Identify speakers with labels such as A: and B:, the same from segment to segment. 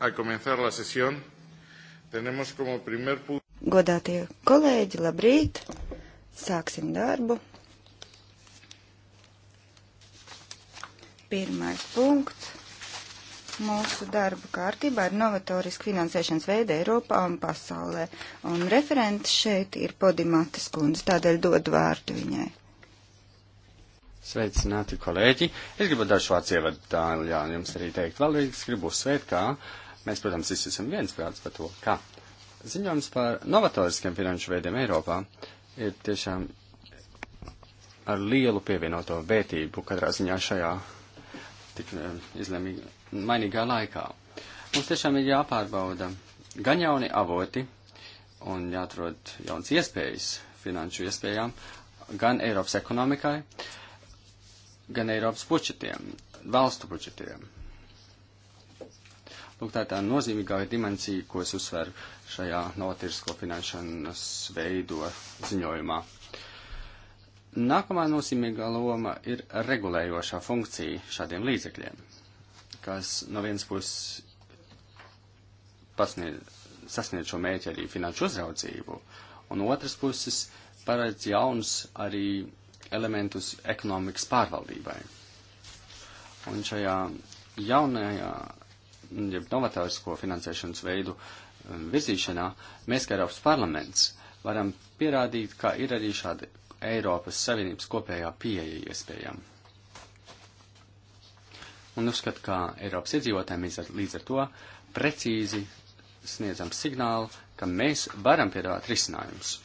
A: a comenzar la sesión. Tenemos como primer punto.
B: Godātie kolēģi, labrīt! Sāksim darbu. Pirmais punkts mūsu darba kārtībā ir novatoriski finansēšanas veidi Eiropā un pasaulē. Un referents šeit ir Podimatas kundze, tādēļ dod vārdu viņai.
A: Sveicināti, kolēģi! Es gribu dažu vārdu ievadu, tā jā, jums arī teikt vēlreiz, gribu uzsvērt, kā Mēs, protams, visi esam viensprāts par to, kā. Ziņojums par novatoriskiem finanšu veidiem Eiropā ir tiešām ar lielu pievienoto vērtību katrā ziņā šajā tik eh, izlēmīgi mainīgā laikā. Mums tiešām ir jāpārbauda gan jauni avoti un jāatrod jauns iespējas finanšu iespējām gan Eiropas ekonomikai, gan Eiropas budžetiem, valstu budžetiem. Lūk, tā ir tā nozīmīgākā dimensija, ko es uzsveru šajā novatorisko finansēšanas veido ziņojumā. Nākamā nozīmīgā loma ir regulējošā funkcija šādiem līdzekļiem, kas no vienas puses pasniedz, sasniedz šo mēķi arī finanšu uzraudzību, un otras puses paredz jaunus arī elementus ekonomikas pārvaldībai. Un šajā jaunajā jeb novatorisko finansēšanas veidu um, virzīšanā, mēs, kā Eiropas parlaments, varam pierādīt, ka ir arī šāda Eiropas Savienības kopējā pieeja iespējama. Un uzskatu, ka Eiropas iedzīvotājiem līdz ar to precīzi sniedzam signālu, ka mēs varam piedāvāt risinājumus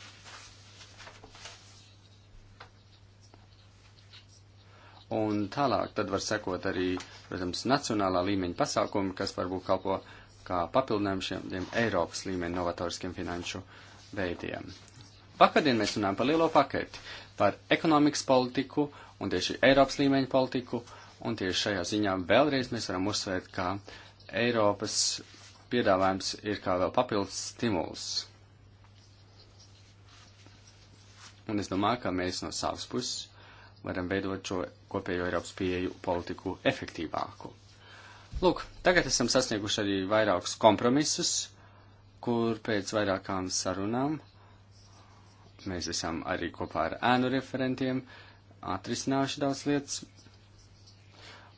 A: Un tālāk tad var sekot arī, protams, nacionālā līmeņa pasākumi, kas varbūt kalpo kā papildinājumu šiem Eiropas līmeņa novatoriskiem finanšu veidiem. Vakardien mēs runājam par lielo paketi, par ekonomikas politiku un tieši Eiropas līmeņa politiku, un tieši šajā ziņā vēlreiz mēs varam uzsvērt, ka Eiropas piedāvājums ir kā vēl papildus stimuls. Un es domāju, ka mēs no savas puses varam veidot šo kopējo Eiropas pieeju politiku efektīvāku. Lūk, tagad esam sasnieguši arī vairākus kompromisus, kur pēc vairākām sarunām mēs esam arī kopā ar ēnu referentiem atrisinājuši daudz lietas.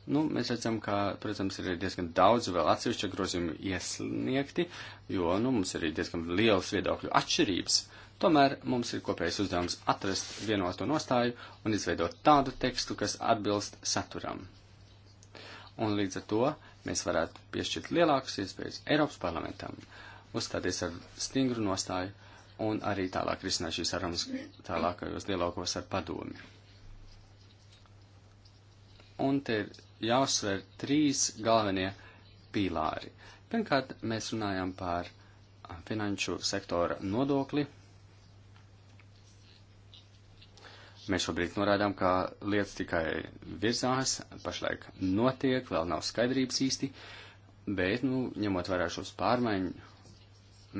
A: Nu, mēs redzam, ka, protams, ir diezgan daudz vēl atsevišķa grozījuma iesniegti, jo, nu, mums ir diezgan liels viedokļu atšķirības. Uh, Tomēr mums ir kopējs uzdevums atrast vienoto nostāju un izveidot tādu tekstu, kas atbilst saturam. Un līdz ar to mēs varētu piešķirt lielākas iespējas Eiropas parlamentam, uzstāties ar stingru nostāju un arī tālāk risināt šīs sarunas tālākajos dialogos ar padomi. Un te ir jāuzsver trīs galvenie pīlāri. Pirmkārt, mēs runājam par finanšu sektora nodokli Mēs šobrīd norādām, ka lietas tikai virzās, pašlaik notiek, vēl nav skaidrības īsti, bet, nu, ņemot vērā šos pārmaiņu,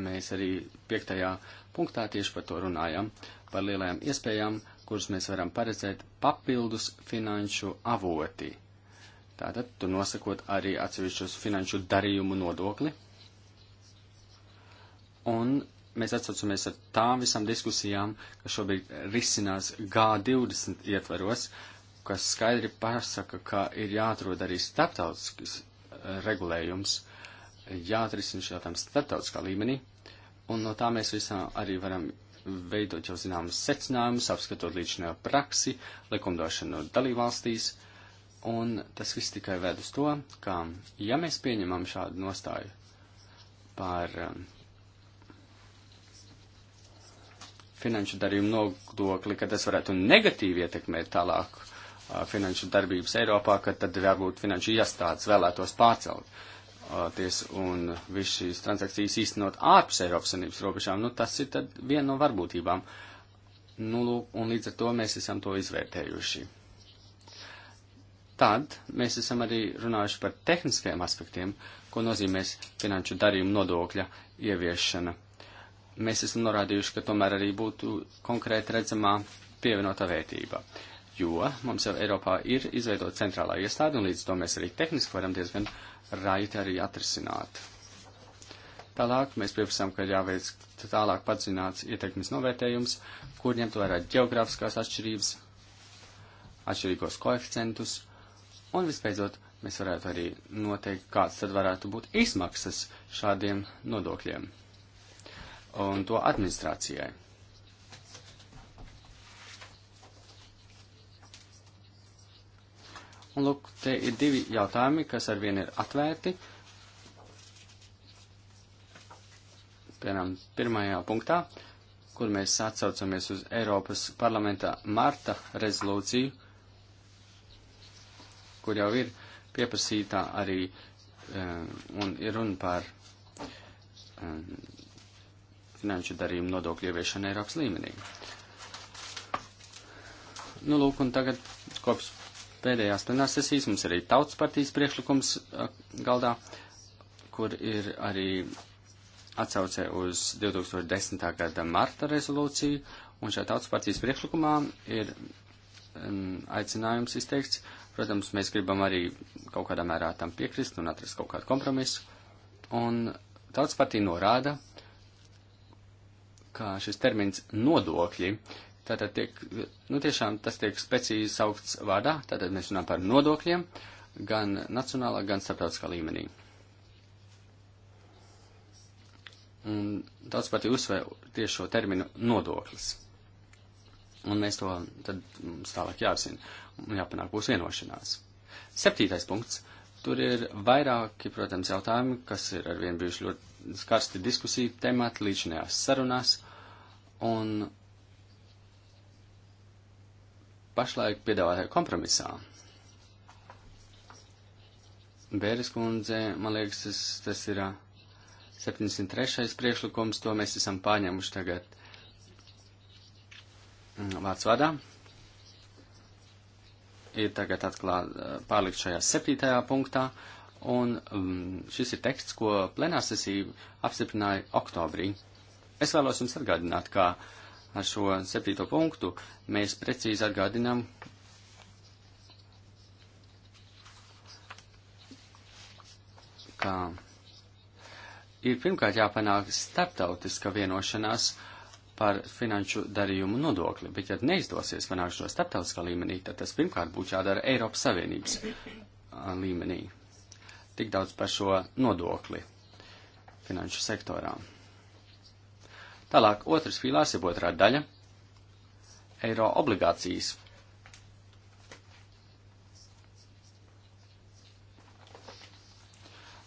A: mēs arī piektajā punktā tieši par to runājam, par lielajām iespējām, kuras mēs varam paredzēt papildus finanšu avoti. Tātad, tu nosakot arī atsevišķus finanšu darījumu nodokli. Un mēs atsaucamies ar tām visām diskusijām, kas šobrīd risinās G20 ietveros, kas skaidri pasaka, ka ir jāatrod arī starptautisks eh, regulējums, jāatrisina šī jautājuma starptautiskā līmenī, un no tā mēs visā arī varam veidot jau zināmas secinājumus, apskatot līdzinā praksi, likumdošanu dalībvalstīs, un tas viss tikai ved uz to, ka, ja mēs pieņemam šādu nostāju par um, finanšu darījumu nodokli, ka tas varētu negatīvi ietekmēt tālāk uh, finanšu darbības Eiropā, ka tad jābūt finanšu iestādes vēlētos pārcelt uh, ties un visu šīs transakcijas īstenot ārpus Eiropas Savienības robežām. Nu, tas ir tad viena no varbūtībām. Nu, lūk, un līdz ar to mēs esam to izvērtējuši. Tad mēs esam arī runājuši par tehniskajiem aspektiem, ko nozīmēs finanšu darījumu nodokļa ieviešana mēs esam norādījuši, ka tomēr arī būtu konkrēti redzamā pievienotā vērtība. Jo mums jau Eiropā ir izveidota centrālā iestāde, un līdz to mēs arī tehniski varam diezgan raiti arī atrisināt. Tālāk mēs pieprasām, ka jāveic tālāk padziļināts ietekmes novērtējums, kur ņemt vērā geogrāfiskās atšķirības, atšķirīgos koeficientus, un vispēcot mēs varētu arī noteikt, kāds tad varētu būt izmaksas šādiem nodokļiem un to administrācijai. Un lūk, te ir divi jautājumi, kas ar vienu ir atvērti. Piemēram, pirmajā punktā, kur mēs atsaucamies uz Eiropas parlamenta marta rezolūciju, kur jau ir pieprasītā arī um, un ir runa par um, finanšu darījumu nodokļu ieviešanu Eiropas līmenī. Nu, lūk, un tagad kopš pēdējās plenārsesijas mums arī tautas partijas priekšlikums galdā, kur ir arī atsaucē uz 2010. gada marta rezolūciju, un šajā tautas partijas priekšlikumā ir um, aicinājums izteikts. Protams, mēs gribam arī kaut kādā mērā tam piekrist un atrast kaut kādu kompromisu. Un tautas partija norāda, kā šis termins nodokļi, tātad tiek, nu tiešām tas tiek specīzi saukts vārdā, tātad mēs runājam par nodokļiem, gan nacionālā, gan starptautiskā līmenī. Un daudz pat uzsver tieši šo terminu nodoklis. Un mēs to tad mums tālāk jāzina un jāpanāk būs vienošanās. Septītais punkts. Tur ir vairāki, protams, jautājumi, kas ir arvien bijuši ļoti karsti diskusiju temati līdzinājās sarunās. Un pašlaik piedāvātajā kompromisā. Bēres kundze, man liekas, tas, tas ir 73. priekšlikums, to mēs esam pārņēmuši tagad mm, vārds vadā. Ir tagad atklāt, pārlikt šajā septītajā punktā, un um, šis ir teksts, ko plenārsesija apstiprināja oktobrī. Es vēlos jums atgādināt, ka ar šo septīto punktu mēs precīzi atgādinām, ka ir pirmkārt jāpanāk starptautiska vienošanās par finanšu darījumu nodokli, bet ja neizdosies panākt šo starptautiskā līmenī, tad tas pirmkārt būtu jādara Eiropas Savienības līmenī. Tik daudz par šo nodokli finanšu sektorā. Tālāk, otrs filārs ir otrā daļa - eiro obligācijas.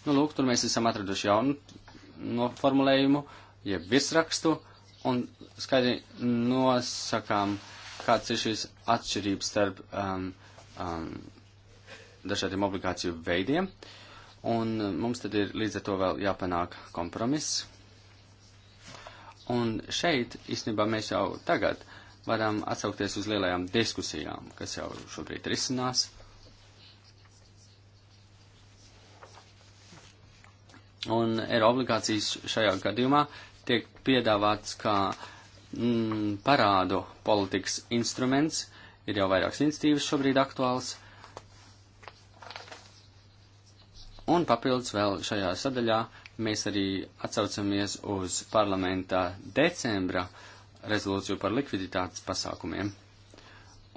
A: Nu, lūk, tur mēs esam atraduši jaunu noformulējumu, jeb virsrakstu, un skaidri nosakām, kāds ir šīs atšķirības starp um, um, dažādiem obligāciju veidiem. Un mums tad ir līdz ar to vēl jāpanāk kompromiss, Un šeit, īstenībā, mēs jau tagad varam atsaukties uz lielajām diskusijām, kas jau šobrīd risinās. Un eiro obligācijas šajā gadījumā tiek piedāvāts kā mm, parādu politikas instruments. Ir jau vairākas institīvas šobrīd aktuāls. Un papildus vēl šajā sadaļā uh, Mēs arī atsaucamies uz parlamentā decembra rezolūciju par likviditātes pasākumiem.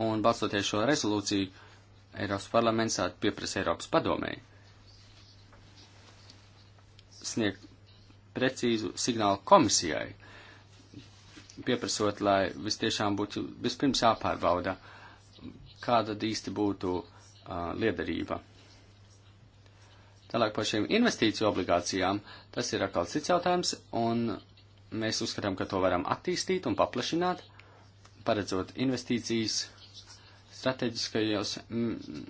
A: Un balstoties šo rezolūciju, Eiropas parlaments pieprasa Eiropas padomēji sniegt precīzu signālu komisijai, pieprasot, lai vis tiešām būtu vispirms jāpārbauda, kāda īsti būtu uh, liederība Tālāk par šīm investīciju obligācijām, tas ir atkal cits jautājums, un mēs uzskatām, ka to varam attīstīt un paplašināt, paredzot investīcijas strateģiskajos, mm,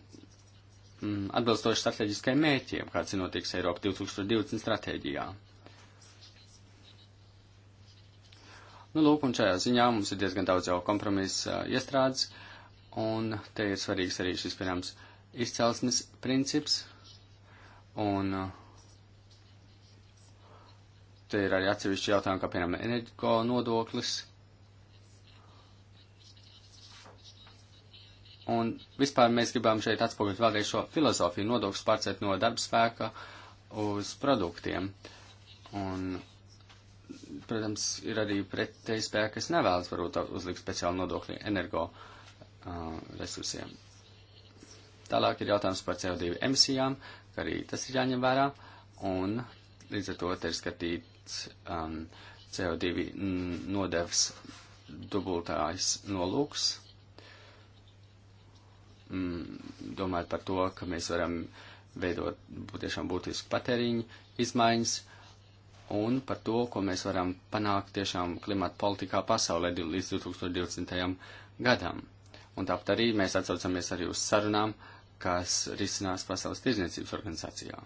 A: mm atbilstoši strateģiskajiem mēķiem, kāds ir notiks Eiropa 2020 stratēģijā. Nu, lūk, un šajā ziņā mums ir diezgan daudz jau kompromisa uh, iestrādes, un te ir svarīgs arī šis, piemēram, izcelsmes princips, Un uh, te ir arī atsevišķi jautājumi, kā piemēram enerģiko nodoklis. Un vispār mēs gribam šeit atspoguļot vēlreiz šo filozofiju nodokļus pārcelt no darba spēka uz produktiem. Un, protams, ir arī pretēji spēki, kas nevēlas varbūt uzlikt speciālu nodokļu energo uh, resursiem. Tālāk ir jautājums par CO2 emisijām arī tas ir jāņem vērā, un līdz ar to te ir skatīts um, CO2 nodevs dubultājs nolūks. Mm, domājot par to, ka mēs varam veidot tiešām būtisku patēriņu izmaiņas un par to, ko mēs varam panākt tiešām klimata politikā pasaulē līdz 2020. gadam. Un tāpat arī mēs atsaucamies arī uz sarunām uh, kas risinās Pasaules tirdzniecības organizācijā.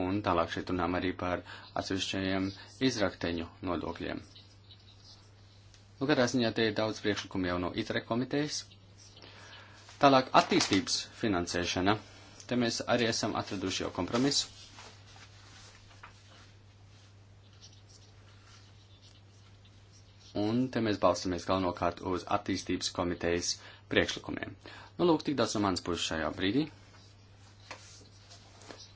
A: Un tālāk šeit runām arī par atsevišķajiem izrakteņu nodokļiem. Nu, katrā ziņā te ir daudz priekšlikumu jau no ITRE komitejas. Tālāk attīstības finansēšana. Te mēs arī esam atraduši jau kompromisu. un te mēs balstamies galvenokārt uz attīstības komitejas priekšlikumiem. Nu, lūk, tik daudz no manas puses šajā brīdī.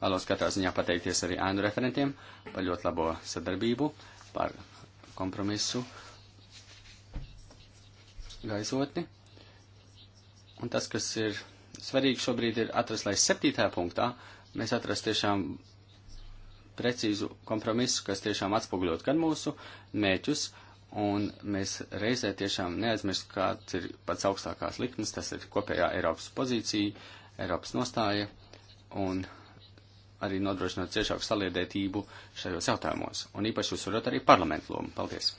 A: Vēlos katrā ziņā pateikties arī ēnu referentiem par ļoti labo sadarbību, par kompromisu gaisotni. Un tas, kas ir svarīgi šobrīd, ir atrast, lai septītajā punktā mēs atrast tiešām precīzu kompromisu, kas tiešām atspoguļot gan mūsu mēķus, uh, Un mēs reizē tiešām neaizmirst, kāds ir pats augstākās likmes, tas ir kopējā Eiropas pozīcija, Eiropas nostāja un arī nodrošinot ciešāku saliedētību šajos jautājumos. Un īpaši uzsverot arī parlamentu lomu. Paldies!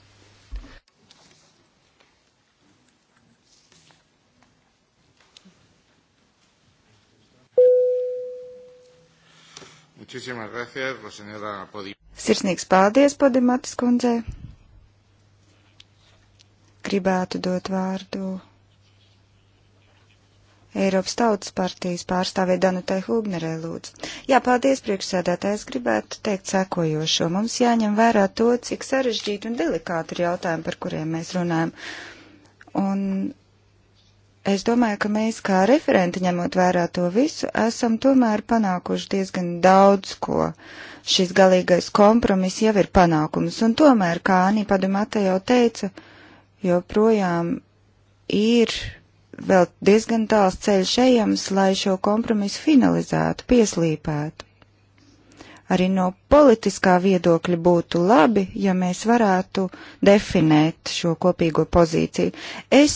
B: Sirsnīgs paldies, Podimatis kundzei! gribētu dot vārdu Eiropas Tautas partijas pārstāvē Danutei Hūgnerē lūdzu. Jā, paldies priekšsēdētājs, gribētu teikt sekojošo. Mums jāņem vērā to, cik sarežģīti un delikāti ir jautājumi, par kuriem mēs runājam. Un es domāju, ka mēs kā referenti ņemot vērā to visu, esam tomēr panākuši diezgan daudz ko. Šis galīgais kompromiss jau ir panākums, un tomēr, kā Anī padomāte jau teica, joprojām ir vēl diezgan tāls ceļš ejams, lai šo kompromisu finalizētu, pieslīpētu. Arī no politiskā viedokļa būtu labi, ja mēs varētu definēt šo kopīgo pozīciju. Es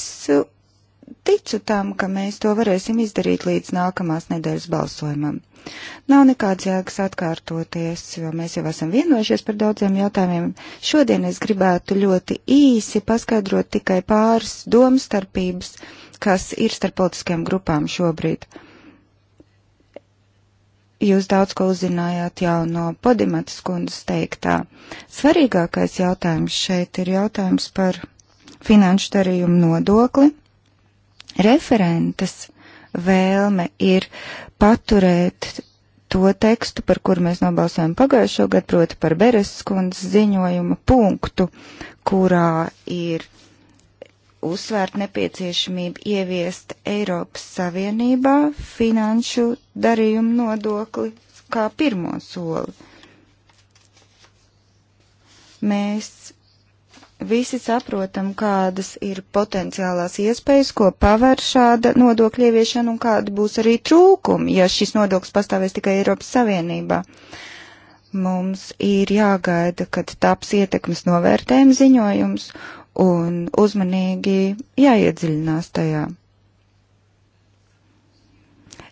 B: ticu tam, ka mēs to varēsim izdarīt līdz nākamās nedēļas balsojumam. Nav nekāds jēgas atkārtoties, jo mēs jau esam vienojušies par daudziem jautājumiem. Šodien es gribētu ļoti īsi paskaidrot tikai pāris domstarpības, kas ir starp politiskajām grupām šobrīd. Jūs daudz ko uzzinājāt jau no Podimatas kundzes teiktā. Svarīgākais jautājums šeit ir jautājums par finanšu darījumu nodokli referentes vēlme ir paturēt to tekstu, par kuru mēs nobalsojam pagājušo gadu, proti par Bereses kundzes ziņojuma punktu, kurā ir uzsvērt nepieciešamību ieviest Eiropas Savienībā finanšu darījumu nodokli kā pirmo soli. Mēs visi saprotam, kādas ir potenciālās iespējas, ko paver šāda nodokļa ieviešana un kāda būs arī trūkumi, ja šis nodoklis pastāvēs tikai Eiropas Savienībā. Mums ir jāgaida, kad taps ietekmes novērtējuma ziņojums un uzmanīgi jāiedziļinās tajā.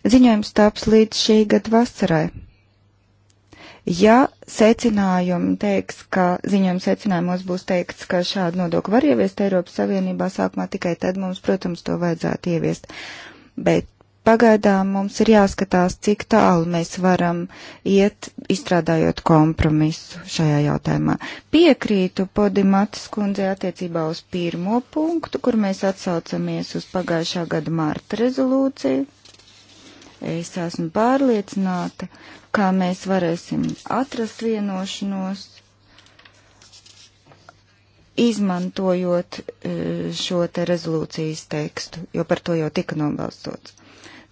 B: Ziņojums taps līdz šī gada vasarai. Ja secinājumi teiks, ka ziņojuma secinājumos būs teikts, ka šādu nodokli var ieviest Eiropas Savienībā sākumā tikai tad mums, protams, to vajadzētu ieviest. Bet pagaidām mums ir jāskatās, cik tālu mēs varam iet, izstrādājot kompromisu šajā jautājumā. Piekrītu Podimatas kundzei attiecībā uz pirmo punktu, kur mēs atsaucamies uz pagājušā gada marta rezolūciju. Es esmu pārliecināta, kā mēs varēsim atrast vienošanos, izmantojot e, šo te rezolūcijas tekstu, jo par to jau tika nobalstots.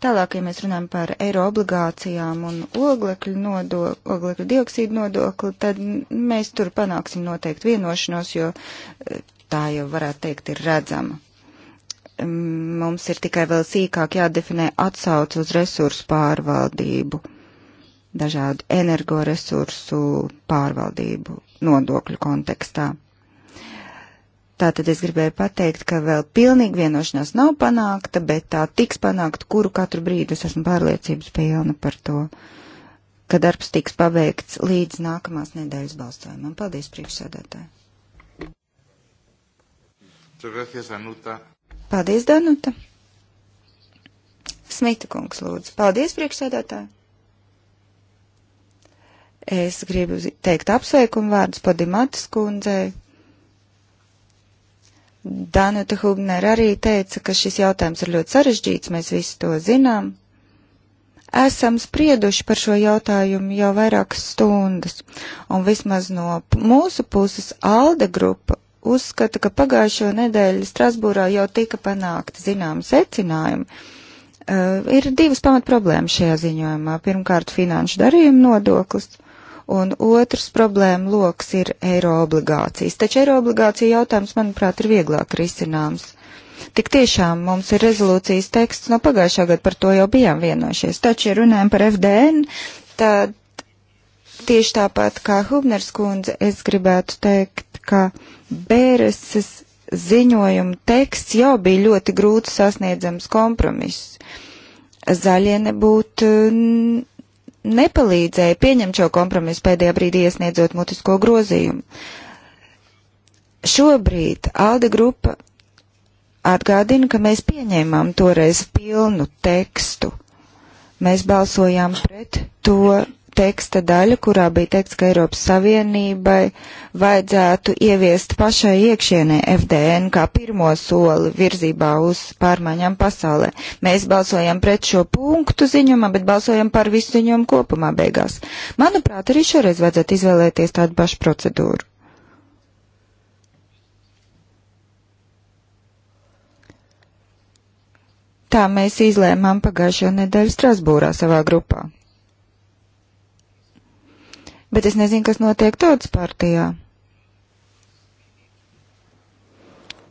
B: Tālāk, ja mēs runājam par eiro obligācijām un oglekļu, nodo, oglekļu dioksīdu nodokli, tad mēs tur panāksim noteikti vienošanos, jo e, tā jau varētu teikt ir redzama mums ir tikai vēl sīkāk jādefinē atsauc uz resursu pārvaldību, dažādu energoresursu pārvaldību nodokļu kontekstā. Tātad es gribēju pateikt, ka vēl pilnīgi vienošanās nav panākta, bet tā tiks panākta, kuru katru brīdi es esmu pārliecības pilna par to, ka darbs tiks pabeigts līdz nākamās nedēļas balsojumam. Paldies, priekšsēdētāji! Paldies, Danuta. Smita kungs, lūdzu. Paldies, priekšsēdētāji. Es gribu teikt apsveikumu vārdus Podimatas kundzei. Danuta Hubner arī teica, ka šis jautājums ir ļoti sarežģīts, mēs visi to zinām. Esam sprieduši par šo jautājumu jau vairākas stundas, un vismaz no mūsu puses Alde grupa uzskata, ka pagājušo nedēļu Strasbūrā jau tika panākti zinām secinājumi. Uh, ir divas pamat problēmas šajā ziņojumā. Pirmkārt, finanšu darījuma nodoklis, un otrs problēma loks ir eiro obligācijas. Taču eiro obligācija jautājums, manuprāt, ir vieglāk risināms. Tik tiešām mums ir rezolūcijas teksts no pagājušā gada, par to jau bijām vienojušies. Taču, ja runājam par FDN, tad tieši tāpat kā Hubners kundze, es gribētu teikt, ka Bēreses ziņojuma teksts jau bija ļoti grūti sasniedzams kompromiss. Zaļie nebūtu nepalīdzēja pieņemt šo kompromisu pēdējā brīdī iesniedzot mutisko grozījumu. Šobrīd Alde grupa atgādina, ka mēs pieņēmām toreiz pilnu tekstu. Mēs balsojām pret to teksta daļa, kurā bija teikts, ka Eiropas Savienībai vajadzētu ieviest pašai iekšienē FDN kā pirmo soli virzībā uz pārmaiņām pasaulē. Mēs balsojam pret šo punktu ziņumā, bet balsojam par visu ziņojumu kopumā beigās. Manuprāt, arī šoreiz vajadzētu izvēlēties tādu pašu procedūru. Tā mēs izlēmām pagājušajā nedēļā Strasbūrā savā grupā bet es nezinu, kas notiek tautas partijā.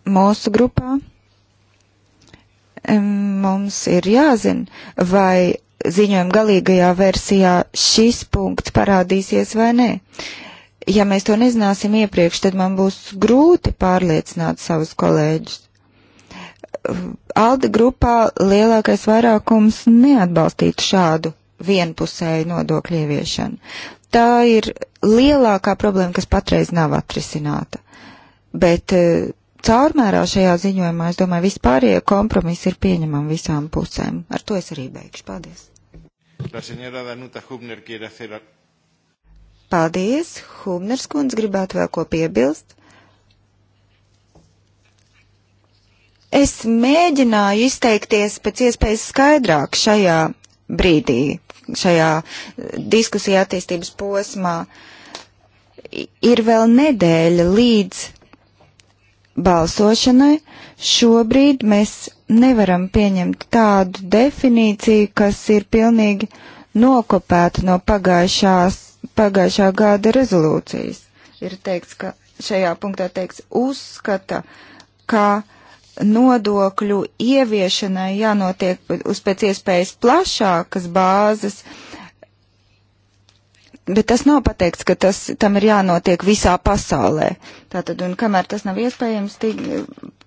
B: Mūsu grupā mums ir jāzina, vai ziņojuma galīgajā versijā šis punkts parādīsies vai nē. Ja mēs to nezināsim iepriekš, tad man būs grūti pārliecināt savus kolēģus. Alda grupā lielākais vairākums neatbalstītu šādu vienpusēju nodokļu ieviešanu tā ir lielākā problēma, kas patreiz nav atrisināta. Bet e, caurmērā šajā ziņojumā, es domāju, vispārējie kompromisi ir pieņemami visām pusēm. Ar to es arī beigšu. Paldies!
A: Hacer...
B: Paldies! Hubners kundze gribētu vēl ko piebilst. Es mēģināju izteikties pēc iespējas skaidrāk šajā brīdī šajā eh, diskusija attīstības posmā. Ir vēl nedēļa līdz balsošanai. Šobrīd mēs nevaram pieņemt tādu definīciju, kas ir pilnīgi nokopēta no pagājušās, pagājušā gada rezolūcijas. Ir teikts, ka šajā punktā teikts uzskata, ka uh, nodokļu ieviešanai jānotiek uz pēc iespējas plašākas bāzes, bet tas nav pateikts, ka tas, tam ir jānotiek visā pasaulē. Tātad, un kamēr tas nav iespējams, tik,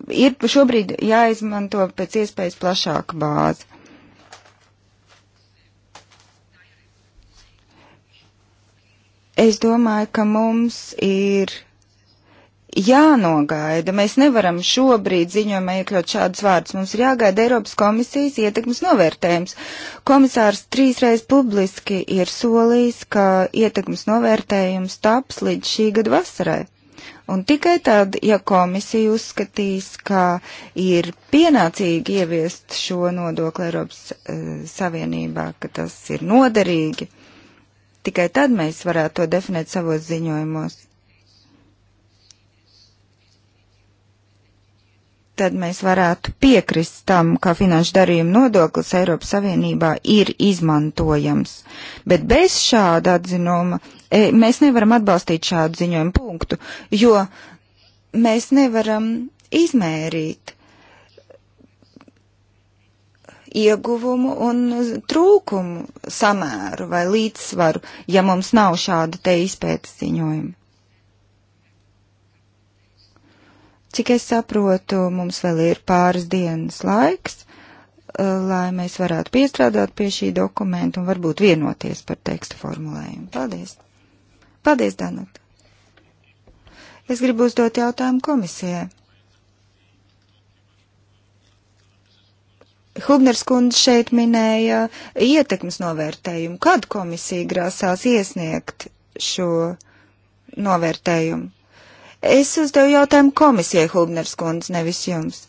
B: ir šobrīd jāizmanto pēc iespējas plašāka bāze. Es domāju, ka mums ir jānogaida. Mēs nevaram šobrīd ziņojumā iekļaut šādus vārdus. Mums ir jāgaida Eiropas komisijas ietekmes novērtējums. Komisārs trīsreiz publiski ir solījis, ka ietekmes novērtējums taps līdz šī gada vasarai. Un tikai tad, ja komisija uzskatīs, ka ir pienācīgi ieviest šo nodokli Eiropas e, Savienībā, ka tas ir noderīgi, tikai tad mēs varētu to definēt savos ziņojumos. tad mēs varētu piekrist tam, ka finanšu darījuma nodoklis Eiropas Savienībā ir izmantojams. Bet bez šāda atzinuma e, mēs nevaram atbalstīt šādu ziņojumu punktu, jo mēs nevaram izmērīt ieguvumu un trūkumu samēru vai līdzsvaru, ja mums nav šāda te izpētes ziņojuma. Cik es saprotu, mums vēl ir pāris dienas laiks, eh, lai mēs varētu piestrādāt pie šī dokumenta un varbūt vienoties par tekstu formulējumu. Paldies! Paldies, Danuta! Es gribu uzdot jautājumu komisijai. Hubners kundze šeit minēja ietekmes novērtējumu. Kad komisija grāsās iesniegt šo novērtējumu? Es uzdevu jautājumu komisijai Hubners kundze, nevis jums.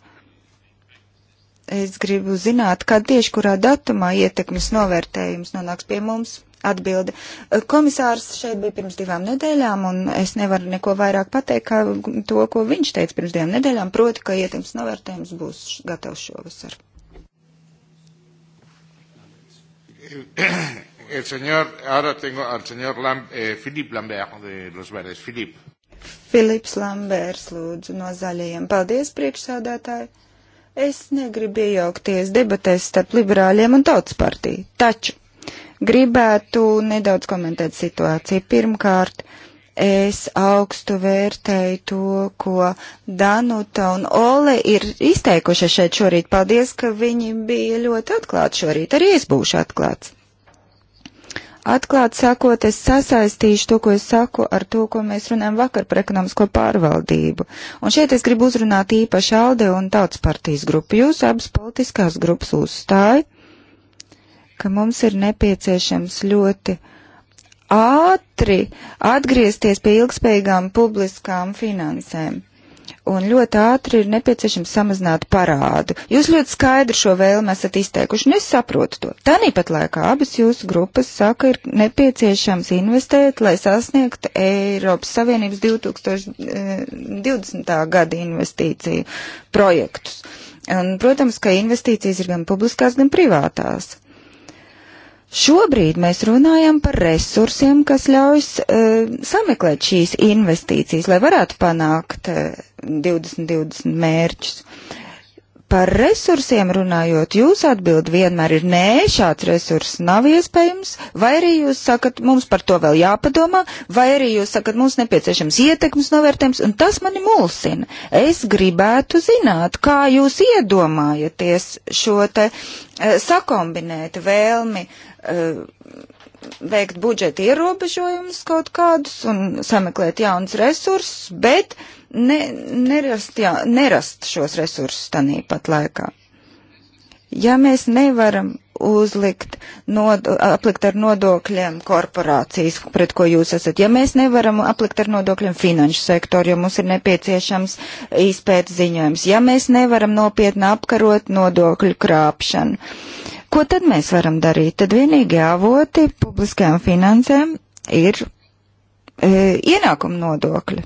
B: Es gribu zināt, kad tieši kurā datumā ietekmes novērtējums nonāks pie mums. Atbilde. Komisārs šeit bija pirms divām nedēļām, un es nevaru neko vairāk pateikt, kā to, ko viņš teica pirms divām nedēļām, proti, ka ietekmes novērtējums būs gatavs šovasar.
C: El señor, ahora tengo al
A: señor Lam, eh, Philippe Lambert de Los Verdes. Philippe.
B: Filips Lambērs lūdzu no zaļajiem. Paldies, priekšsādātāji! Es negribu iejaukties debatēs starp liberāļiem un tautas partiju, taču gribētu nedaudz komentēt situāciju. Pirmkārt, es augstu vērtēju to, ko Danuta un Ole ir izteikuši šeit šorīt. Paldies, ka viņi bija ļoti atklāti šorīt. Arī es būšu atklāts. Atklāt sakot, es sasaistīšu to, ko es saku, ar to, ko mēs runājam vakar par ekonomisko pārvaldību. Un šeit es gribu uzrunāt īpaši Alde un Tautas partijas grupu. Jūs abas politiskās grupas uzstāja, ka mums ir nepieciešams ļoti ātri atgriezties pie ilgspējīgām publiskām finansēm un ļoti ātri ir nepieciešams samazināt parādu. Jūs ļoti skaidri šo vēlmu esat izteikuši, un es saprotu to. Tāpat laikā abas jūsu grupas saka, ir nepieciešams investēt, lai sasniegtu Eiropas Savienības 2020. Eh, gada investīciju projektus. Un, protams, ka investīcijas ir gan publiskās, gan privātās. Šobrīd mēs runājam par resursiem, kas ļauj uh, sameklēt šīs investīcijas, lai varētu panākt uh, eh, 2020 mērķus. Par resursiem runājot, jūs atbild vienmēr ir nē, šāds resurs nav iespējams, vai arī jūs sakat, mums par to vēl jāpadomā, vai arī jūs sakat, mums nepieciešams ietekmes novērtējums, un tas mani mulsina. Es gribētu zināt, kā jūs iedomājaties šo te uh, sakombinēt vēlmi uh, Eh, veikt budžeta ierobežojumus kaut kādus un sameklēt jaunus resursus, bet ne, nerast, jā, nerast šos resursus tanī pat laikā. Ja mēs nevaram uzlikt, nod, aplikt ar nodokļiem korporācijas, pret ko jūs esat. Ja mēs nevaram aplikt ar nodokļiem finanšu sektoru, jo mums ir nepieciešams izpēt ziņojums, ja mēs nevaram nopietni apkarot nodokļu krāpšanu, Ko tad mēs varam darīt? Tad vienīgie avoti publiskajām finansēm ir e, ienākuma nodokļi,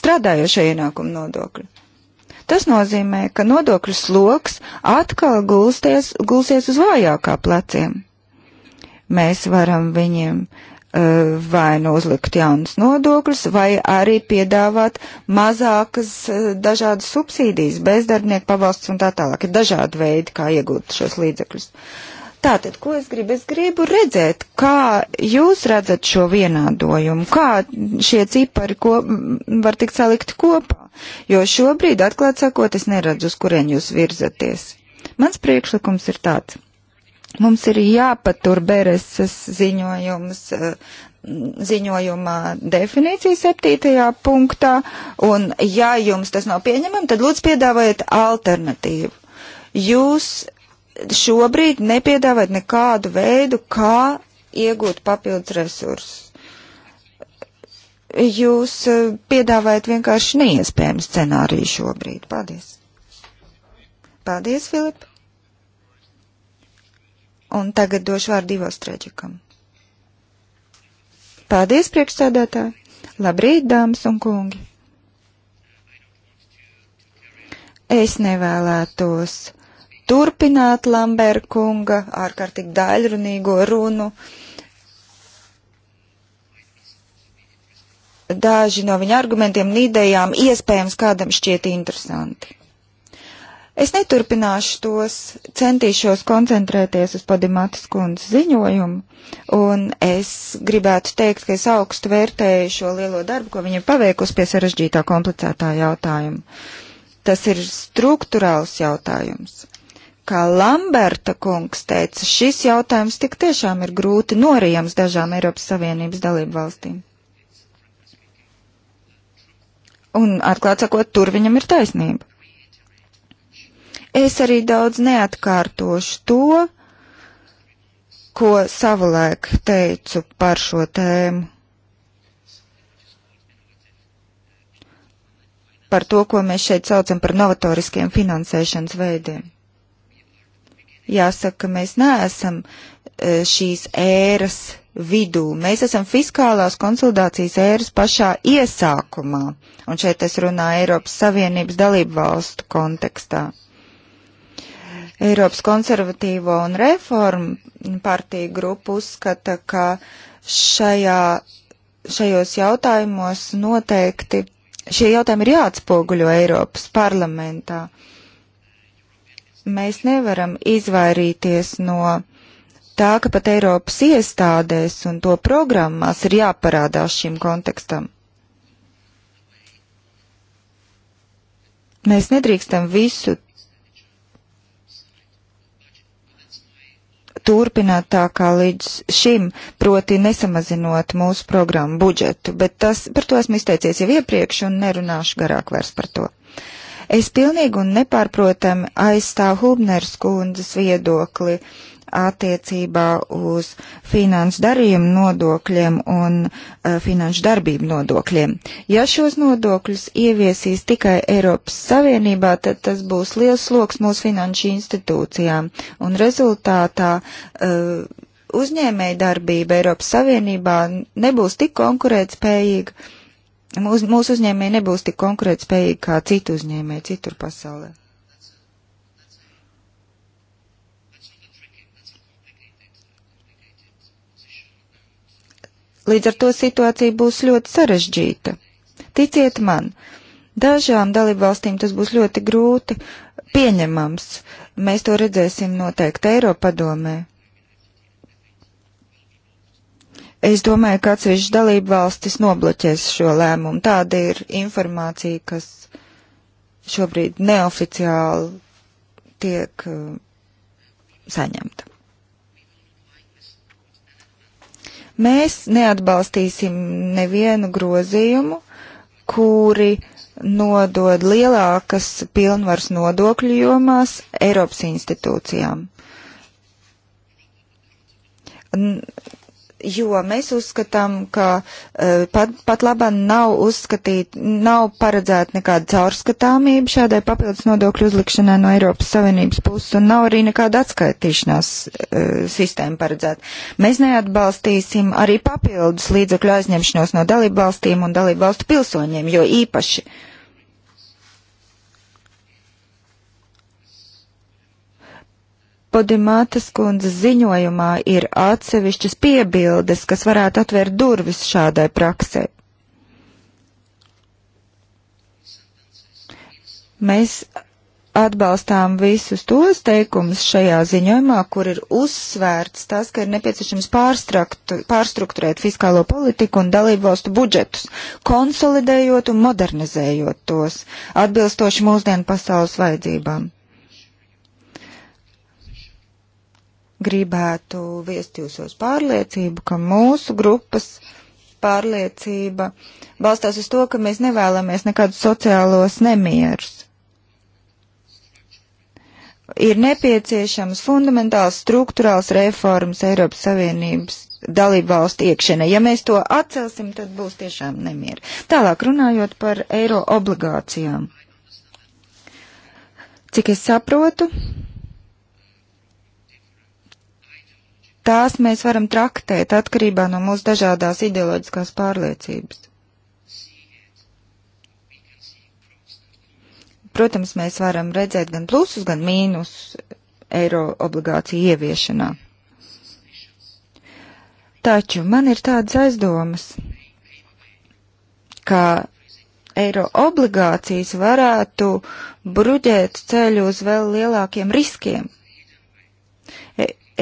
B: strādājošie ienākuma nodokļi. Tas nozīmē, ka nodokļu sloks atkal gulsties, gulsies uz vājākā pleciem. Mēs varam viņiem uh, E, vai nu uzlikt jaunas nodokļus, vai arī piedāvāt mazākas e, dažādas subsīdijas, bezdarbnieku pabalsts un tā tālāk. Ir dažādi veidi, kā iegūt šos līdzekļus. Tātad, ko es gribu? Es gribu redzēt, kā jūs redzat šo vienādojumu, kā šie cipari ko, var tikt salikti kopā, jo šobrīd, atklāt sakot, es neredzu, uz kurien jūs virzaties. Mans priekšlikums ir tāds Mums ir jāpatur Bereses ziņojums eh, ziņojumā definīcija septītajā punktā, un ja jums tas nav pieņemam, tad lūdzu piedāvājiet alternatīvu. Jūs šobrīd nepiedāvājat nekādu veidu, kā iegūt papildus resursus. Jūs eh, piedāvājat vienkārši neiespējamu scenāriju šobrīd. Paldies. Paldies, Filip. Un tagad došu vārdu Ivo Streģikam. Paldies, priekšstādātāji! Labrīt, dāmas un kungi! Es nevēlētos turpināt Lamberta kunga ārkārtīgi daļrunīgo runu. Daži no viņa argumentiem un idejām iespējams kādam šķiet interesanti. Es neturpināšu tos, centīšos koncentrēties uz Padimatas kundzes ziņojumu, un es gribētu teikt, ka es augstu vērtēju šo lielo darbu, ko viņa ir paveikusi pie sarežģītā, komplicētā jautājuma. Tas ir struktūrāls jautājums. Kā Lamberta kungs teica, šis jautājums tik tiešām ir grūti norijams dažām Eiropas Savienības dalību valstīm. Un, atklāt sakot, tur viņam ir taisnība. Es arī daudz neatkārtošu to, ko savulaik teicu par šo tēmu. Par to, ko mēs šeit saucam par novatoriskiem finansēšanas veidiem. Jāsaka, mēs neesam e, šīs ēras vidū. Mēs esam fiskālās konsolidācijas ēras pašā iesākumā, un šeit es runāju Eiropas Savienības dalību valstu kontekstā. Eiropas konservatīvo un reformu partiju grupu uzskata, ka šajā, šajos jautājumos noteikti šie jautājumi ir jāatspoguļo Eiropas parlamentā. Mēs nevaram izvairīties no tā, ka pat Eiropas iestādēs un to programmās ir jāparādās šim kontekstam. Mēs nedrīkstam visu turpināt tā kā līdz šim, proti nesamazinot mūsu programmu budžetu, bet tas, par to esmu izteicies jau iepriekš un nerunāšu garāk vairs par to. Es pilnīgi un nepārprotami aizstāvu Hubners kundzes viedokli attiecībā uz finanšu darījumu nodokļiem un uh, finanšu darbību nodokļiem. Ja šos nodokļus ieviesīs tikai Eiropas Savienībā, tad tas būs liels sloks mūsu finanšu institūcijām un rezultātā uh, uzņēmēja darbība Eiropas Savienībā nebūs tik konkurētspējīga. Mūsu mūs uzņēmēji nebūs tik konkurētspējīgi kā citu uzņēmēji citur pasaulē. Līdz ar to situācija būs ļoti sarežģīta. Ticiet man, dažām dalībvalstīm tas būs ļoti grūti pieņemams. Mēs to redzēsim noteikti Eiropadomē. Es domāju, ka atsevišķas dalībvalstis nobloķēs šo lēmumu. Tāda ir informācija, kas šobrīd neoficiāli tiek uh, saņemta. Mēs neatbalstīsim nevienu grozījumu, kuri nodod lielākas pilnvaras nodokļu jomās Eiropas institūcijām. N jo mēs uzskatām, ka uh, pat, pat labāk nav uzskatīt, nav paredzēta nekāda caurskatāmība šādai papildus nodokļu uzlikšanai no Eiropas Savienības puses un nav arī nekāda atskaitīšanās uh, sistēma paredzēta. Mēs neatbalstīsim arī papildus līdzekļu aizņemšanos no dalību valstīm un dalību valstu pilsoņiem, jo īpaši. Uh, Podimātas kundzes ziņojumā ir atsevišķas piebildes, kas varētu atvērt durvis šādai praksē. Mēs atbalstām visus tos teikumus šajā ziņojumā, kur ir uzsvērts tas, ka ir nepieciešams pārstrukturēt fiskālo politiku un dalību valstu budžetus, konsolidējot un modernizējot tos, atbilstoši mūsdienu pasaules vajadzībām. gribētu viest jūs uz pārliecību, ka mūsu grupas pārliecība balstās uz to, ka mēs nevēlamies nekādus sociālos nemierus. Ir nepieciešams fundamentāls struktūrāls reformas Eiropas Savienības dalību valstu iekšienē. Ja mēs to atcelsim, tad būs tiešām nemieri. Tālāk runājot par eiro obligācijām. Cik es saprotu, tās mēs varam traktēt atkarībā no mūsu dažādās ideoloģiskās pārliecības. Protams, mēs varam redzēt gan plusus, gan mīnus eiro obligāciju ieviešanā. Taču man ir tādas aizdomas, ka eiro obligācijas varētu bruģēt ceļu uz vēl lielākiem riskiem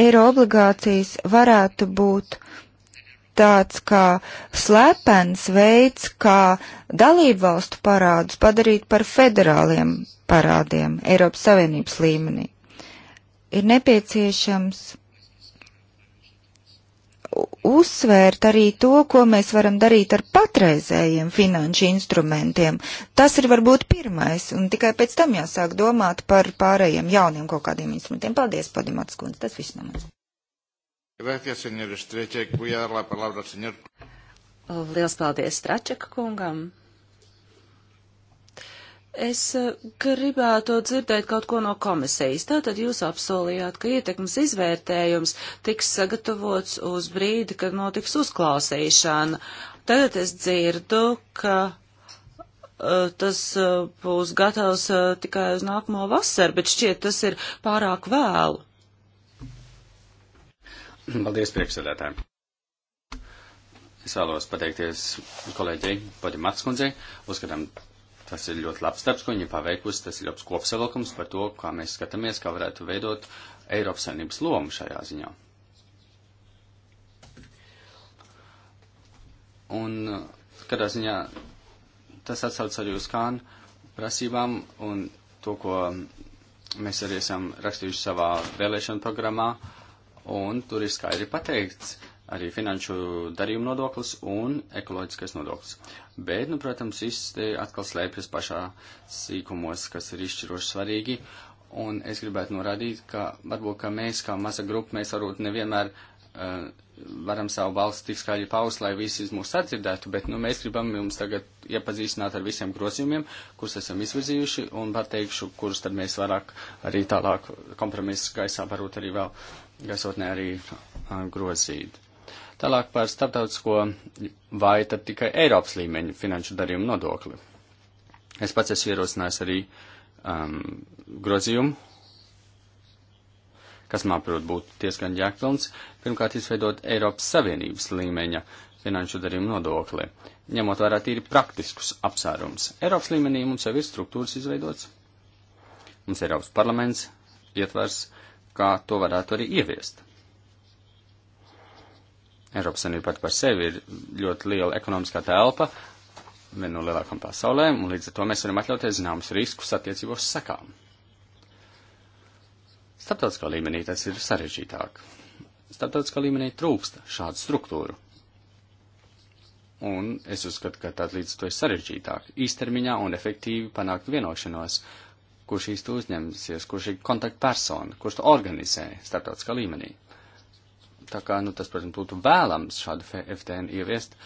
B: eiro obligācijas varētu būt tāds kā slepens veids, kā dalību valstu parādus padarīt par federāliem parādiem Eiropas Savienības līmenī. Ir nepieciešams uzsvērt arī to, ko mēs varam darīt ar patreizējiem finanšu instrumentiem. Tas ir varbūt pirmais, un tikai pēc tam jāsāk domāt par pārējiem jauniem kaut kādiem instrumentiem. Paldies, Padimats kundze, tas viss no manis. Liels paldies Stračeka kungam.
C: Es eh, gribētu dzirdēt kaut ko no komisijas. Tātad jūs apsolījāt, ka ietekmes izvērtējums tiks sagatavots uz brīdi, kad notiks uzklausīšana. Tagad es dzirdu, ka uh, tas uh, būs gatavs uh, tikai uz nākamo vasaru, bet šķiet tas ir pārāk vēlu.
A: Paldies, priekšsēdētāji. Es vēlos pateikties kolēģei Paģi Matskundzei. Uzskatām, Tas ir ļoti labs darbs, ko viņi paveikusi, tas ir labs kopsavilkums par to, kā mēs skatāmies, kā varētu veidot Eiropas saimnības lomu šajā ziņā. Un uh, kādā ziņā tas atsauc arī uz Kānu prasībām un to, ko mēs arī esam rakstījuši savā vēlēšana programmā, un tur ir skaidri pateikts, arī finanšu darījuma nodoklis un ekoloģiskais nodoklis. Bet, nu, protams, viss te atkal slēpjas pašā sīkumos, kas ir izšķiroši svarīgi. Un es gribētu norādīt, ka varbūt, ka mēs kā maza grupa, mēs varbūt nevienmēr uh, varam savu balstu tik skaļi paust, lai visi mūs atdzirdētu, bet, nu, mēs gribam jums tagad iepazīstināt ar visiem grozījumiem, kurus esam izvirzījuši, un pateikšu, kurus tad mēs vairāk arī tālāk kompromisu gaisā varbūt arī vēl gaisotnē arī uh, grozīt. Tālāk par starptautisko vai tad tikai Eiropas līmeņu finanšu darījumu nodokli. Es pats esmu ierosinājis arī um, grozījumu, kas, manuprāt, būtu diezgan jēgpilns. Pirmkārt, izveidot Eiropas Savienības līmeņa finanšu darījumu nodokli, ņemot vērā tīri praktiskus apsvērums. Eiropas līmenī mums jau ir struktūras izveidots, mums Eiropas parlaments ietvers, kā to varētu arī ieviest. Eiropas Savienība pat par sevi ir ļoti liela ekonomiskā telpa, viena no lielākām pasaulē, un līdz ar to mēs varam atļauties zināmas riskus attiecībos sakām. Starptautiskā līmenī tas ir sarežģītāk. Starptautiskā līmenī trūkst šādu struktūru. Un es uzskatu, ka tad līdz to ir sarežģītāk īstermiņā un efektīvi panākt vienošanos, kurš īsti uzņemsies, kurš ir kontaktpersona, kurš to organizē starptautiskā līmenī. Tā kā, nu, tas, protams, būtu vēlams šādu FTN ieviest,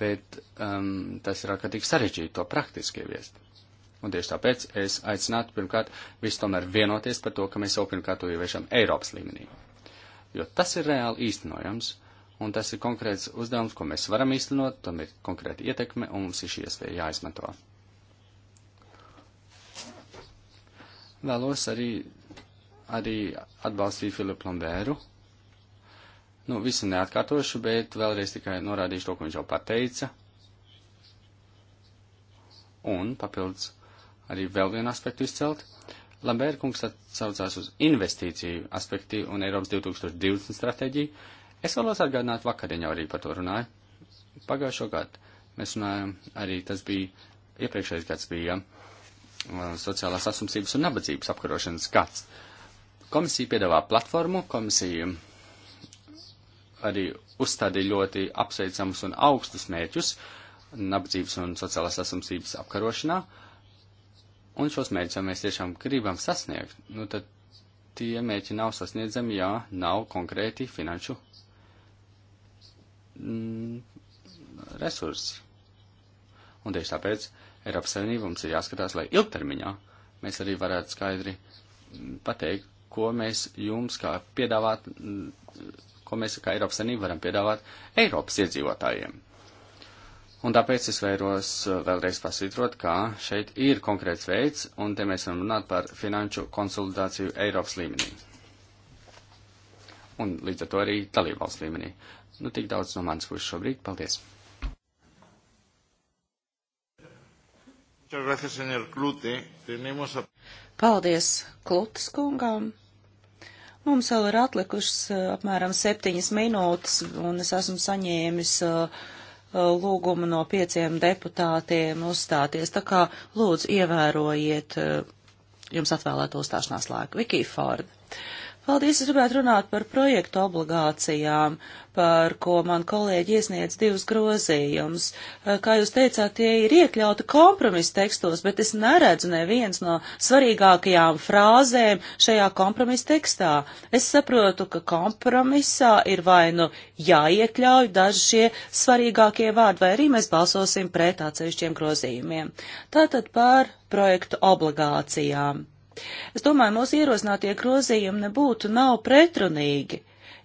A: bet um, tas ir ārkārtīgi sarežģīti to praktiski ieviest. Un tieši tāpēc es aicinātu pirmkārt visu tomēr vienoties par to, ka mēs jau pirmkārt to ieviešam Eiropas līmenī. Jo tas ir reāli īstenojams, un tas ir konkrēts uzdevums, ko mēs varam īstenot, tam ir konkrēta ietekme, un mums ir šī iespēja jāizmanto. Vēlos arī, arī atbalstīt Filipu Lambēru Nu, visu neatkārtošu, bet vēlreiz tikai norādīšu to, ko viņš jau pateica. Un papildus arī vēl vienu aspektu izcelt. Lambēra kungs atsaucās uz investīciju aspektu un Eiropas 2020 stratēģiju. Es vēlos atgādināt vakariņā arī par to runāju. Pagājušo gadu mēs runājam, arī tas bija iepriekšējais gads bija uh, sociālās asumsības un nabadzības apkarošanas gads. Komisija piedāvā platformu, komisija arī uzstādīja ļoti apsveicamus un augstus mērķus nabadzības un sociālās asumsības apkarošanā, un šos mērķus, ja mēs tiešām gribam sasniegt, nu tad tie mērķi nav sasniedzami, ja nav konkrēti finanšu mm, resursi. Un tieši tāpēc Eiropas Savienība mums ir jāskatās, lai ilgtermiņā mēs arī varētu skaidri mm, pateikt, ko mēs jums kā piedāvāt mm, ko mēs kā Eiropas Savienība varam piedāvāt Eiropas iedzīvotājiem. Un tāpēc es vēros uh, vēlreiz pasvitrot, ka šeit ir konkrēts veids, un te mēs varam runāt par finanšu konsolidāciju Eiropas līmenī. Un līdz ar to arī dalībvalsts līmenī. Nu, tik daudz no manas puses šobrīd. Paldies!
C: Paldies Klutas kungām. Mums vēl ir atlikušas eh, apmēram septiņas minūtes, un es esmu saņēmis eh, eh, lūgumu no pieciem deputātiem uzstāties. Tā kā lūdzu ievērojiet jums atvēlēto uzstāšanās laiku. Viki Ford. Paldies, es gribētu runāt par projektu obligācijām, par ko man kolēģi iesniedz divus grozījumus. Eh, kā jūs teicāt, tie ir iekļauti kompromisa tekstos, bet es neredzu neviens no svarīgākajām frāzēm šajā kompromisa tekstā. Es saprotu, ka kompromisā ir vai nu jāiekļauj daži šie svarīgākie vārdi, vai arī mēs balsosim pret atsevišķiem grozījumiem. Tātad par projektu obligācijām. Es domāju, mūsu ierosinātie grozījumi nebūtu nav pretrunīgi,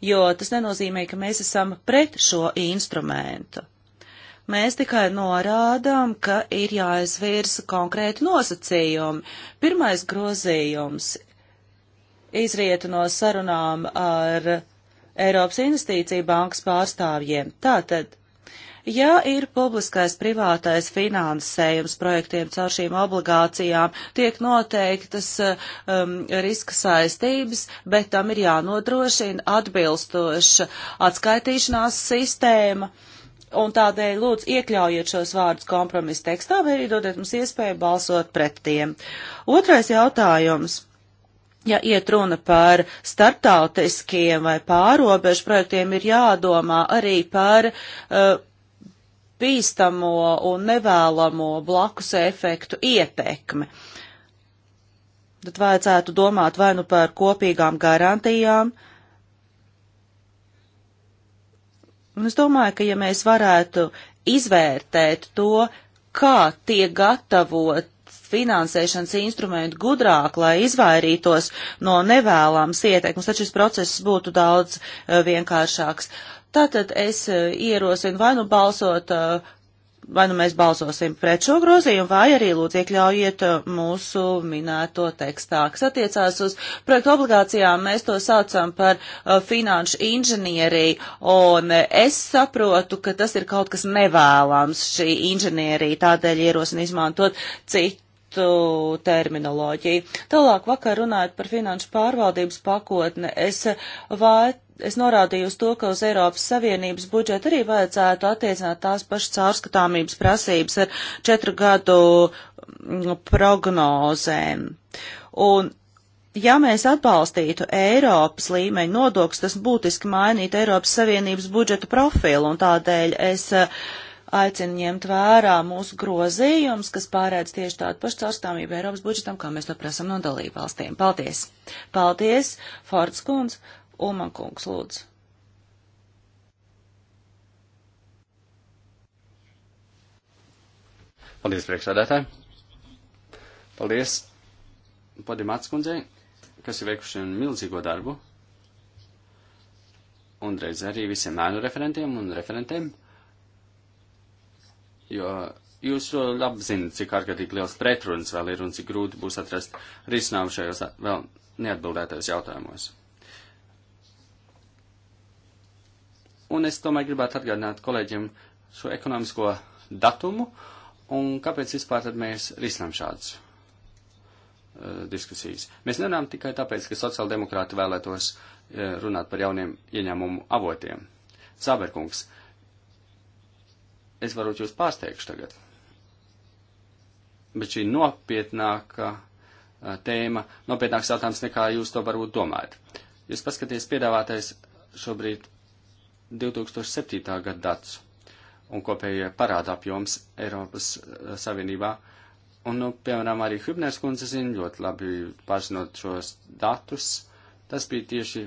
C: jo tas nenozīmē, ka mēs esam pret šo instrumentu. Mēs tikai norādām, ka ir jāizvirsa konkrēti nosacījumi. Pirmais grozījums izrieta no sarunām ar Eiropas Investīcija bankas pārstāvjiem. Tātad Ja ir publiskais privātais finansējums projektiem caur šīm obligācijām, tiek noteiktas um, riska saistības, bet tam ir jānodrošina atbilstoša atskaitīšanās sistēma. Un tādēļ lūdzu iekļaujiet šos vārdus kompromisa tekstā, vai arī dodiet mums iespēju balsot pret tiem. Otrais jautājums. Ja iet runa par starptautiskiem vai pārobežu projektiem, ir jādomā arī par uh, bīstamo un nevēlamo blakus efektu ietekme. Tad vajadzētu domāt vai nu par kopīgām garantijām, un es domāju, ka ja mēs varētu izvērtēt to, kā tiek gatavot finansēšanas instrumentu gudrāk, lai izvairītos no nevēlams ietekmes, taču šis process būtu daudz eh, vienkāršāks. Uh, Tātad es eh, ierosinu vai nu balsot, eh, vai nu mēs balsosim pret šo grozījumu, vai arī lūdzu iekļaujiet eh, mūsu minēto tekstā, kas attiecās uz projektu obligācijām. Mēs to saucam par finanšu inženieriju, un es saprotu, ka tas ir kaut kas nevēlams, šī inženierija, tādēļ ierosinu izmantot citu citu terminoloģiju. Tālāk vakar runājot par finanšu pārvaldības pakotni, es vai es norādīju uz to, ka uz Eiropas Savienības budžetu arī vajadzētu attiecināt tās pašas caurskatāmības prasības ar četru gadu mm, prognozēm. Un ja mēs atbalstītu Eiropas līmeņa nodokļus, tas būtiski mainītu Eiropas Savienības budžeta profilu, un tādēļ es eh, aicinu ņemt vērā mūsu grozījums, kas pārēdz tieši tādu pašu caurstāmību Eiropas budžetam, kā mēs to prasam no dalībvalstīm. Paldies! Paldies, Fords Kunz! Ulman kungs, lūdzu.
A: Paldies, priekšsādātāji. Paldies Padimāts kundzei, kas ir veikuši milzīgo darbu. Un reiz arī visiem mēnu referentiem un referentiem. Jo jūs labi zinat, cik ārkārtīgi liels pretruns vēl ir un cik grūti būs atrast risinājumu šajos vēl neatbildētajos jautājumos. Un es tomēr gribētu atgādināt kolēģiem šo ekonomisko datumu un kāpēc vispār tad mēs risinām šādas uh, diskusijas. Mēs nerunājam tikai tāpēc, ka sociāldemokrāti vēlētos uh, runāt par jauniem ieņēmumu avotiem. Zāberkungs, es varbūt jūs pārsteigšu tagad, bet šī nopietnāka uh, tēma, nopietnāks jautājums nekā jūs to varbūt domājat. Jūs paskaties, piedāvātais šobrīd 2007. gada dats un kopējie parāda apjoms Eiropas eh, Savienībā. Un, nu, piemēram, arī Hübners kundze zina ļoti labi pārzinot šos datus. Tas bija tieši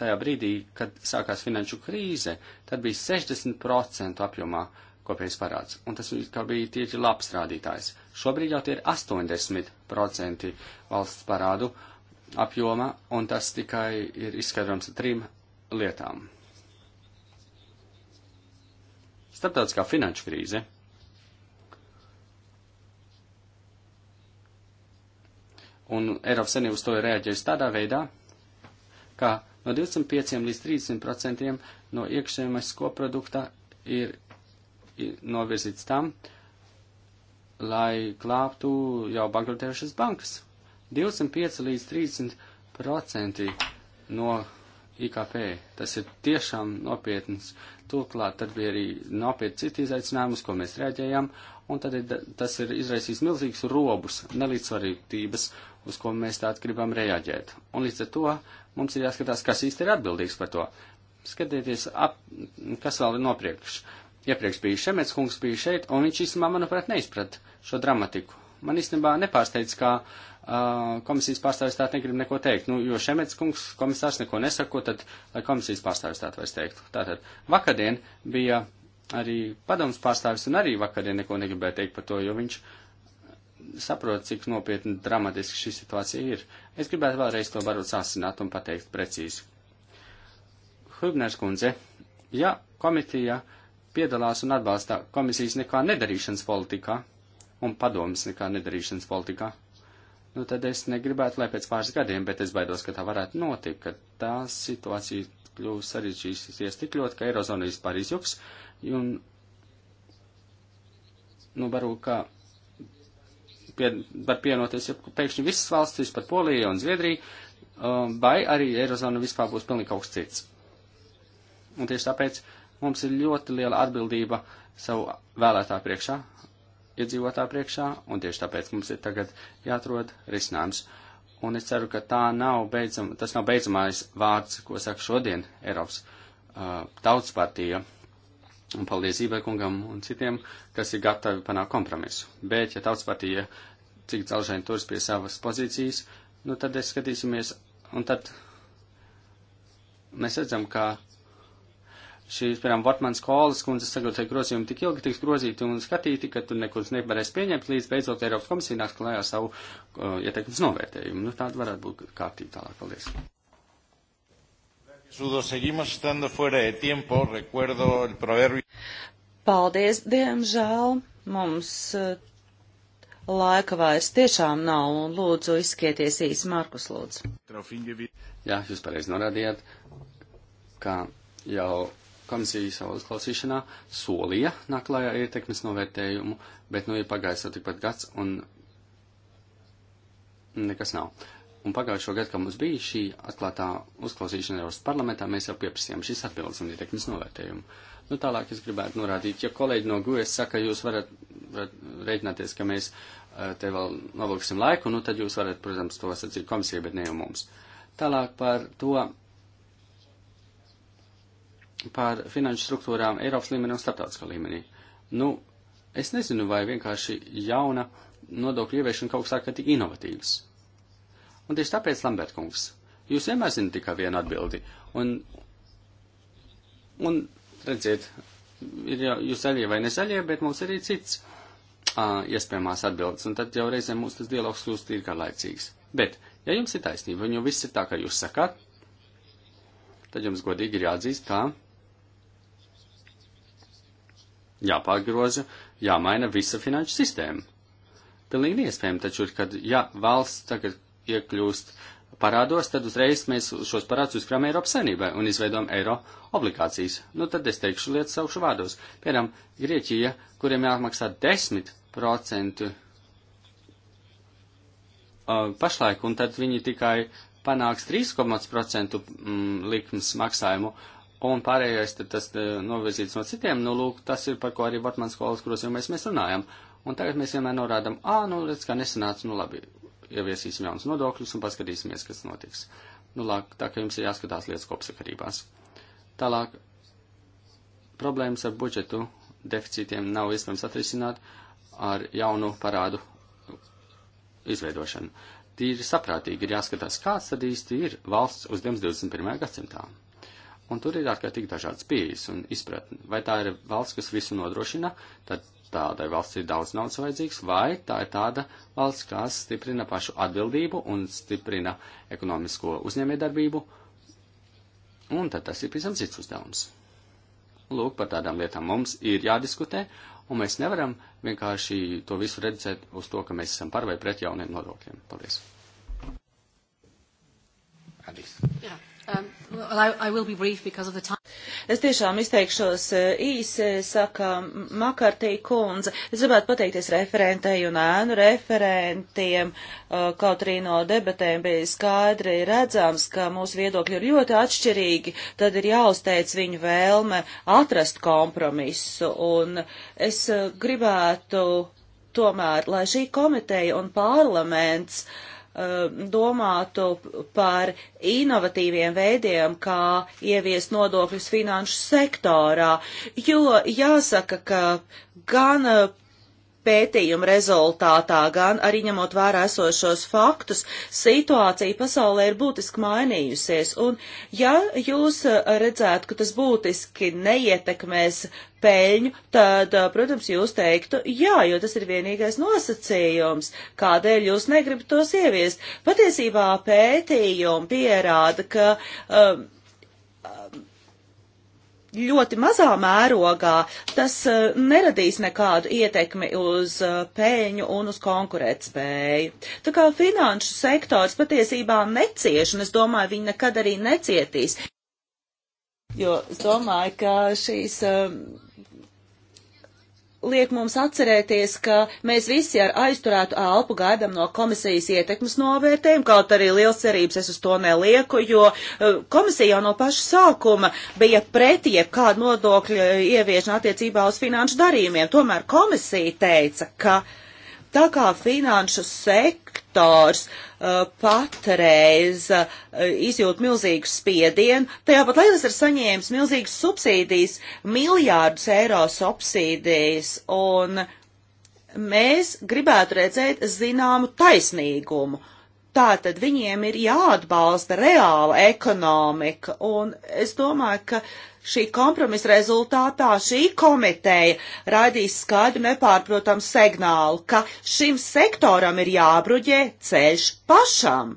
A: tajā brīdī, kad sākās finanšu krīze, tad bija 60% apjomā kopējais parāds. Un tas bija tieši labs rādītājs. Šobrīd jau tie ir 80% valsts parādu apjoma, un tas tikai ir izskaidrojams ar trim lietām. Starptautiskā finanšu krīze. Un Eiropas Savienība uz to ir reaģējusi tādā veidā, ka no 25 līdz 30 procentiem no iekšējumais koprodukta ir, ir novirzīts tam, lai glābtu jau bankrotējušas bankas. 25 līdz 30 procenti no IKP. Tas ir tiešām nopietns. Turklāt tad bija arī nopietni citi izaicinājumi, uz ko mēs reaģējām, un tad ir, tas ir izraisījis milzīgus robus, nelīdzsvarības, uz ko mēs tātad gribam reaģēt. Un līdz ar to mums ir jāskatās, kas īsti ir atbildīgs par to. Skatieties, ap, kas vēl ir nopriekš. Iepriekš bija Šemets kungs, bija šeit, un viņš īstenībā, manuprāt, neizprat šo dramatiku. Man īstenībā nepārsteidz, kā uh, komisijas pārstāvis tātad negrib neko teikt. Nu, jo Šemets kungs komisārs neko nesako, tad lai komisijas pārstāvis tātad vairs teiktu. Tātad vakardien bija arī padoms pārstāvis un arī vakardien neko negribēja teikt par to, jo viņš saprot, cik nopietni dramatiski šī situācija ir. Es gribētu vēlreiz to varbūt sāsināt un pateikt precīzi. Hübners kundze, ja komitija piedalās un atbalsta komisijas nekā nedarīšanas politikā un padomas nekā nedarīšanas politikā, nu tad es negribētu, lai pēc pāris gadiem, bet es baidos, ka tā varētu notikt, ka tā situācija kļūs sarežģīsies tik ļoti, ka Eirozona vispār izjuks, un, nu, varbūt, ka pie, var pienoties, ja pēkšņi visas valstis, pat Polija un Zviedrija, um, vai arī Eirozona vispār būs pilnīgi kaut kas cits. Un tieši tāpēc mums ir ļoti liela atbildība savu vēlētāju priekšā, iedzīvotā priekšā, un tieši tāpēc mums ir tagad jāatrod risinājums. Un es ceru, ka tā nav beidzam, tas nav beidzamais vārds, ko saka šodien Eiropas uh, tautas partija. Un paldies Ībekungam un citiem, kas ir gatavi panākt kompromisu. Bet, ja tautas partija cik dzelžaini turas pie savas pozīcijas, nu tad es skatīsimies, un tad mēs redzam, ka šīs, piemēram, Vortmanas kolas kundzes sagatavotie grozījumi tik ilgi tiks grozīti un skatīti, ka tur nekur nevarēs pieņemt, līdz beidzot Eiropas komisija nāks klājā savu uh, ieteikumu novērtējumu. Nu, tāda varētu būt kārtība tālāk. Paldies. Sudo, seguimos estando fuera de tiempo. Recuerdo el proverbio.
C: Paldies, diemžēl mums uh, laika vairs tiešām nav un lūdzu izskieties īsi, Markus, lūdzu.
A: Jā, jūs pareizi norādījāt, ka jau komisija savā uzklausīšanā solīja naklājā ietekmes novērtējumu, bet nu ir pagājis jau tikpat gads un nekas nav. Un pagājušo gadu, kad mums bija šī atklātā uzklausīšana Eiropas parlamentā, mēs jau pieprasījām šīs atbildes un ietekmes novērtējumu. Nu, tālāk es gribētu norādīt, ja kolēģi no GUES saka, jūs varat, varat rēķināties, ka mēs eh, te vēl novilksim laiku, nu tad jūs varat, protams, to sacīt komisijai, bet ne jau mums. Tālāk par to, par finanšu struktūrām Eiropas līmenī un starptautiskā līmenī. Nu, es nezinu, vai vienkārši jauna nodokļu ieviešana kaut kas tāds tik inovatīvs. Un tieši tāpēc, Lambertkungs, jūs vienmēr zinat tikai vienu atbildi. Un, un redziet, ir jau jūs zaļie vai nezaļie, bet mums ir arī cits uh, iespējamās atbildes. Un tad jau reizēm mūsu tas dialogs kļūst īrkārlaicīgs. Bet, ja jums ir taisnība, un jau viss ir tā, kā jūs sakāt, tad jums godīgi ir jāatzīst, ka jāpārgroza, jāmaina visa finanšu sistēma. Pilnīgi iespējami, taču, kad ja valsts tagad iekļūst parādos, tad uzreiz mēs šos parādus uzkrām Eiropas saimnībai un izveidojam eiro obligācijas. Nu, tad es teikšu lietas saukšu vārdos. Piemēram, Grieķija, kuriem jāmaksā 10% pašlaik, un tad viņi tikai panāks 3,1% mm, likmes maksājumu un pārējais tad tas eh, novirzīts no citiem, nu, lūk, tas ir, par ko arī Vatmans skolas grozījumais mēs runājam. Un tagad mēs vienmēr norādam, ā, nu, redz, kā nesanāca, nu, labi, ieviesīsim jaunus nodokļus un paskatīsimies, kas notiks. Nu, lāk, tā ka jums ir jāskatās lietas kopsakarībās. Tālāk, problēmas ar budžetu deficītiem nav iespējams atrisināt ar jaunu parādu izveidošanu. Tīri saprātīgi ir jāskatās, kāds tad īsti ir valsts uzdevums 21. gadsimtā. Un tur ir ārkārtīgi dažādas pieejas un izpratni. Vai tā ir valsts, kas visu nodrošina, tad tādai valsts ir daudz naudas vajadzīgs, vai tā ir tāda valsts, kas stiprina pašu atbildību un stiprina ekonomisko uzņēmējdarbību, un tad tas ir pavisam cits uzdevums. Lūk, par tādām lietām mums ir jādiskutē, un mēs nevaram vienkārši to visu redzēt uz to, ka mēs esam par vai pret jauniem nodokļiem. Paldies!
C: Paldies. Jā, um, Well, I, I will be brief because of the time. Es tiešām izteikšos e, īsi, saka Makartī kundze. Es gribētu pateikties referentei un ēnu referentiem, e, kaut arī no debatēm bija skaidri redzams, ka mūsu viedokļi ir ļoti atšķirīgi, tad ir jāuzteic viņu vēlme atrast kompromisu. Un es e, gribētu tomēr, lai šī komiteja un parlaments uh, Um, domātu par inovatīviem veidiem, kā ieviest nodokļus finanšu sektorā, jo jāsaka, ka gan uh, pētījuma rezultātā, gan arī ņemot vērā esošos faktus, situācija pasaulē ir būtiski mainījusies. Un ja jūs eh, redzētu, ka tas būtiski neietekmēs peļņu, tad, eh, protams, jūs teiktu jā, jo tas ir vienīgais nosacījums, kādēļ jūs negribat tos ieviest. Patiesībā pētījumi pierāda, ka um, ļoti mazā mērogā, tas eh, neradīs nekādu ietekmi uz eh, pēļņu un uz konkurētspēju. Tā kā finanšu sektors patiesībā necieš, un es domāju, viņi nekad arī necietīs. Jo es domāju, ka šīs eh, liek mums atcerēties, ka mēs visi ar aizturētu elpu gaidām no komisijas ietekmes novērtējumu, kaut arī liels cerības es uz to nelieku, jo eh, komisija jau no paša sākuma bija pretī jebkādu nodokļu eh, ieviešanu attiecībā uz finanšu darījumiem. Tomēr komisija teica, ka tā kā finanšu sekta sektors uh, patreiz uh, izjūt milzīgu spiedienu, tajā pat laikā ir saņēmis milzīgas subsīdijas, miljārdus eiro subsīdijas, un mēs gribētu redzēt zināmu taisnīgumu. Tātad viņiem ir jāatbalsta reāla ekonomika, un es domāju, ka uh, šī kompromisa rezultātā šī komiteja raidīs skaidru nepārprotam signālu, ka šim sektoram ir jābruģē ceļš pašam.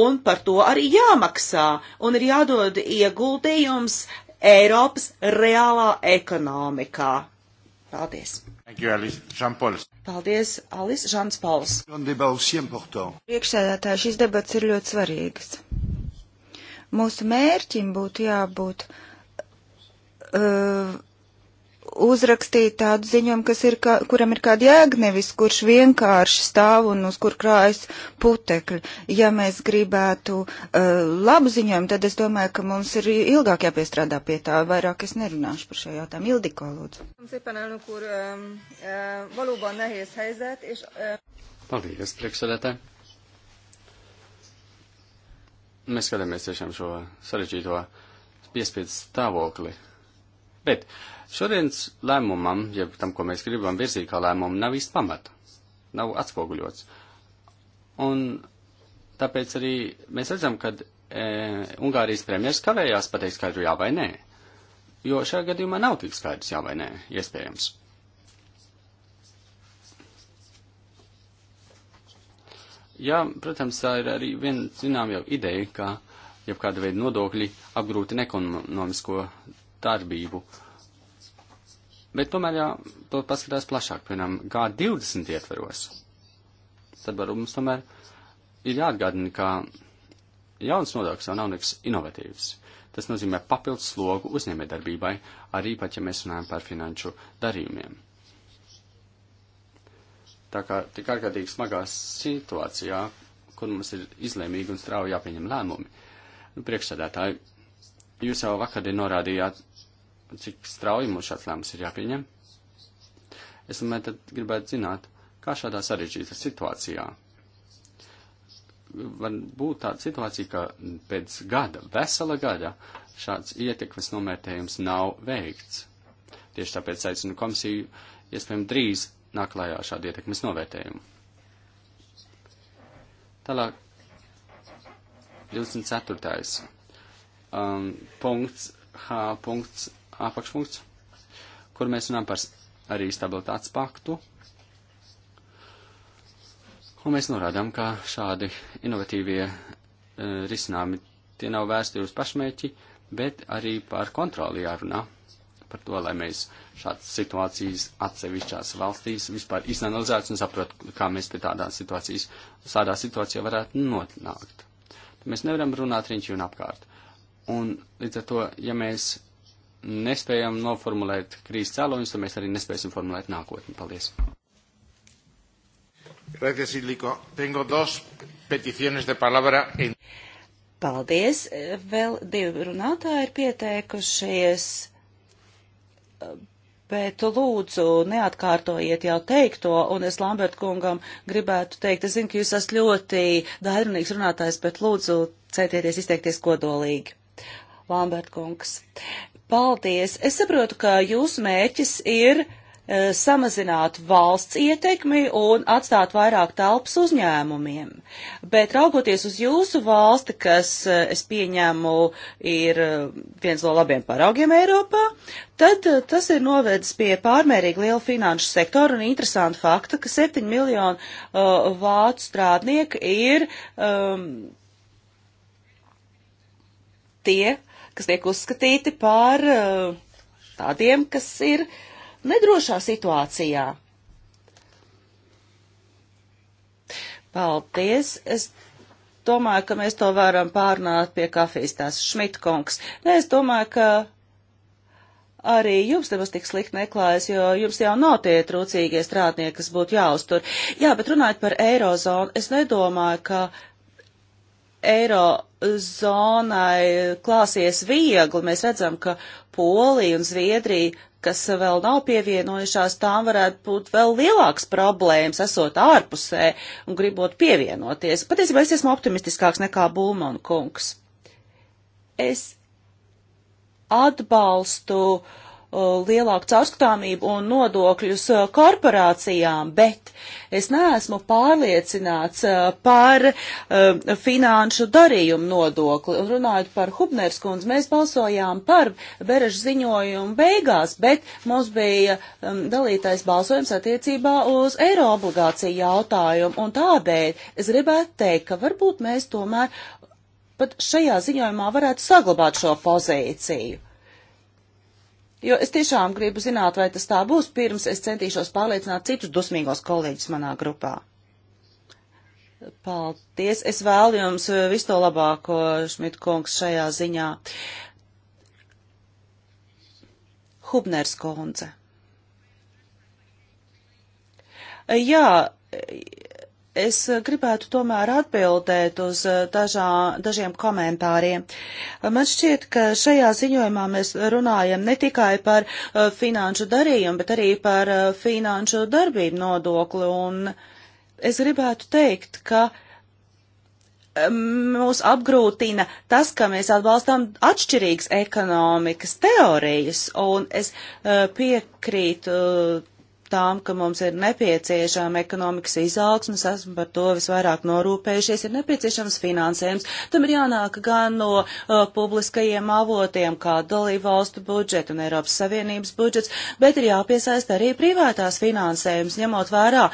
C: Un par to arī jāmaksā, un ir jādod ieguldījums Eiropas reālā ekonomikā. Paldies! You, Alice. Paldies, Alis Žants Pauls.
A: Priekšsēdētāji,
B: šīs debats ir ļoti svarīgas. Mūsu mērķim būtu jābūt uh, uzrakstīt tādu ziņojumu, kas ir, kā, kuram ir kāda jēga, nevis kurš vienkārši stāv un uz kur krājas putekļi. Ja mēs gribētu uh, labu ziņojumu, tad es domāju, ka mums ir ilgāk jāpiestrādā pie tā. Vairāk es nerunāšu par šo jautājumu.
A: Ildiko, lūdzu.
B: Um, uh, uh,
A: Paldies, priekšsēdētāji. Mēs skatāmies tiešām šo sarežģīto piespiedu stāvokli Bet šodienas lēmumam, ja tam, ko mēs gribam virzīt kā lēmumu, nav īsti pamata, nav atspoguļots. Un tāpēc arī mēs redzam, ka e, Ungārijas premjeras kavējās pateikt skaidru jā vai nē, jo šajā gadījumā nav tik skaidrs jā vai nē iespējams. Jā, protams, tā ir arī viena, zinām, jau ideja, ka jebkāda veida nodokļi apgrūti ekonomisko darbību. Bet tomēr, ja to paskatās plašāk, piemēram, G20 ietveros, tad var mums tomēr ir jāatgādina, ka jauns nodoklis jau nav nekas inovatīvs. Tas nozīmē papildus slogu uzņēmējdarbībai, arī pat, ja mēs runājam par finanšu darījumiem. Tā kā tik ārkārtīgi smagā situācijā, kur mums ir izlēmīgi un strauji jāpieņem lēmumi. Nu, priekšsēdētāji, jūs jau vakar norādījāt cik strauji mums šāds lēmums ir jāpieņem. Es domāju, tad gribētu zināt, kā šādā sarežģītā situācijā var būt tāda situācija, ka pēc gada, vesela gada, šāds ietekmes nomērtējums nav veikts. Tieši tāpēc aicinu komisiju iespējami drīz nāk klājā šādu ietekmes novērtējumu. Tālāk, 24. Um, punkts H. Punkts apakšpunkts, kur mēs runājam par arī stabilitātes paktu. Un mēs norādām, ka šādi inovatīvie e, risinājumi tie nav vērsti uz pašmērķi, bet arī par kontroli jārunā. Par to, lai mēs šādas situācijas atsevišķās valstīs vispār izanalizētu un saprotu, kā mēs pie tādā situācijas, šādā situācijā varētu nonākt. Mēs nevaram runāt riņķi un apkārt. Un līdz ar to, ja mēs nespējam noformulēt krīzes cēloņus, tad mēs arī nespēsim formulēt nākotni. Paldies! Gracias, Iliko. Tengo dos peticiones de palabra. En...
C: Paldies. Vēl divi runātāji ir pieteikušies, bet lūdzu neatkārtojiet jau teikto, un es Lambert kungam gribētu teikt, es zinu, ka jūs esat ļoti dairunīgs runātājs, bet lūdzu centieties izteikties kodolīgi. Lambert kungs. Paldies! Es saprotu, ka jūsu mērķis ir e, samazināt valsts ietekmi un atstāt vairāk telpas uzņēmumiem. Bet raugoties uz jūsu valsti, kas, e, es pieņēmu, ir e, viens no labiem paraugiem Eiropā, tad tas ir novedis pie pārmērīgi liela finanšu sektora un interesanta fakta, ka 7 miljonu uh, vācu strādnieku ir um, tie, kas tiek uzskatīti par eh, tādiem, kas ir nedrošā situācijā. Paldies! Es domāju, ka mēs to varam pārnāt pie kafijas tās Šmitkungs. Nē, es domāju, ka arī jums nemaz tik slikti neklājas, jo jums jau nav tie trūcīgie strādnieki, kas būtu jāuztur. Jā, bet runājot par Eirozonu, es nedomāju, ka eiro zonai klāsies viegli. Mēs redzam, ka Polija un Zviedrija, kas vēl nav pievienojušās, tām varētu būt vēl lielāks problēmas, esot ārpusē un gribot pievienoties. Patiesībā es esmu optimistiskāks nekā Bulman kungs. Es atbalstu uh, Uh, lielāku caurskatāmību un nodokļus uh, korporācijām, bet es neesmu pārliecināts uh, par finanšu darījumu nodokli. Un runājot par Hubners kundzi, mēs balsojām par Berežu ziņojumu beigās, bet mums bija um, dalītais balsojums attiecībā uz eiro obligāciju jautājumu, un tādēļ es gribētu teikt, ka varbūt mēs tomēr pat šajā ziņojumā varētu saglabāt šo pozīciju. Jo es tiešām gribu zināt, vai tas tā būs, pirms es centīšos pārliecināt citus dusmīgos kolēģus manā grupā. Paldies! Es vēlu jums eh, visu to labāko, Šmit kungs, šajā ziņā. Hubners kundze. Jā, es eh, gribētu tomēr atbildēt uz eh, dažā, dažiem komentāriem. Eh, man šķiet, ka šajā ziņojumā mēs runājam ne tikai par finanšu darījumu, bet arī par finanšu darbību nodokli. Un es gribētu teikt, ka mūs apgrūtina tas, ka mēs atbalstām atšķirīgas ekonomikas teorijas, un es piekrītu tām, ka mums ir nepieciešama ekonomikas izaugsmas, esmu par to visvairāk norūpējušies, ir nepieciešams finansējums. Tam ir jānāk gan no uh, publiskajiem avotiem, kā dalību valstu budžeta un Eiropas Savienības budžets, bet ir jāpiesaista arī privātās finansējums, ņemot vērā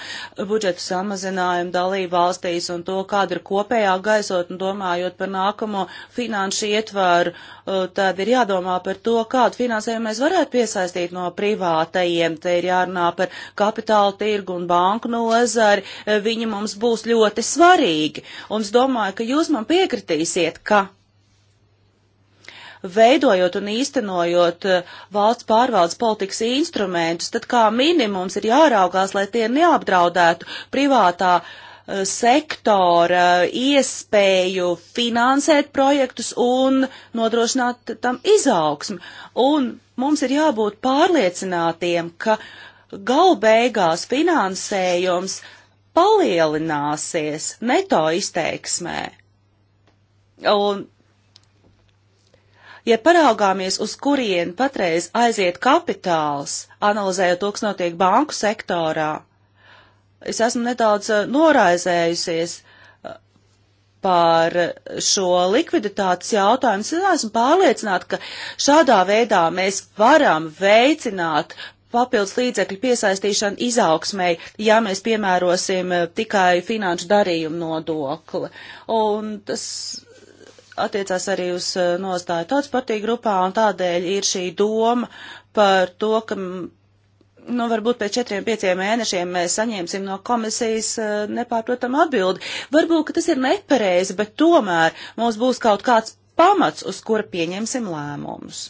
C: budžetu samazinājumu dalību valstīs un to, kāda ir kopējā gaisot un domājot par nākamo finanšu ietvaru. Uh, Eh, tad ir jādomā par to, kādu finansējumu mēs varētu piesaistīt no privātajiem. Te ir jārunā par kapitāla tirgu un banku nozari. Eh, viņi mums būs ļoti svarīgi. Un es domāju, ka jūs man piekritīsiet, ka veidojot un īstenojot eh, valsts pārvaldes politikas instrumentus, tad kā minimums ir jāraugās, lai tie neapdraudētu privātā uh, Eh, sektora iespēju finansēt projektus un nodrošināt tam izaugsmu. Un mums ir jābūt pārliecinātiem, ka galbeigās finansējums palielināsies neto izteiksmē. Un, ja paraugāmies, uz kurien patreiz aiziet kapitāls, analizējot to, kas notiek banku sektorā, es esmu nedaudz eh, noraizējusies eh, par šo likviditātes jautājumu. Es esmu pārliecināta, ka šādā veidā mēs varam veicināt papildus līdzekļu piesaistīšanu izaugsmēji, ja mēs piemērosim eh, tikai finanšu darījumu nodokli. Un tas attiecās arī uz nostāju tautas partiju grupā, un tādēļ ir šī doma par to, ka nu, varbūt pēc četriem, pieciem mēnešiem mēs saņemsim no komisijas eh, nepārprotam atbildi. Varbūt, ka tas ir nepareizi, bet tomēr mums būs kaut kāds pamats, uz kura pieņemsim lēmumus.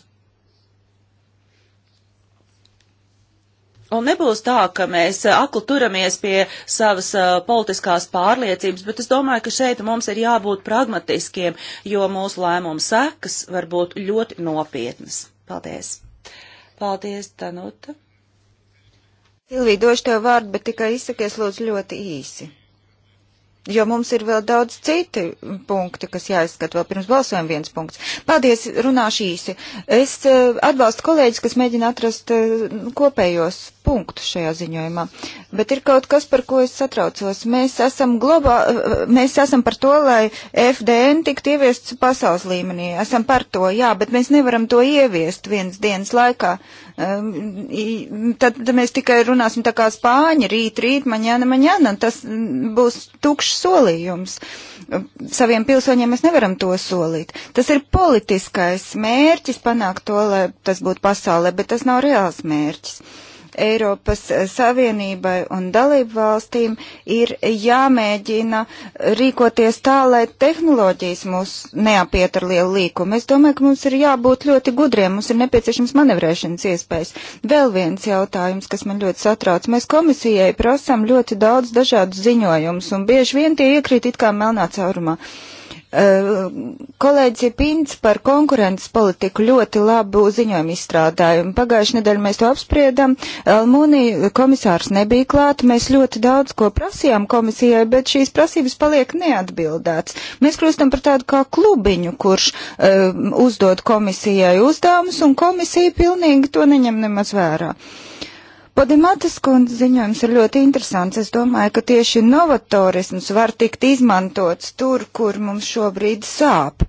C: Un nebūs tā, ka mēs eh, akli turamies pie savas uh, politiskās pārliecības, bet es domāju, ka šeit mums ir jābūt pragmatiskiem, jo mūsu lēmumu sekas var būt ļoti nopietnas. Paldies!
B: Paldies, Danuta! Silvija, došu tev vārdu, bet tikai izsakies lūdzu ļoti īsi jo mums ir vēl daudz citi punkti, kas jāizskata vēl pirms balsojuma viens punkts. Paldies, runāšu īsi. Es eh, atbalstu kolēģis, kas mēģina atrast eh, kopējos punktus šajā ziņojumā, bet ir kaut kas, par ko es satraucos. Mēs esam, globā, eh, mēs esam par to, lai FDN tiktu ieviests pasaules līmenī. Esam par to, jā, bet mēs nevaram to ieviest viens dienas laikā. Ehm, tad mēs tikai runāsim tā kā spāņi, rīt, rīt, maņēna, maņēna. Tas mm, būs tukšs vienkārši solījums. Saviem pilsoņiem mēs nevaram to solīt. Tas ir politiskais mērķis panākt to, lai tas būtu pasaulē, bet tas nav reāls mērķis. Eiropas Savienībai un dalību valstīm ir jāmēģina rīkoties tā, lai tehnoloģijas mūs neapiet ar lielu līkumu. Es domāju, ka mums ir jābūt ļoti gudriem, mums ir nepieciešams manevrēšanas iespējas. Vēl viens jautājums, kas man ļoti satrauc. Mēs komisijai prasam ļoti daudz dažādus ziņojumus, un bieži vien tie iekrīt it kā melnā caurumā. Uh, Eh, kolēģis Pins par konkurences politiku ļoti labu ziņojumu izstrādāja. Pagājušajā nedēļā mēs to apspriedam. Almūnī komisārs nebija klāt. Mēs ļoti daudz ko prasījām komisijai, bet šīs prasības paliek neatbildētas. Mēs kļūstam par tādu kā klubiņu, kurš uh, uzdod komisijai uzdevumus, un komisija pilnīgi to neņem nemaz vērā. Uh, Podimatas kundze ziņojums ir ļoti interesants. Es domāju, ka tieši novatorisms var tikt izmantots tur, kur mums šobrīd sāp.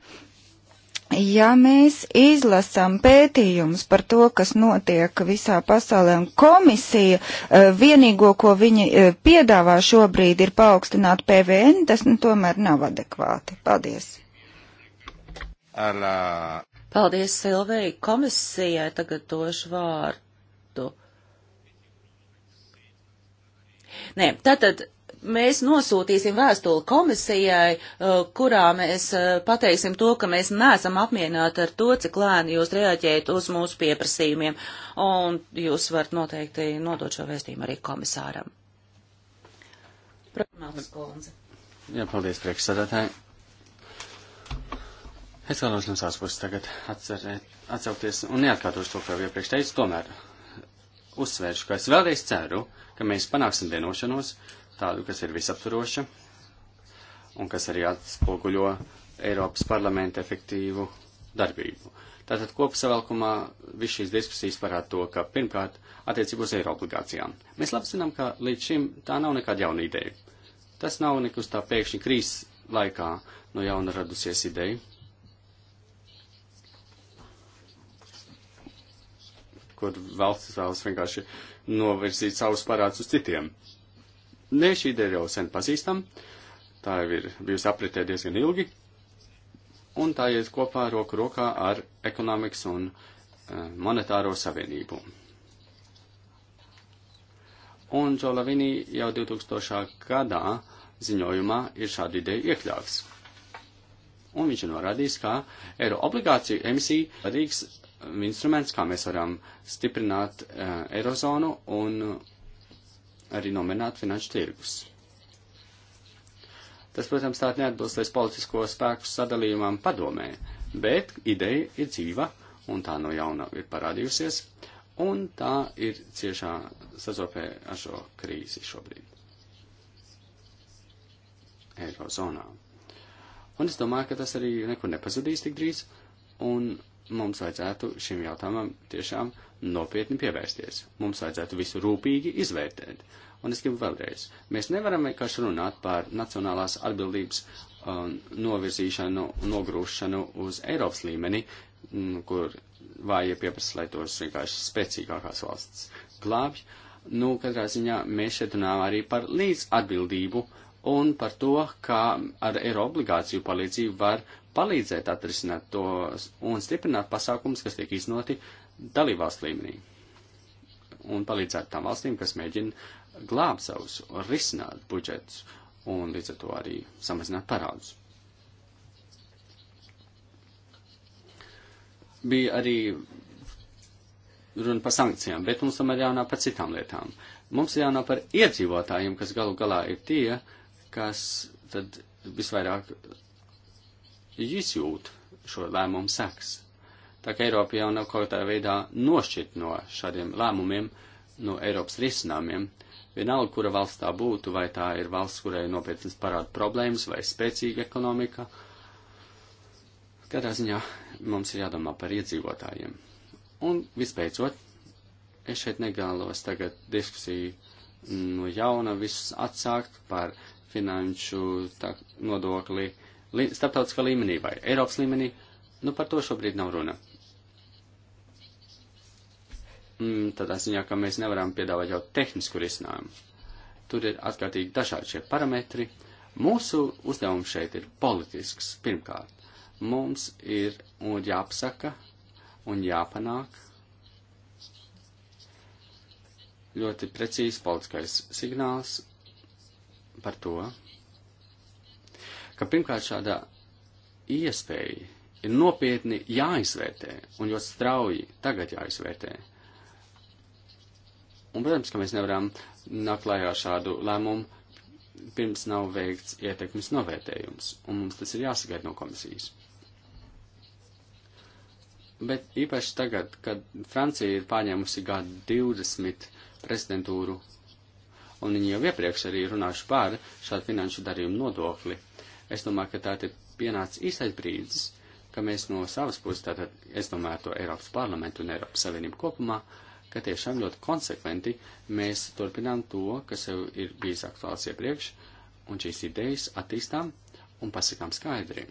B: Ja mēs izlasām pētījumus par to, kas notiek visā pasaulē, un komisija eh, vienīgo, ko viņi eh, piedāvā šobrīd, ir paaugstināt PVN, tas nu, tomēr nav adekvāti. Paldies!
C: Alā. Paldies, Silvija. Komisijai tagad došu vārdu. Nē, tātad mēs nosūtīsim vēstuli komisijai, uh, kurā mēs uh, pateiksim to, ka mēs neesam apmierināti ar to, cik lēni jūs reaģējat uz mūsu pieprasījumiem, un jūs varat noteikti nodot šo vēstījumu arī komisāram. Protams, Kolundze.
A: Jā, paldies, priekšsādātāji. Es vēlos no savas puses tagad atcerēt, atsaukties un neatkārtošu to, ko jau iepriekš teicu, tomēr uzsvēršu, ka es vēlreiz ceru, uh, ka mēs panāksim vienošanos, tādu, kas ir visaptvaroša un kas arī atspoguļo Eiropas parlamenta efektīvu darbību. Tātad kopsavēlkumā viss šīs diskusijas parāda to, ka pirmkārt attiecībā uz eiro obligācijām. Mēs labi zinām, ka līdz šim tā nav nekāda jauna ideja. Tas nav nekus tā pēkšņi krīzes laikā no jauna radusies ideja. Kur valsts vēlas vienkārši novirzīt savus parādus uz citiem. Nē, šī ideja jau sen pazīstam, tā jau ir bijusi apritē diezgan ilgi, un tā iet kopā roku rokā ar ekonomikas un eh, monetāro savienību. Un Džolavini jau 2000. gadā ziņojumā ir šāda ideja iekļauts. Un viņš ir norādījis, ka eiro obligāciju emisija svarīgs Um, instruments, kā mēs varam stiprināt uh, eirozonu un arī nominēt finanšu tirgus. Tas, protams, tā neatbilstais politisko spēku sadalījumam padomē, bet ideja ir dzīva, un tā no jauna ir parādījusies, un tā ir ciešā sazopē ar šo krīzi šobrīd. Eirozonā. Un es domāju, ka tas arī nekur nepazudīs tik drīz, un mums vajadzētu šim jautājumam tiešām nopietni pievērsties. Mums vajadzētu visu rūpīgi izvērtēt. Un es gribu vēlreiz, mēs nevaram vienkārši runāt par nacionālās atbildības um, novirzīšanu un nogrūšanu uz Eiropas līmeni, m, mm, kur vāja pieprasa, lai tos vienkārši spēcīgākās valsts glābj. Nu, katrā ziņā mēs šeit runājam arī par līdz atbildību un par to, kā ar eiro obligāciju palīdzību var palīdzēt atrisināt to un stiprināt pasākumus, kas tiek iznoti dalībvalstu līmenī. Un palīdzēt tām valstīm, kas mēģina glābt savus, risināt budžetus un līdz ar to arī samazināt parādus. Bija arī runa par sankcijām, bet mums tomēr jānā par citām lietām. Mums jānā par iedzīvotājiem, kas galu galā ir tie, kas tad visvairāk izjūt šo lēmumu seks. Tā kā Eiropa jau nav kaut kādā veidā nošķirt no šādiem lēmumiem, no Eiropas risinājumiem, vienalga, kura valsts tā būtu, vai tā ir valsts, kurai nopietnas parāda problēmas, vai spēcīga ekonomika, katrā ziņā mums ir jādomā par iedzīvotājiem. Un visbeidzot, es šeit negālos tagad diskusiju no jauna visus atsākt par finanšu tā, nodokli starptautiskā līmenī vai Eiropas līmenī, nu par to šobrīd nav runa. Mm, tādā ziņā, ka mēs nevaram piedāvāt jau tehnisku risinājumu. Tur ir atkārtīgi dažādi šie parametri. Mūsu uzdevums šeit ir politisks pirmkārt. Mums ir un jāapsaka un jāpanāk ļoti precīzi politiskais signāls par to, ka pirmkārt šādā iespēja ir nopietni jāizvērtē un ļoti strauji tagad jāizvērtē. Un, protams, ka mēs nevaram nākt klājā šādu lēmumu, pirms nav veikts ietekmes novērtējums, un mums tas ir jāsagaida no komisijas. Bet īpaši tagad, kad Francija ir pārņēmusi G20 prezidentūru, un viņi jau iepriekš arī runājuši par šādu finanšu darījumu nodokli, Es domāju, ka tātad pienācis īstais brīdis, ka mēs no savas puses, tātad es domāju to Eiropas parlamentu un Eiropas Savienību kopumā, ka tiešām ļoti konsekventi mēs turpinām to, kas jau ir bijis aktuāls iepriekš, un šīs idejas attīstām un pasakām skaidri,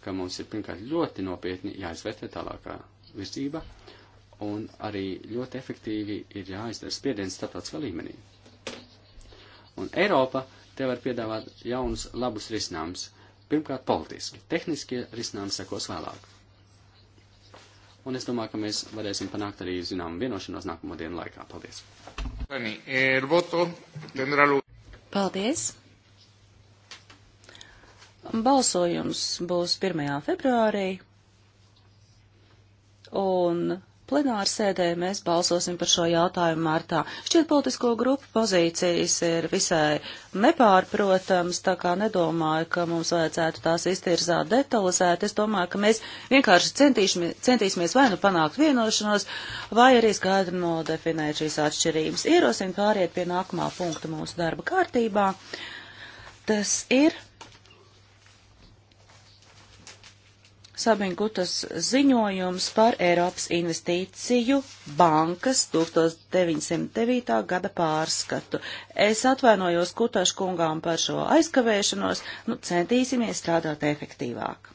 A: ka mums ir pirmkārt ļoti nopietni jāizvērtē tālākā virzība, un arī ļoti efektīvi ir jāizdara spiediens starptautiskā līmenī. Un Eiropa Te var piedāvāt jaunus, labus risinājumus. Pirmkārt, politiski. Tehniskie risinājumi sekos vēlāk. Un es domāju, ka mēs varēsim panākt arī, zinām, vienošanos nākamo dienu laikā. Paldies!
C: Paldies! Balsojums būs 1. februārī, un plenārsēdē mēs balsosim par šo jautājumu martā. Šķiet politisko grupu pozīcijas ir visai nepārprotams, tā kā nedomāju, ka mums vajadzētu tās iztirzāt detalizēt. Es domāju, ka mēs vienkārši centīšmi, centīsimies vai nu panākt vienošanos, vai arī skaidri nodefinēt šīs atšķirības. Ierosim pāriet pie nākamā punkta mūsu darba kārtībā. Tas ir Sabinkutas ziņojums par Eiropas investīciju bankas 1909. gada pārskatu. Es atvainojos Kutašu kungām par šo aizkavēšanos, nu centīsimies strādāt efektīvāk.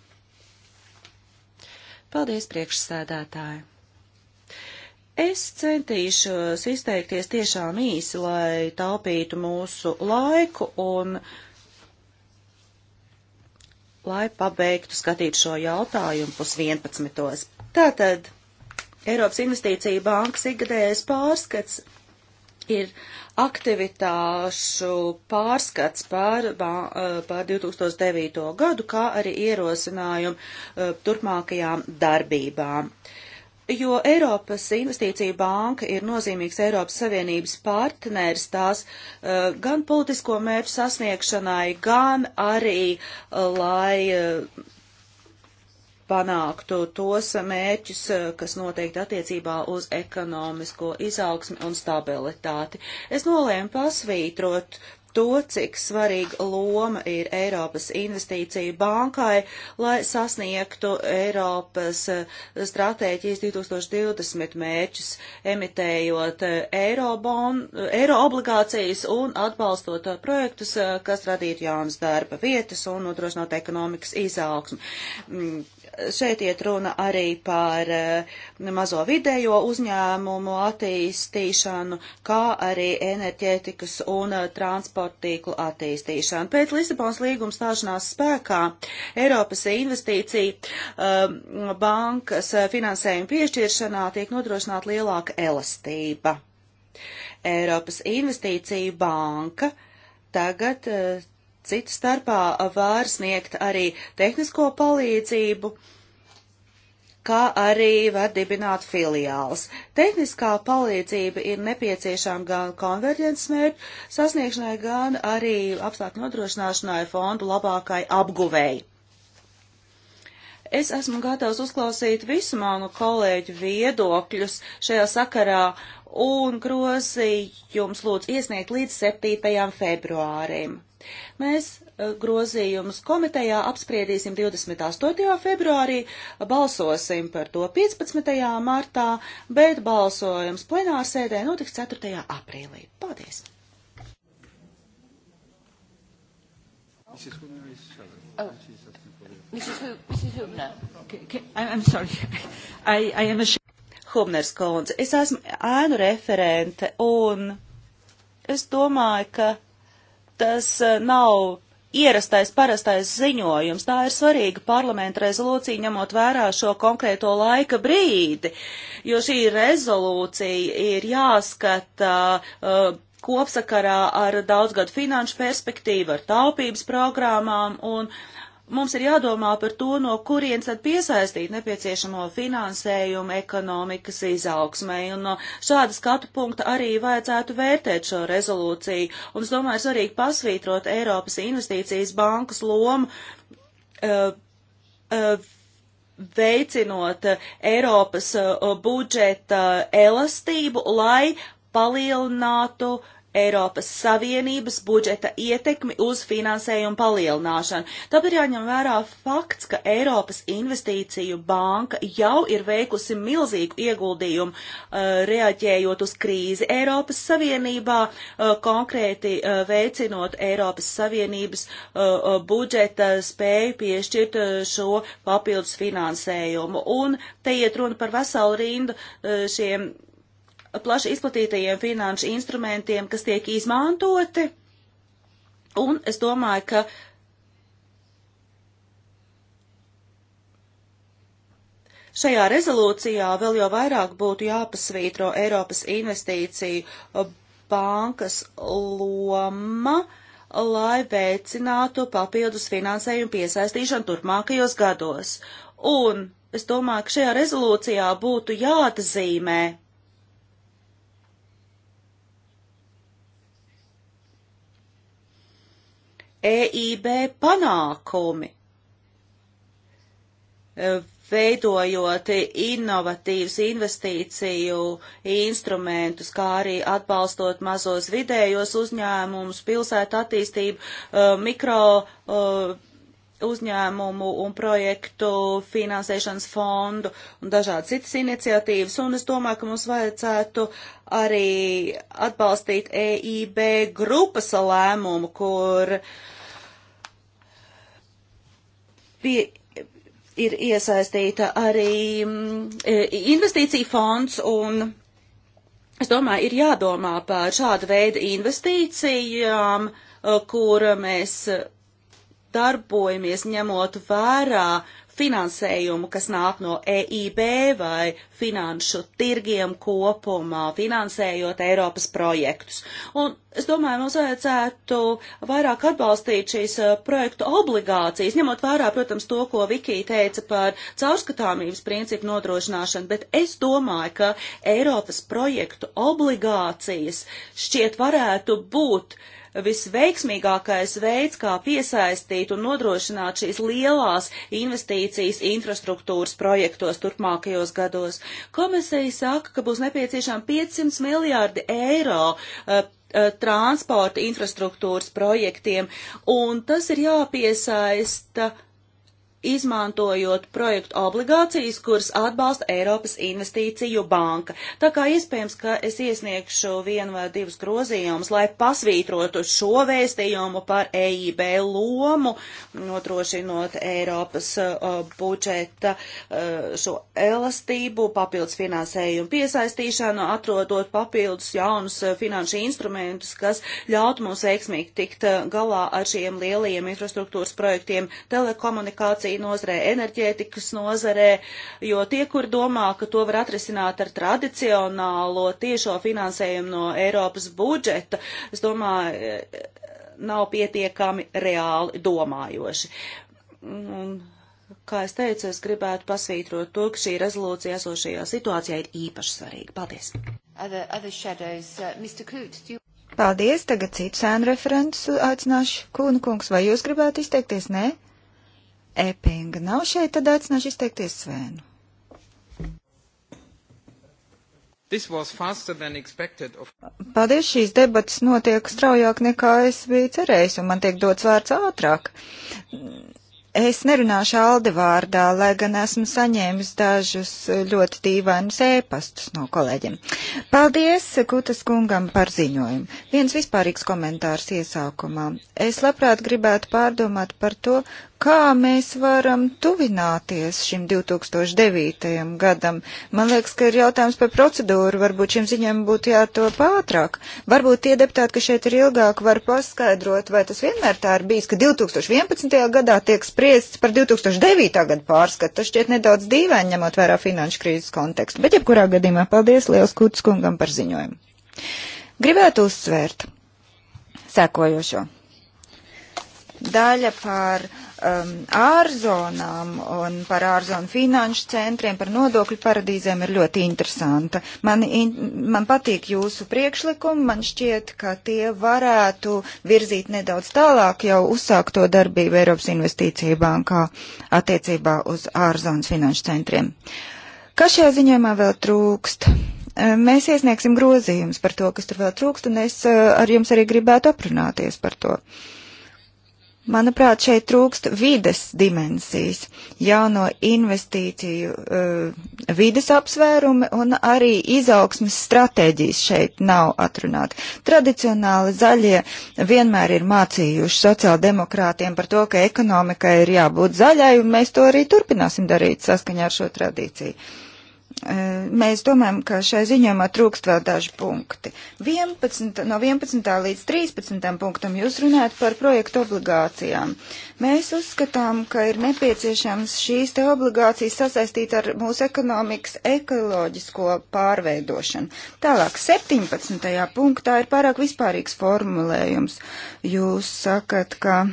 C: Paldies, priekšsēdētāji! Es centīšos izteikties tiešām īsi, lai taupītu mūsu laiku un uh, lai pabeigtu skatīt šo jautājumu pus 11. Tātad Eiropas Investīcija bankas ikgadējais pārskats ir aktivitāšu pārskats par, eh, par 2009. gadu, kā arī ierosinājumi eh, turpmākajām darbībām. Uh, jo Eiropas investīcija banka ir nozīmīgs Eiropas Savienības partners tās eh, gan politisko mērķu sasniegšanai, gan arī, eh, lai eh, panāktu tos mērķus, kas noteikti attiecībā uz ekonomisko izaugsmi un stabilitāti. Es nolēmu pasvītrot to, cik svarīga loma ir Eiropas investīciju bankai, lai sasniegtu Eiropas eh, stratēģijas 2020 mērķus, emitējot Eirobon, eh, eh, eiro obligācijas un atbalstot projektus, kas radītu jaunas darba vietas un nodrošinot ekonomikas izaugsmu. Mm, šeit iet runa arī par eh, mazo vidējo uzņēmumu attīstīšanu, kā arī enerģētikas un eh, transporta tīklu attīstīšanu. Pēc Lisabons līguma stāšanās spēkā Eiropas investīcija eh, bankas finansējuma piešķiršanā tiek nodrošināta lielāka elastība. Eiropas investīcija banka tagad citu starpā var sniegt arī tehnisko palīdzību, kā arī var dibināt filiāls. Tehniskā palīdzība ir nepieciešama gan konverģences mērķu sasniegšanai, gan arī apstākļu nodrošināšanai fondu labākai apguvēji. Es esmu gatavs uzklausīt visu manu kolēģu viedokļus šajā sakarā un grozījums lūdzu iesniegt līdz 7. februārim. Mēs eh, grozījumus komitejā apspriedīsim 28. februārī, balsosim par to 15. martā, bet balsojums plenārsēdē notiks 4. aprīlī. Paldies!
A: Oh, Mrs. Hubner is oh. Mrs.
D: Hubner. Mrs.
C: Hubner. Okay, okay. I'm sorry. I, I am ashamed. Hubners kundze, es esmu ēnu referente un es domāju, ka tas e, nav ierastais, parastais ziņojums. Tā ir svarīga parlamenta rezolūcija, ņemot vērā šo konkrēto laika brīdi, jo šī rezolūcija ir jāskata uh, kopsakarā ar daudzgadu finanšu perspektīvu, ar taupības programmām un uh, mums ir jādomā par to, no kurienes tad piesaistīt nepieciešamo finansējumu ekonomikas izaugsmai, un no šāda skatu punkta arī vajadzētu vērtēt šo rezolūciju. Un es domāju, svarīgi pasvītrot Eiropas investīcijas bankas lomu. Uh, uh, veicinot eh, Eiropas budžeta elastību, lai palielinātu uh, Eiropas Savienības budžeta ietekmi uz finansējumu palielināšanu. Tāpēc jāņem vērā fakts, ka Eiropas Investīciju banka jau ir veikusi milzīgu ieguldījumu uh, reaģējot uz krīzi Eiropas Savienībā, uh, konkrēti uh, veicinot Eiropas Savienības uh, uh, budžeta spēju piešķirt uh, šo papildus finansējumu. Un te iet runa par veselu rindu šiem plaši izplatītajiem finanšu instrumentiem, kas tiek izmantoti. Un es domāju, ka šajā rezolūcijā vēl jau vairāk būtu jāpasvītro Eiropas investīciju bankas loma, lai veicinātu papildus finansējumu piesaistīšanu turpmākajos gados. Un es domāju, ka šajā rezolūcijā būtu jāatzīmē EIB panākumi, veidojot innovatīvas investīciju instrumentus, kā arī atbalstot mazos vidējos uzņēmumus, pilsētu attīstību, uh, mikro uh, uzņēmumu un projektu finansēšanas fondu un dažādas citas iniciatīvas, un es domāju, ka mums vajadzētu arī atbalstīt EIB grupas lēmumu, kur uh, pie, ir iesaistīta arī mm, e, investīcija fonds un es domāju, ir jādomā par šādu veidu investīcijām, e, kur mēs darbojamies ņemot vērā finansējumu, kas nāk no EIB vai finanšu tirgiem kopumā, finansējot Eiropas projektus. Un es domāju, mums vajadzētu vairāk atbalstīt šīs eh, projektu obligācijas, ņemot vērā, protams, to, ko Vikija teica par caurskatāmības principu nodrošināšanu, bet es domāju, ka Eiropas projektu obligācijas šķiet varētu būt uh, visveiksmīgākais veids, kā piesaistīt un nodrošināt šīs lielās investīcijas infrastruktūras projektos turpmākajos gados. Komisija saka, ka būs nepieciešām 500 miljārdi eiro eh, eh, transporta infrastruktūras projektiem, un tas ir jāpiesaista izmantojot projektu obligācijas, kuras atbalsta Eiropas investīciju banka. Tā kā iespējams, ka es iesniegšu vienu vai divus grozījumus, lai pasvītrotu šo vēstījumu par EIB lomu, notrošinot Eiropas uh, budžeta uh, šo elastību, papildus finansējumu piesaistīšanu, atrodot papildus jaunus uh, finanšu instrumentus, kas ļautu mums veiksmīgi tikt uh, galā ar šiem lielajiem infrastruktūras projektiem telekomunikāciju avio nozarē, enerģētikas nozarē, jo tie, kur domā, ka to var atrisināt ar tradicionālo tiešo finansējumu no Eiropas budžeta, es domāju, nav pietiekami reāli domājoši. Un, kā es teicu, es gribētu pasvītrot to, ka šī rezolūcija esošajā situācijā ir īpaši svarīga. Paldies!
D: Other, other shadows, uh, Mr. Coot, do you...
B: Paldies, tagad citu sēnu referents aicināšu. Kūnu kungs, vai jūs gribētu izteikties? Nē? Epinga nav šeit, tad aicināšu izteikties Svēnu.
A: Of...
B: Paldies, šīs debatas notiek straujāk nekā es biju cerējis, un man tiek dots vārds ātrāk. Es nerunāšu Alde vārdā, lai gan esmu saņēmis dažus ļoti dīvainus ēpastus no kolēģiem. Paldies Kutas kungam par ziņojumu. Viens vispārīgs komentārs iesākumā. Es labprāt gribētu pārdomāt par to, kā mēs varam tuvināties šim 2009. gadam? Man liekas, ka ir jautājums par procedūru, varbūt šim ziņam būtu jāto pātrāk. Varbūt tie deputāti, kas šeit ir ilgāk, var paskaidrot, vai tas vienmēr tā ir bijis, ka 2011. gadā tiek spriests par 2009. gadu pārskatu. Tas šķiet nedaudz dīvaini, ņemot vērā finanšu krīzes kontekstu. Bet jebkurā gadījumā paldies Liels Kūtas kungam par ziņojumu. Gribētu uzsvērt sekojošo. Daļa par uh, um, ārzonām un par ārzonu finanšu centriem, par nodokļu paradīzēm ir ļoti interesanta. Man, in, man patīk jūsu priekšlikumi, man šķiet, ka tie varētu virzīt nedaudz tālāk jau uzsākto darbību Eiropas investīcija bankā attiecībā uz ārzonas finanšu centriem. Kas šajā ziņojumā vēl trūkst? Um, mēs iesniegsim grozījumus par to, kas tur vēl trūkst, un es uh, ar jums arī gribētu aprunāties par to. Uh, Manuprāt, šeit trūkst vides dimensijas, jauno investīciju uh, vides apsvērumi un arī izaugsmas stratēģijas šeit nav atrunāti. Tradicionāli zaļie vienmēr ir mācījuši sociāldemokrātiem par to, ka ekonomikai ir jābūt zaļai, un mēs to arī turpināsim darīt saskaņā ar šo tradīciju. Uh, Eh, mēs domājam, ka šai ziņojumā trūkst vēl daži punkti. 11, no 11. līdz 13. punktam jūs runājat par projektu obligācijām. Mēs uzskatām, ka ir nepieciešams šīs te obligācijas sasaistīt ar mūsu ekonomikas ekoloģisko pārveidošanu. Tālāk, 17. punktā ir pārāk vispārīgs formulējums. Jūs sakat, ka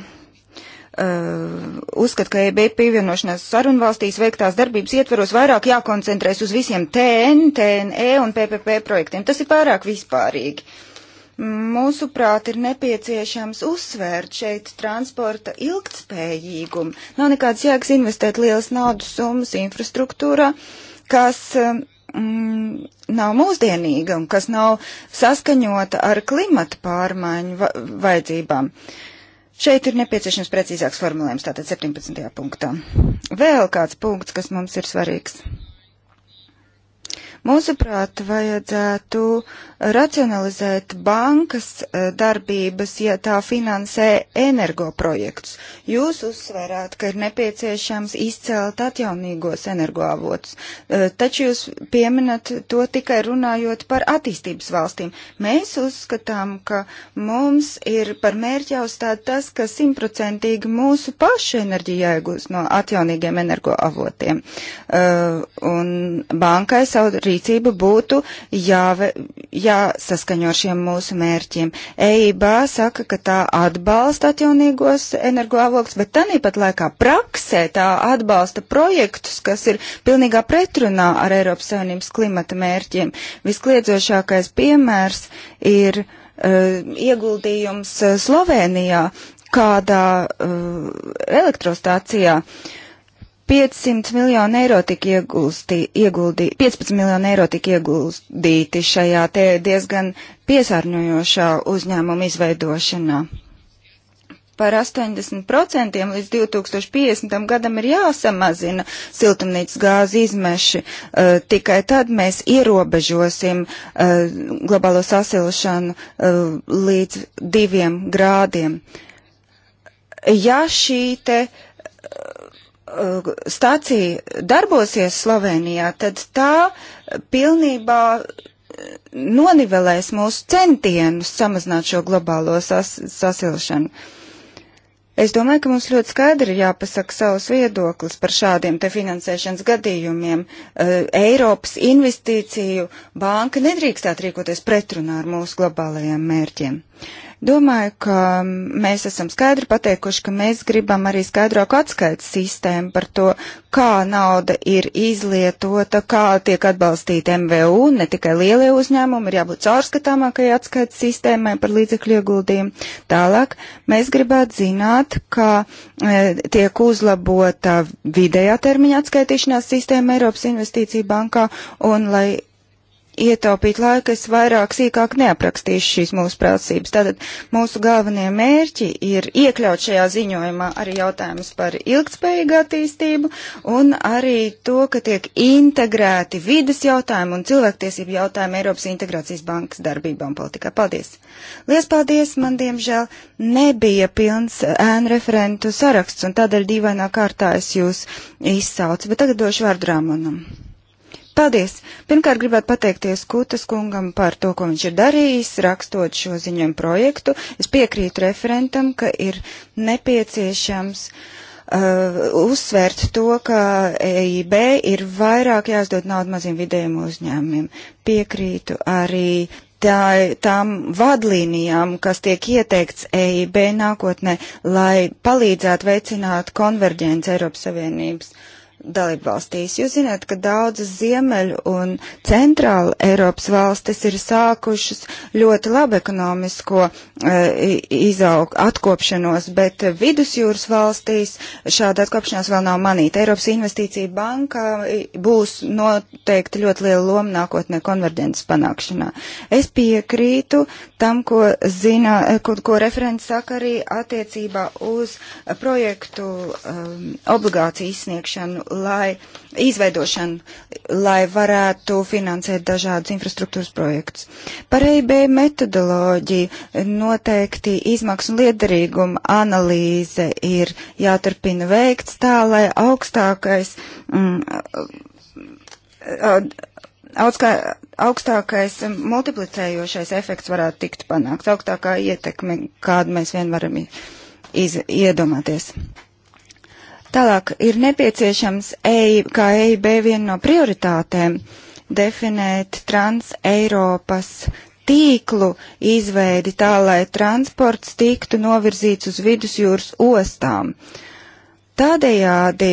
B: Uh, uzskata, ka EB pievienošanās sarunvalstīs veiktās darbības ietveros vairāk jākoncentrēs uz visiem TN, TNE un PPP projektiem. Tas ir pārāk vispārīgi. Mūsuprāt, ir nepieciešams uzsvērt šeit transporta ilgtspējīgumu. Nav nekāds jēgas investēt lielas naudas summas infrastruktūrā, kas mm, nav mūsdienīga un kas nav saskaņota ar klimata pārmaiņu vajadzībām. Uh, Šeit ir nepieciešams precīzāks formulējums, tātad 17. punktā. Vēl kāds punkts, kas mums ir svarīgs. Mūsuprāt, vajadzētu racionalizēt bankas eh, darbības, ja tā finansē energoprojektus. Jūs uzsverāt, ka ir nepieciešams izcelt atjaunīgos energoavotus, eh, taču jūs pieminat to tikai runājot par attīstības valstīm. Mēs uzskatām, ka mums ir par mērķi jāuzstāda tas, ka simtprocentīgi mūsu pašu enerģija jāiegūst no atjaunīgiem energoavotiem. Eh, un bankai savu rīcība būtu jāve, jāsaskaņo ar šiem mūsu mērķiem. EIB saka, ka tā atbalsta atjaunīgos energoavoks, bet tanīpat laikā praksē tā atbalsta projektus, kas ir pilnīgā pretrunā ar Eiropas Savienības klimata mērķiem. Viskliedzošākais piemērs ir uh, ieguldījums eh, Slovenijā kādā uh, elektrostācijā. Uh, 500 miljonu eiro tika iegulsti, ieguldi, 15 miljonu eiro tika ieguldīti šajā diezgan piesārņojošā uzņēmuma izveidošanā. Par 80% līdz 2050. gadam ir jāsamazina siltumnīcas gāzi izmeši. Uh, tikai tad mēs ierobežosim uh, globālo sasilšanu uh, līdz diviem grādiem. Ja šī te uh, Uh, stācija darbosies Slovenijā, tad tā pilnībā uh, nonivelēs mūsu centienus samazināt šo globālo sas sasilšanu. Es domāju, ka mums ļoti skaidri jāpasaka savs viedoklis par šādiem te finansēšanas gadījumiem. Uh, Eiropas investīciju banka nedrīkstētu rīkoties pretrunā ar mūsu globālajiem mērķiem. Domāju, ka mēs esam skaidri pateikuši, ka mēs gribam arī skaidrāku atskaites sistēmu par to, kā nauda ir izlietota, kā tiek atbalstīta MVU, ne tikai lielie uzņēmumi, ir jābūt caurskatāmākai atskaites sistēmai par līdzekļu ieguldījumu. Tālāk mēs gribētu zināt, kā e, tiek uzlabota vidējā termiņa atskaitīšanās sistēma Eiropas investīcija bankā un lai ietaupīt laiku, es vairāk sīkāk neaprakstīšu šīs mūsu prasības. Tātad mūsu galvenie mērķi ir iekļaut šajā ziņojumā arī jautājumus par ilgspējīgu attīstību un arī to, ka tiek integrēti vides jautājumi un cilvēktiesību jautājumi Eiropas integrācijas bankas darbībā un politikā. Paldies! Lies paldies! Man, diemžēl, nebija pilns ēnu referentu saraksts un tādēļ dīvainā kārtā es jūs izsaucu, bet tagad došu vārdu Ramonam. Paldies! Pirmkārt gribētu pateikties Kutas kungam par to, ko viņš ir darījis, rakstot šo ziņojumu projektu. Es piekrītu referentam, ka ir nepieciešams uh, uzsvērt to, ka EIB ir vairāk jāizdod naudu maziem vidējiem uzņēmumiem. Piekrītu arī tā, tām vadlīnijām, kas tiek ieteikts EIB nākotnē, lai palīdzētu veicināt konverģenci Eiropas Savienības uh, dalībvalstīs. Jūs zināt, ka daudzas ziemeļu un centrāla Eiropas valstis ir sākušas ļoti labu ekonomisko e, izaug, atkopšanos, bet vidusjūras valstīs šāda atkopšanās vēl nav manīta. Eiropas investīcija banka būs noteikti ļoti liela loma nākotnē konverģences panākšanā. Es piekrītu tam, ko, zina, e, ko, ko referents saka arī attiecībā uz projektu um, obligāciju izsniegšanu lai izveidošanu, lai varētu finansēt dažādus infrastruktūras projektus. Par EIB metodoloģiju noteikti izmaksu un liederīguma analīze ir jāturpina veikts tā, lai augstākais. Mm, augstā, augstākais multiplicējošais efekts varētu tikt panākts, augstākā ietekme, kādu mēs vien varam iz, iedomāties. Uh, Tālāk ir nepieciešams EIB, kā EIB viena no prioritātēm definēt Trans-Eiropas tīklu izveidi tā, lai transports tiktu novirzīts uz vidusjūras ostām. Tādējādi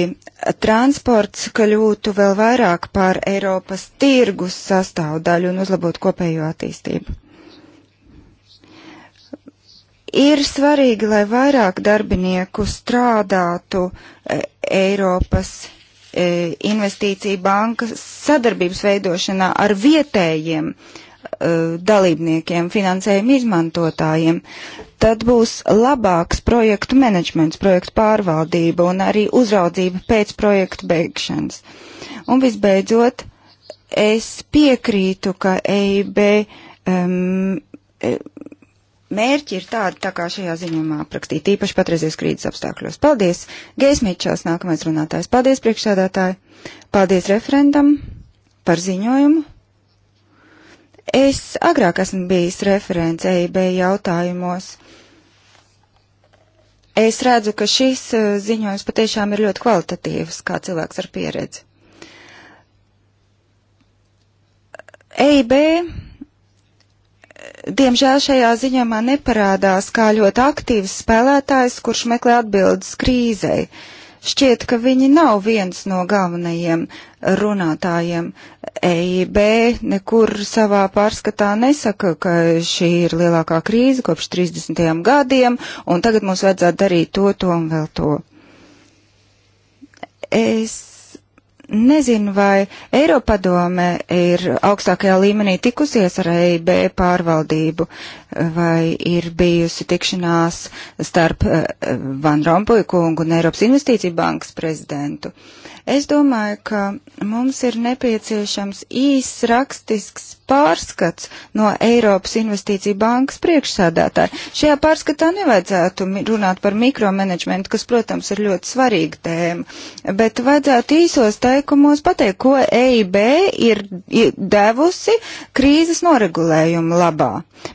B: transports kļūtu vēl vairāk par Eiropas tirgus sastāvdaļu un uzlabot kopējo attīstību. Ir svarīgi, lai vairāk darbinieku strādātu e, Eiropas e, investīcija bankas sadarbības veidošanā ar vietējiem e, dalībniekiem, finansējuma izmantotājiem, tad būs labāks projektu menedžments, projektu pārvaldība un arī uzraudzība pēc projektu beigšanas. Un visbeidzot, es piekrītu, ka EIB um, mērķi ir tādi, tā kā šajā ziņumā aprakstīt, īpaši patreizies krīzes apstākļos. Paldies! Gejs Mičels, nākamais runātājs. Paldies, priekšsēdētāji! Paldies referendam par ziņojumu! Es agrāk esmu bijis referents EIB jautājumos. Es redzu, ka šis uh, ziņojums patiešām ir ļoti kvalitatīvs, kā cilvēks ar pieredzi. EIB diemžēl šajā ziņojumā neparādās kā ļoti aktīvs spēlētājs, kurš meklē atbildes krīzei. Šķiet, ka viņi nav viens no galvenajiem runātājiem. EIB nekur savā pārskatā nesaka, ka šī ir lielākā krīze kopš 30. gadiem, un tagad mums vajadzētu darīt to, to un vēl to. Es Nezinu, vai Eiropadome ir augstākajā līmenī tikusies ar EIB pārvaldību, vai ir bijusi tikšanās starp eh, Van Rompuy kungu un Eiropas Investīciju bankas prezidentu. Es domāju, ka mums ir nepieciešams īs rakstisks pārskats no Eiropas Investīcija bankas priekšsādātāja. Šajā pārskatā nevajadzētu runāt par mikromanagementu, kas, protams, ir ļoti svarīga tēma, bet vajadzētu īsos teikumos pateikt, ko EIB ir devusi krīzes noregulējumu labā.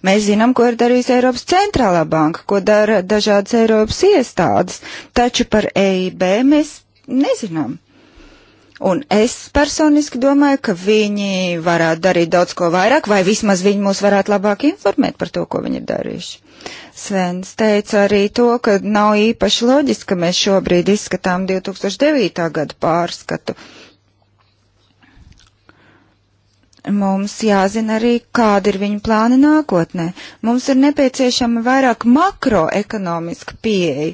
B: Mēs zinām, ko ir darījusi Eiropas centrālā banka, ko dara dažādas Eiropas iestādes, taču par EIB mēs nezinām. Un es personiski domāju, ka viņi varētu darīt daudz ko vairāk, vai vismaz viņi mūs varētu labāk informēt par to, ko viņi ir darījuši. Svens teica arī to, ka nav īpaši loģiski, ka mēs šobrīd izskatām 2009. gadu pārskatu. Uh, Mums jāzina arī, kādi ir viņu plāni nākotnē. Mums ir nepieciešama vairāk makroekonomiska pieeja.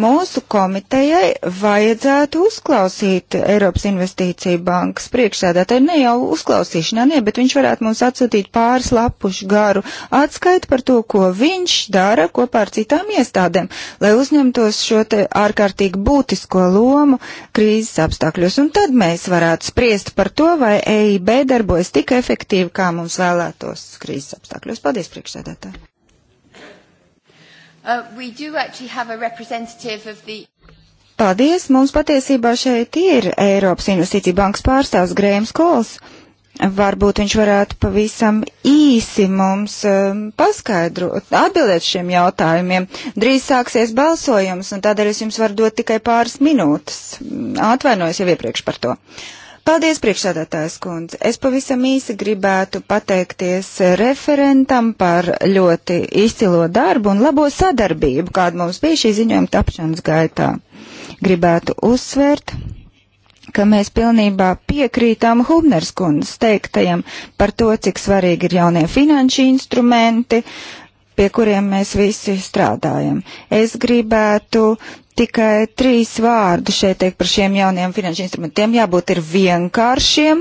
B: Mūsu komitejai vajadzētu uzklausīt Eiropas Investīcija bankas priekšsēdētāju, ne jau uzklausīšanā, ne, bet viņš varētu mums atsūtīt pāris lapušu garu atskaitu par to, ko viņš dara kopā ar citām iestādēm, lai uzņemtos šo te ārkārtīgi būtisko lomu krīzes apstākļos. Un tad mēs varētu spriest par to, vai EIB darbojas tik tik efektīvi, kā mums vēlētos krīzes apstākļos. Paldies, priekšsēdētāji!
D: Uh, the...
B: Paldies! Mums patiesībā šeit ir Eiropas Investīcija bankas pārstāvs Grēms Kols. Varbūt viņš varētu pavisam īsi mums um, paskaidrot, atbildēt šiem jautājumiem. Drīz sāksies balsojums, un tādēļ es jums varu dot tikai pāris minūtes. Atvainojos jau iepriekš par to. Uh, Paldies, priekšsēdētājs kundze. Es pavisam īsi gribētu pateikties referentam par ļoti izcilo darbu un labo sadarbību, kāda mums bija šī ziņojuma tapšanas gaitā. Gribētu uzsvērt, ka mēs pilnībā piekrītām Hubners kundzes teiktajam par to, cik svarīgi ir jaunie finanšu instrumenti, pie kuriem mēs visi strādājam. Es gribētu tikai trīs vārdi šeit teikt par šiem jauniem finanšu instrumentiem. Jābūt ir vienkāršiem,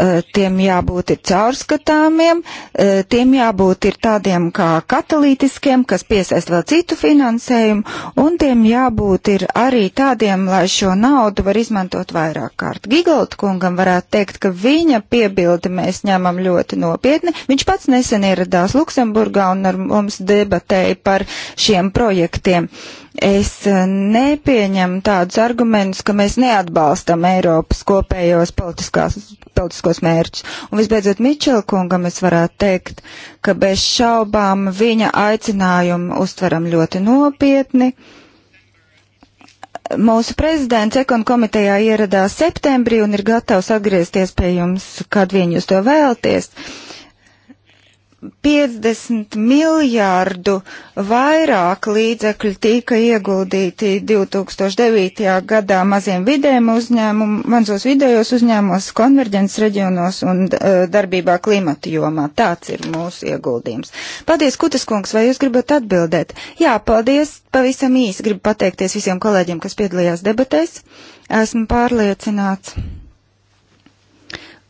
B: Eh, tiem jābūt ir caurskatāmiem, eh, tiem jābūt ir tādiem kā katalītiskiem, kas piesaist vēl citu finansējumu, un tiem jābūt ir arī tādiem, lai šo naudu var izmantot vairāk kārt. Gigalt kungam varētu teikt, ka viņa piebildi mēs ņemam ļoti nopietni. Viņš pats nesen ieradās Luksemburgā un ar mums debatēja par šiem projektiem. Es eh, nepieņemu tādus argumentus, ka mēs neatbalstam Eiropas kopējos politiskās starptautiskos mērķus. Un visbeidzot, Mičela kungam es varētu teikt, ka bez šaubām viņa aicinājumu uztveram ļoti nopietni mūsu prezidents ekonu komitejā ieradās septembrī un ir gatavs atgriezties pie jums, kad vien jūs to vēlties. 50 miljārdu vairāk līdzekļu tika ieguldīti 2009. gadā maziem vidējiem uzņēmumiem, mazos vidējos uzņēmumos, konverģences reģionos un eh, darbībā klimata jomā. Tāds ir mūsu ieguldījums. Paldies, Kutaskungs, vai jūs gribat atbildēt? Jā, paldies, pavisam īsi gribu pateikties visiem kolēģiem, kas piedalījās debatēs. Esmu pārliecināts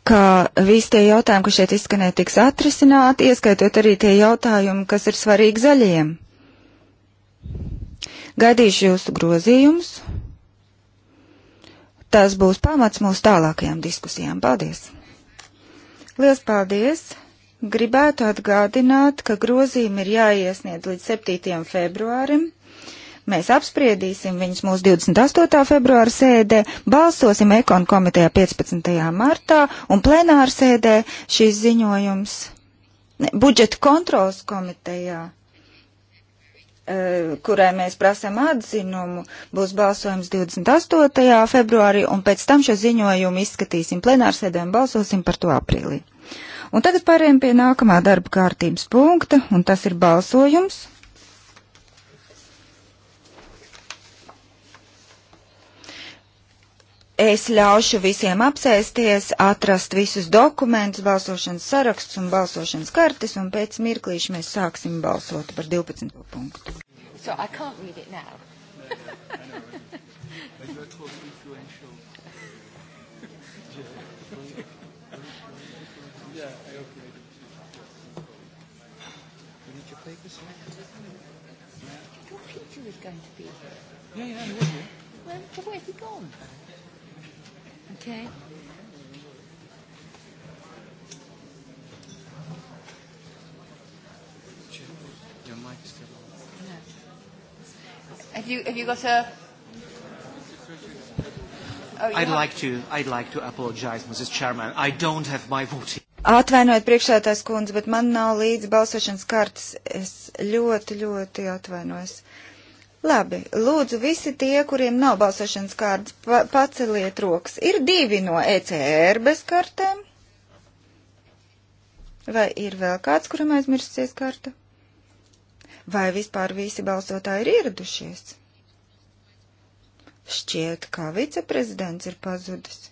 B: ka visi tie jautājumi, kas šeit izskanēja, tiks atrisināti, ieskaitot arī tie jautājumi, kas ir svarīgi zaļiem. Gaidīšu jūsu grozījumus. Tas būs pamats mūsu tālākajām diskusijām. Paldies! Lielas paldies! Gribētu atgādināt, ka grozījumi ir jāiesniedz līdz 7. februārim. Mēs apspriedīsim viņus mūsu 28. februāra sēdē, balsosim ekonu komitejā 15. martā un plenāra sēdē šīs ziņojums ne, budžeta kontrols komitejā e, kurai mēs prasam atzinumu, būs balsojums 28. februārī, un pēc tam šo ziņojumu izskatīsim plenārsēdē un balsosim par to aprīlī. Un tagad pārējiem pie nākamā darba kārtības punkta, un tas ir balsojums Es ļaušu visiem apsēsties, atrast visus dokumentus, balsošanas sarakstus un balsošanas kartes, un pēc mirklīša mēs sāksim balsot par 12. punktu.
D: So I can't read it now. Your picture was going to be here. Yeah, yeah, I was here. Well, where have you gone? Okay.
A: Your mic is still on.
D: No. Have you have you got a? Oh, I'd have... like to I'd like to apologize, Mrs. Chairman. I don't have my voting.
B: Atvainojiet, priekšētājs kundze, bet man nav līdz balsošanas kartes. Es ļoti, ļoti atvainojos. Uh, Labi, lūdzu visi tie, kuriem nav balsošanas kārtas, pa paceliet rokas. Ir divi no ECR bez kartēm. Vai ir vēl kāds, kuram aizmirsusies karta? Vai vispār visi balsotāji ir ieradušies? Šķiet, kā viceprezidents ir pazudis.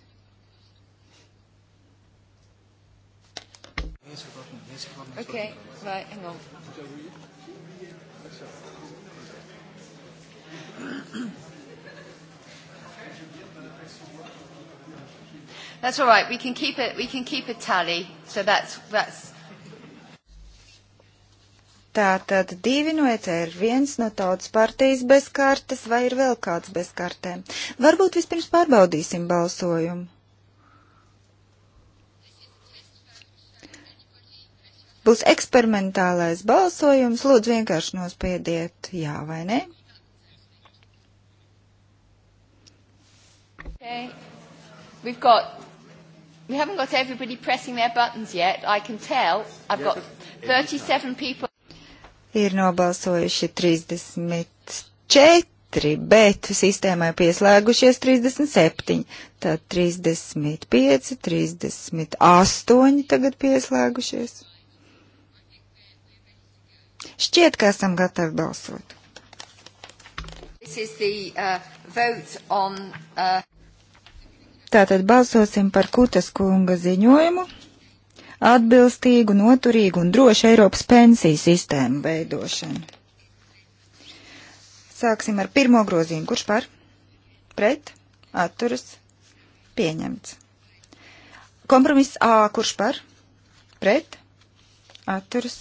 D: Okay, right, hang on. That's all right. We can keep it. We can keep a tally. So that's that's.
B: Tātad divi no ECR, viens no tautas partijas bez kartes, vai ir vēl kāds bez kartēm? Varbūt vispirms pārbaudīsim balsojumu. Būs eksperimentālais balsojums, lūdzu vienkārši nospiediet jā vai nē.
D: Okay. We've got, we haven't got everybody pressing their buttons yet. I can tell. I've got 37 people.
B: Ir nobalsojuši 34, bet sistēmai pieslēgušies 37. Tad 35, 38 tagad pieslēgušies. Šķiet, ka esam gatavi balsot.
D: This is the uh, vote on uh,
B: Tātad balsosim par Kutas kunga ziņojumu - atbilstīgu, noturīgu un drošu Eiropas pensiju sistēmu veidošanu. Sāksim ar pirmo grozījumu. Kurš par? Pret? Atturas? Pieņemts. Kompromiss A. Kurš par? Pret? Atturas?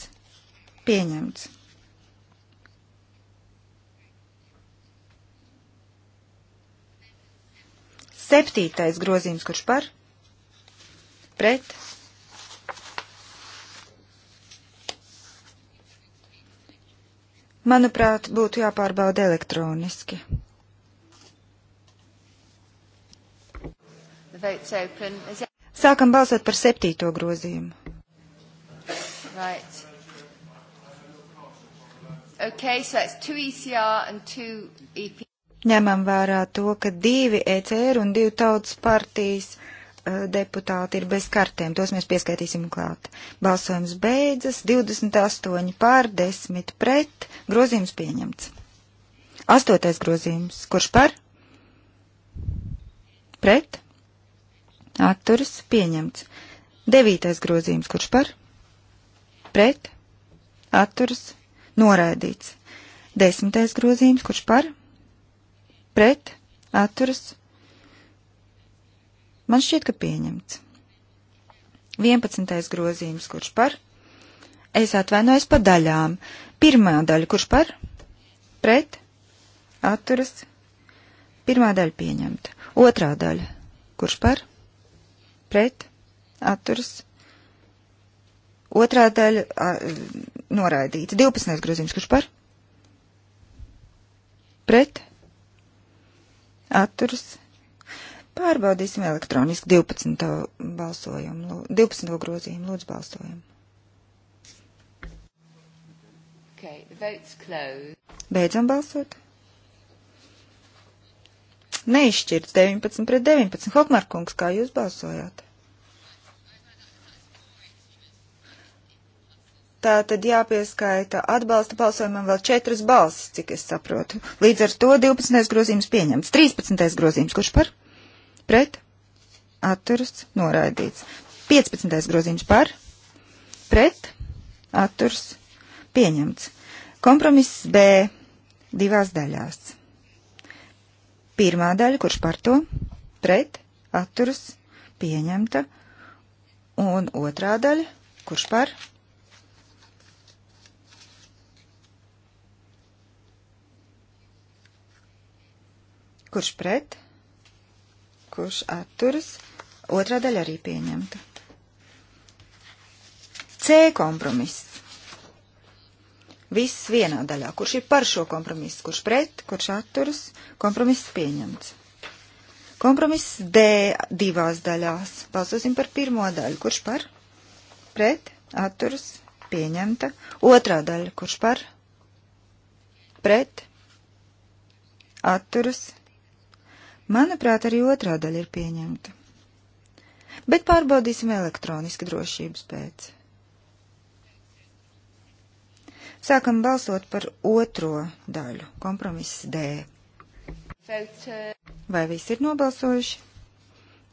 B: Pieņemts. Septītais grozījums, kurš par? Pret. Manuprāt, būtu jāpārbauda elektroniski. Sākam balsot par septīto grozījumu.
D: Right. Okay, so it's two ECR and two EP
B: ņemam vērā to, ka divi ECR un divi tautas partijas uh, deputāti ir bez kartēm. Tos mēs pieskaitīsim klāt. Balsojums beidzas. 28 pār 10 pret. Grozījums pieņemts. Astotais grozījums. Kurš par? Pret. Atturas pieņemts. Devītais grozījums. Kurš par? Pret. Atturas noraidīts. Desmitais grozījums. Kurš par? Pret pret, atturas. Man šķiet, ka pieņemts. 11. grozījums, kurš par? Es atvainojos pa daļām. Pirmā daļa, kurš par? Pret, atturas. Pirmā daļa pieņemta. Otrā daļa, kurš par? Pret, atturas. Otrā daļa a, noraidīta. 12. grozījums, kurš par? Pret, atturas Atturs. Pārbaudīsim elektroniski 12. balsojumu, 12. grozījumu. Lūdzu, balsojam.
D: Okay,
B: Beidzam balsot. Neizšķirts 19 pret 19. Hokmarkungs, kā jūs balsojāt? tā tad jāpieskaita atbalsta balsojumam vēl četras balsis, cik es saprotu. Līdz ar to 12. grozījums pieņemts. 13. grozījums, kurš par? Pret? Atturs, noraidīts. 15. grozījums par? Pret? Atturs, pieņemts. Kompromiss B divās daļās. Pirmā daļa, kurš par to? Pret? Atturs, pieņemta. Un otrā daļa, kurš par? Pret? kurš pret, kurš atturas, otrā daļa arī pieņemta. C kompromiss. Viss vienā daļā. Kurš ir par šo kompromisu, kurš pret, kurš atturas, kompromiss pieņemts. Kompromiss D divās daļās. Balsosim par pirmo daļu. Kurš par? Pret, atturas, pieņemta. Otrā daļa. Kurš par? Pret, atturas, pieņemta Manuprāt, arī otrā daļa ir pieņemta. Bet pārbaudīsim elektroniski drošības pēc. Sākam balsot par otro daļu, kompromiss D. Vai visi ir nobalsojuši?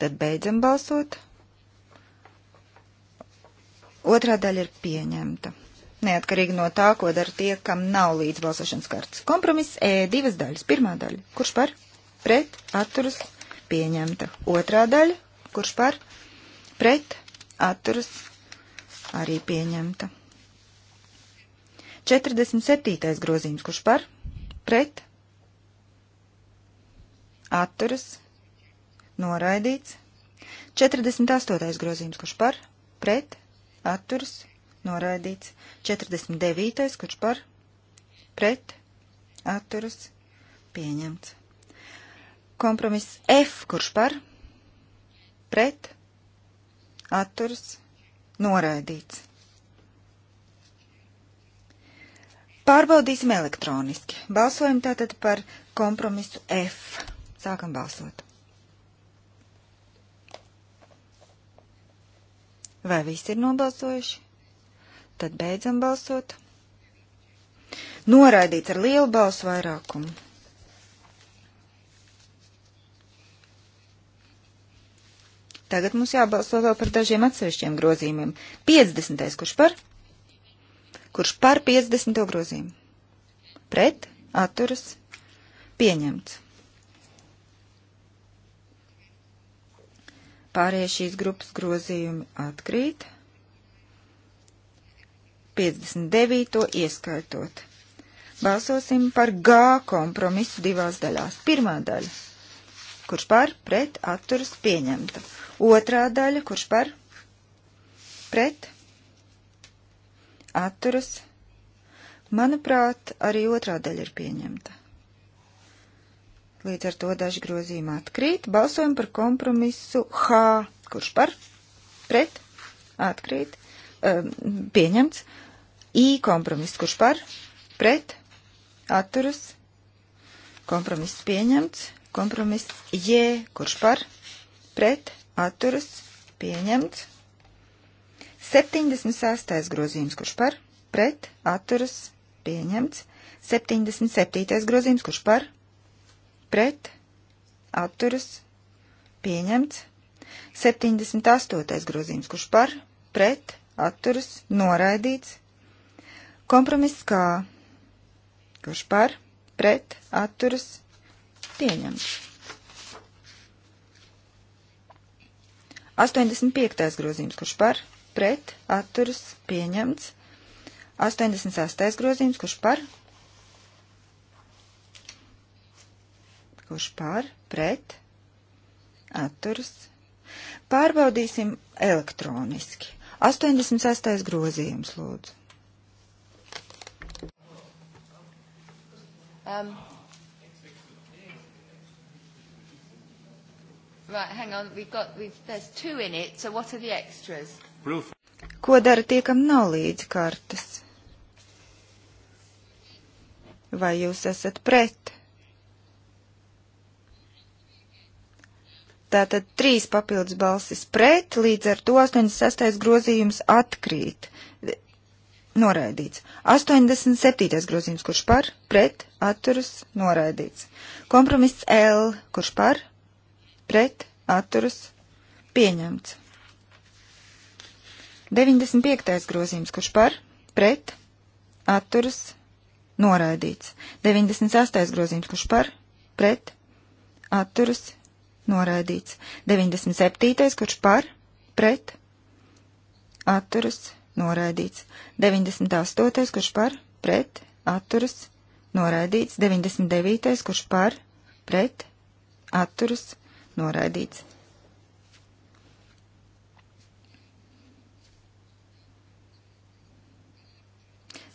B: Tad beidzam balsot. Otrā daļa ir pieņemta. Neatkarīgi no tā, ko dara tie, kam nav līdz balsošanas kartes. Kompromiss E divas daļas. Pirmā daļa. Kurš par? pret atturas pieņemta. Otrā daļa, kurš par pret atturas arī pieņemta. 47. grozījums, kurš par pret atturas noraidīts. 48. grozījums, kurš par pret atturas noraidīts. 49. kurš par pret atturas pieņemts. Kompromiss F, kurš par, pret, atturs, noraidīts. Pārbaudīsim elektroniski. Balsojam tātad par kompromisu F. Sākam balsot. Vai visi ir nobalsojuši? Tad beidzam balsot. Noraidīts ar lielu balsu vairākumu. Tagad mums jābalso vēl par dažiem atsevišķiem grozījumiem. 50. kurš par? Kurš par 50. grozījumu? Pret, atturas, pieņemts. Pārējie šīs grupas grozījumi atkrīt. 59. ieskaitot. Balsosim par G kompromisu divās daļās. Pirmā daļa kurš par pret atturas pieņemta. Otrā daļa, kurš par pret atturas. Manuprāt, arī otrā daļa ir pieņemta. Līdz ar to daži grozījumi atkrīt. Balsojam par kompromisu H, kurš par pret atkrīt, um, pieņemts. I kompromiss, kurš par pret atturas. Kompromiss pieņemts. Kompromiss J, kurš par, pret, atturas, pieņemts. 76. grozījums, kurš par, pret, atturas, pieņemts. 77. grozījums, kurš par, pret, atturas, pieņemts. 78. grozījums, kurš par, pret, atturas, noraidīts. Kompromiss kā, kurš par, pret, atturas, Pieņemts. 85. grozījums, kurš par, pret, atturas, pieņemts. 86. grozījums, kurš par, kurš par, pret, atturas. Pārbaudīsim elektroniski. 86. grozījums, lūdzu.
D: Um, Right, hang on, we've got, we've, there's two in it, so what are the extras?
A: Proof.
B: Ko dara tie, kam nav līdzi kartes? Vai jūs esat pret? Tātad trīs papildus balsis pret, līdz ar to 86. grozījums atkrīt. Noraidīts. 87. grozījums, kurš par, pret, atturas, noraidīts. Kompromiss L, kurš par, pret atturas pieņemts. 95. grozījums, kurš par pret atturas noraidīts. 98. grozījums, kurš par pret atturas noraidīts. 97. kurš par pret atturas noraidīts. 98. kurš par pret atturas noraidīts. 99. kurš par pret atturas noraidīts noraidīts.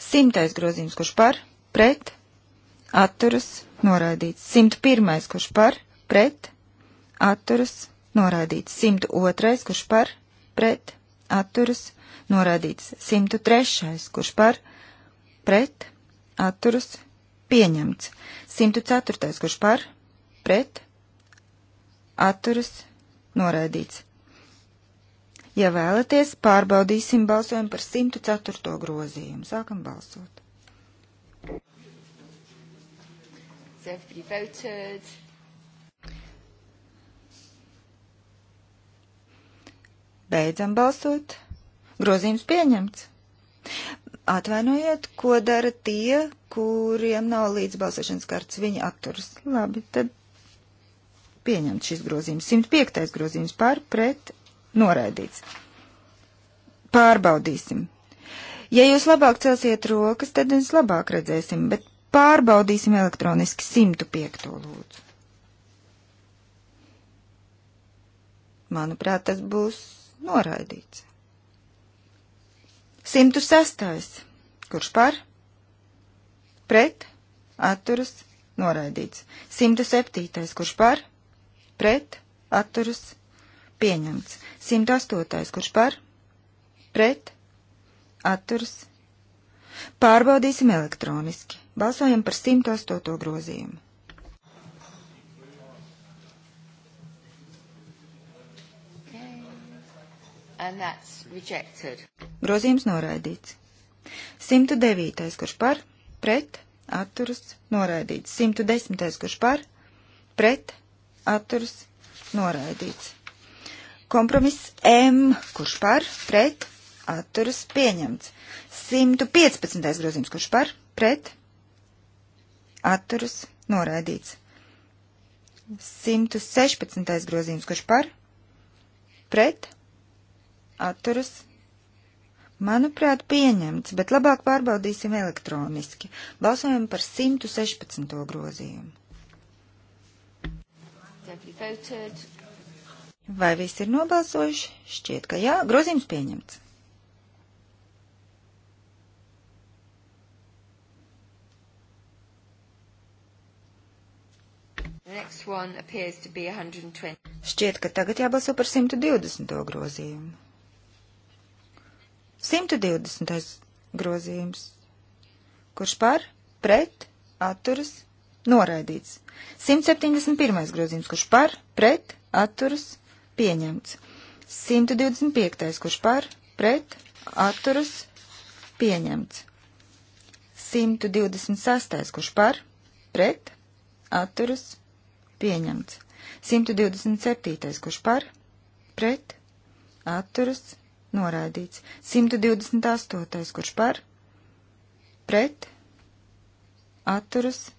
B: Simtais grozījums, kurš par, pret, atturas, noraidīts. Simt pirmais, kurš par, pret, atturas, noraidīts. Simt otrais, kurš par, pret, atturas, noraidīts. Simt trešais, kurš par, pret, atturas, pieņemts. Simt ceturtais, kurš par, pret, atturas noraidīts. Ja vēlaties, pārbaudīsim balsojumu par 104. grozījumu. Sākam balsot. Beidzam balsot. Grozījums pieņemts. Atvainojiet, ko dara tie, kuriem nav līdz balsošanas karts. Viņi atturas. Labi, tad pieņemts šis grozījums. 105. grozījums par pret noraidīts. Pārbaudīsim. Ja jūs labāk celsiet rokas, tad mēs labāk redzēsim, bet pārbaudīsim elektroniski 105. lūdzu. Manuprāt, tas būs noraidīts. 106. Kurš par? Pret? Atturas? Noraidīts. 107. Kurš par? pret, atturas, pieņemts. 108. kurš par, pret, atturas, pārbaudīsim elektroniski. Balsojam par 108. grozījumu. Grozījums noraidīts. 109. kurš par, pret, atturas, noraidīts. 110. kurš par, pret, atturs noraidīts. Kompromiss M, kurš par, pret, atturas pieņemts. 115. grozījums, kurš par, pret, atturas noraidīts. 116. grozījums, kurš par, pret, atturas Manuprāt, pieņemts, bet labāk pārbaudīsim elektroniski. Balsojam par 116. grozījumu. Vai visi ir nobalsojuši? Šķiet, ka jā. Grozījums pieņemts. Šķiet, ka tagad jābalso par 120. grozījumu. 120. grozījums. Kurš par, pret, atturas, Noraidīts. 171. grozījums, kurš par, pret, atturas, pieņemts. 125. kurš par, pret, atturas, pieņemts. 126. kurš par, pret, atturas, pieņemts. 127. kurš par, pret, atturas, noraidīts. 128. kurš par, pret, atturas, pieņemts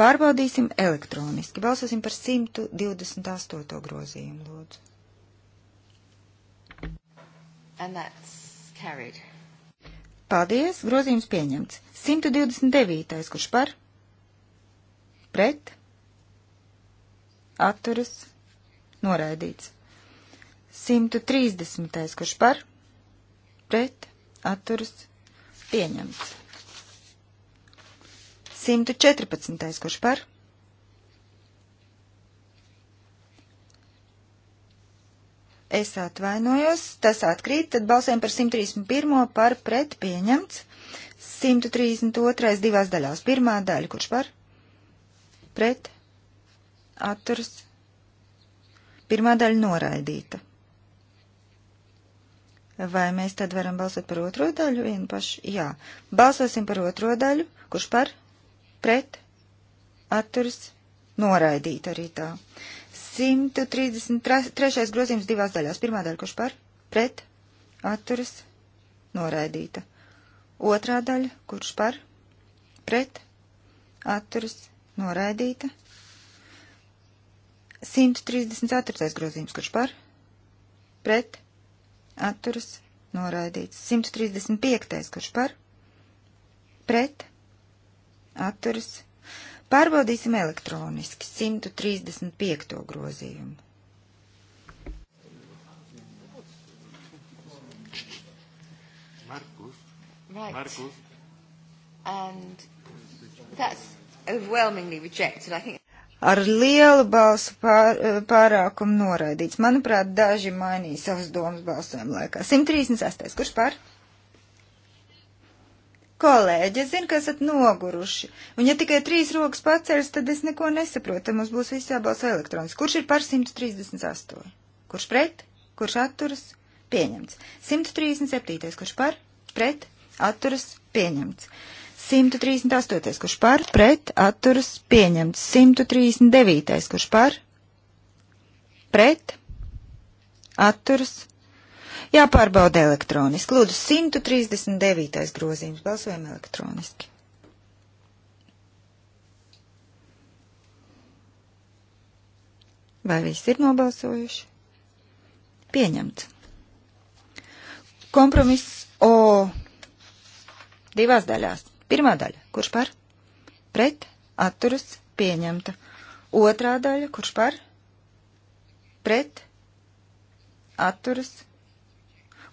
B: Pārbaudīsim elektroniski. Balsosim par 128. grozījumu, lūdzu.
D: And that's carried.
B: Paldies, grozījums pieņemts. 129. kurš par? Pret? Atturas? Noraidīts. 130. kurš par? Pret? Atturas? Pieņemts. 114. kurš par? Es atvainojos, tas atkrīt, tad balsojam par 131. par pret pieņemts. 132. divās daļās. Pirmā daļa, kurš par? Pret. Atturs. Pirmā daļa noraidīta. Vai mēs tad varam balsot par otro daļu vienu pašu? Jā. Balsosim par otro daļu. Kurš par? pret atturs noraidīt arī tā. 133. grozījums divās daļās. Pirmā daļa, kurš par pret atturs noraidīta. Otrā daļa, kurš par pret atturs noraidīta. 134. grozījums, kurš par pret atturs noraidīts. 135. kurš par pret atturs noraidīts atturas. Pārbaudīsim elektroniski 135. grozījumu.
A: Markus. Right. Markus. And that's
D: overwhelmingly rejected, I think.
B: Ar lielu balsu pār, eh, pārākumu noraidīts. Manuprāt, daži mainīja savas domas balsojumu laikā. 136. Kurš par? Kolēģi, es zinu, ka esat noguruši. Un ja tikai trīs rokas paceļas, tad es neko nesaprotu. Tad mums būs viss jābalso elektroniski. Kurš ir par 138? Kurš pret? Kurš atturas? Pieņemts. 137. Kurš par? Pret? Atturas? Pieņemts. 138. Kurš par? Pret? Atturas? Pieņemts. 139. Kurš par? Pret? Atturas? Pieņemts Jāpārbauda elektroniski. Lūdzu, 139. grozījums. Balsojam elektroniski. Vai visi ir nobalsojuši? Pieņemts. Kompromiss O divās daļās. Pirmā daļa, kurš par? Pret, atturas, pieņemta. Otrā daļa, kurš par? Pret, atturas, pieņemta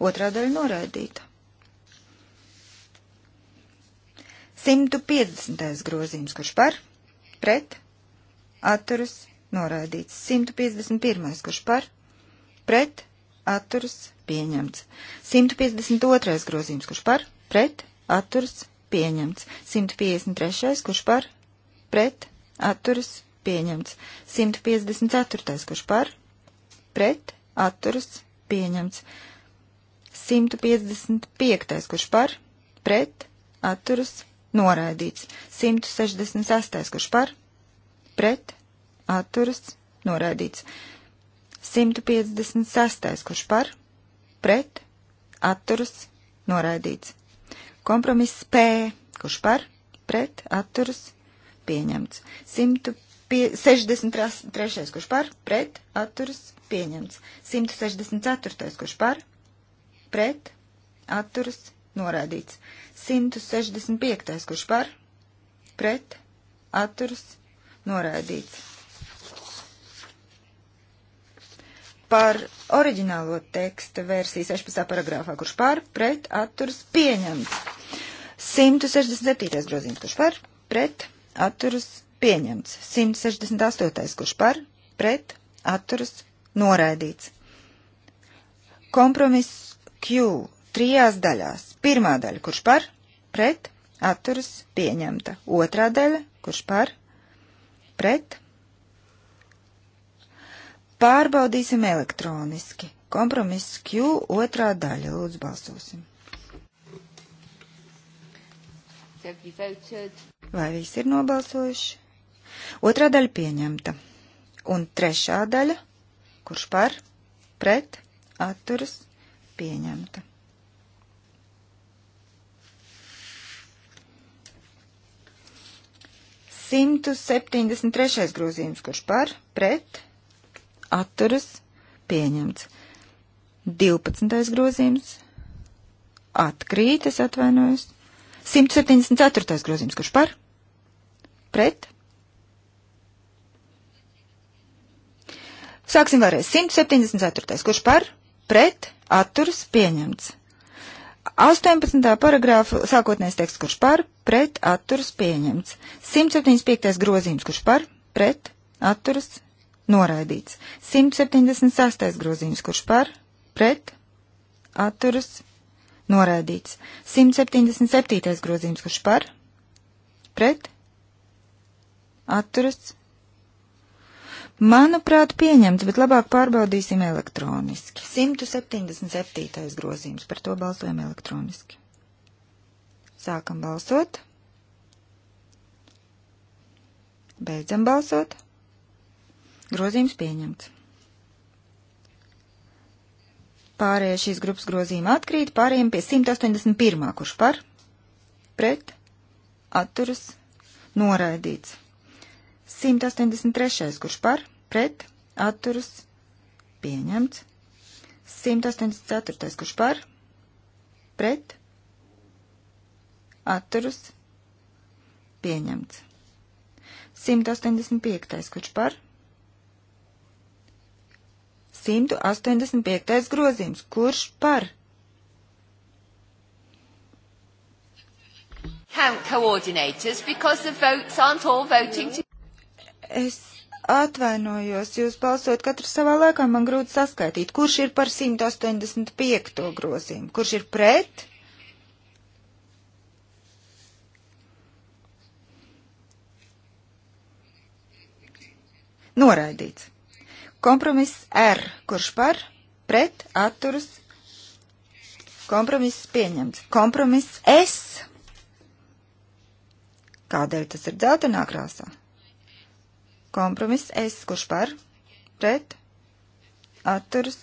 B: otrā daļa noraidīta. 150. grozījums, kurš par, pret, atturas, noraidīts. 151. kurš par, pret, atturas, pieņemts. 152. grozījums, kurš par, pret, atturas, pieņemts. 153. kurš par, pret, atturas, pieņemts. 154. kurš par, pret, atturas, pieņemts. 155. kurš par, pret, atturas, noraidīts. 166. kurš par, pret, atturas, noraidīts. 156. kurš par, pret, atturas, noraidīts. Kompromiss P, kurš par, pret, atturas, pieņemts. 163. kurš par, pret, atturas, pieņemts. 164. kurš par, pret, atturas, noraidīts. 165. kurš par, pret, atturas, noraidīts. Par oriģinālo tekstu versiju 16. paragrāfā, kurš par, pret, atturas, pieņemts. 167. grozījums, kurš par, pret, atturas, pieņemts. 168. kurš par, pret, atturas, noraidīts. Kompromiss Q trijās daļās. Pirmā daļa, kurš par, pret, atturas, pieņemta. Otrā daļa, kurš par, pret. Pārbaudīsim elektroniski. Kompromiss Q otrā daļa. Lūdzu, balsosim. Vai visi ir nobalsojuši? Otrā daļa pieņemta. Un trešā daļa, kurš par, pret, atturas, pieņemta pieņemta. Simtu septiņdesmit trešais grozījums, kurš par, pret, atturas, pieņemts. Divpadsmitais grozījums, atkrīt, es atvainojos. 174. grozījums, kurš par? Pret? Sāksim vēlreiz. 174. kurš par? pret, atturas pieņemts. 18. paragrāfa sākotnējais teksts, kurš par, pret, atturas pieņemts. 175. grozījums, kurš par, pret, atturas noraidīts. 176. grozījums, kurš par, pret, atturas noraidīts. 177. grozījums, kurš par, pret, atturas Manuprāt, pieņemts, bet labāk pārbaudīsim elektroniski. 177. grozījums, par to balsojam elektroniski. Sākam balsot. Beidzam balsot. Grozījums pieņemts. Pārējie šīs grupas grozījumi atkrīt, pārējiem pie 181. kurš par, pret, atturas, noraidīts. 183. kurš par, pret atturas pieņemts. 184. kurš par pret atturas pieņemts. 185. kurš par 185. grozījums, kurš par
D: count coordinators because the votes aren't all voting to... Es
B: Atvainojos, jūs balsot katrs savā laikā, man grūti saskaitīt, kurš ir par 185. grozījumu, kurš ir pret. Noraidīts. Kompromiss R, kurš par, pret, atturas, kompromiss pieņemts. Kompromiss S. Kādēļ tas ir dzeltenā krāsā? Kompromiss S, kurš par, pret, atturs,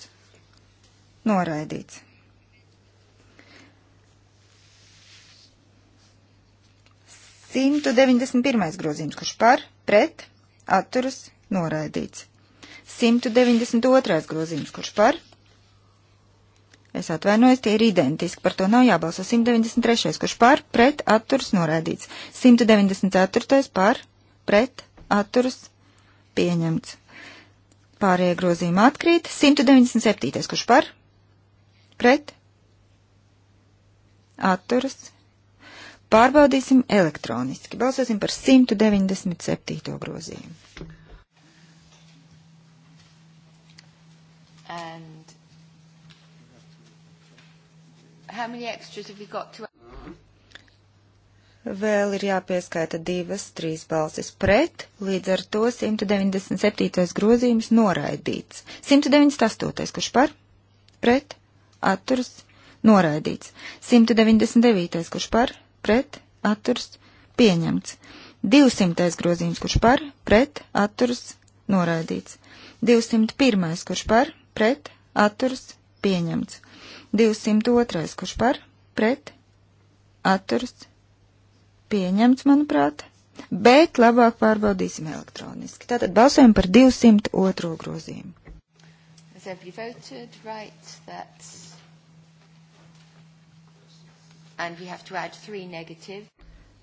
B: noraidīts. Simtu deviņdesmit pirmais grozījums, kurš par, pret, atturs, noraidīts. 192. grozījums, kurš par? Es atvainojos, tie ir identiski, par to nav jābalso. 193. kurš par, pret, atturs, norēdīts. 194. par, pret, atturs, pieņemts. Pārējie grozījumi atkrīt. 197. kurš par? Pret? Atturas. Pārbaudīsim elektroniski. Balsosim par 197. grozījumu.
D: And how many extras have you got to
B: vēl ir jāpieskaita divas, trīs balsis pret, līdz ar to 197. grozījums noraidīts. 198. kurš par? Pret, atturs, noraidīts. 199. kurš par? Pret, atturs, pieņemts. 200. grozījums, kurš par? Pret, atturs, noraidīts. 201. kurš par? Pret, atturs, pieņemts. 202. kurš par? Pret, atturs, pieņemts pieņemts, manuprāt, bet labāk pārbaudīsim elektroniski. Tātad balsojam par 202. grozījumu.
D: Right,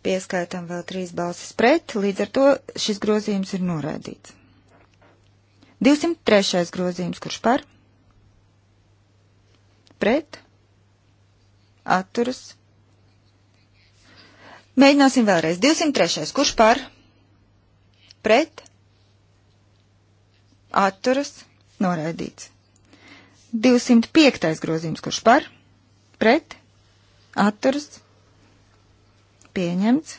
B: Pieskaitām vēl trīs balsis pret, līdz ar to šis grozījums ir noraidīts. 203. grozījums, kurš par? Pret? Atturas? Mēģināsim vēlreiz. 203. Kurš par? Pret? Atturas? Noraidīts. 205. grozījums. Kurš par? Pret? Atturas? Pieņemts.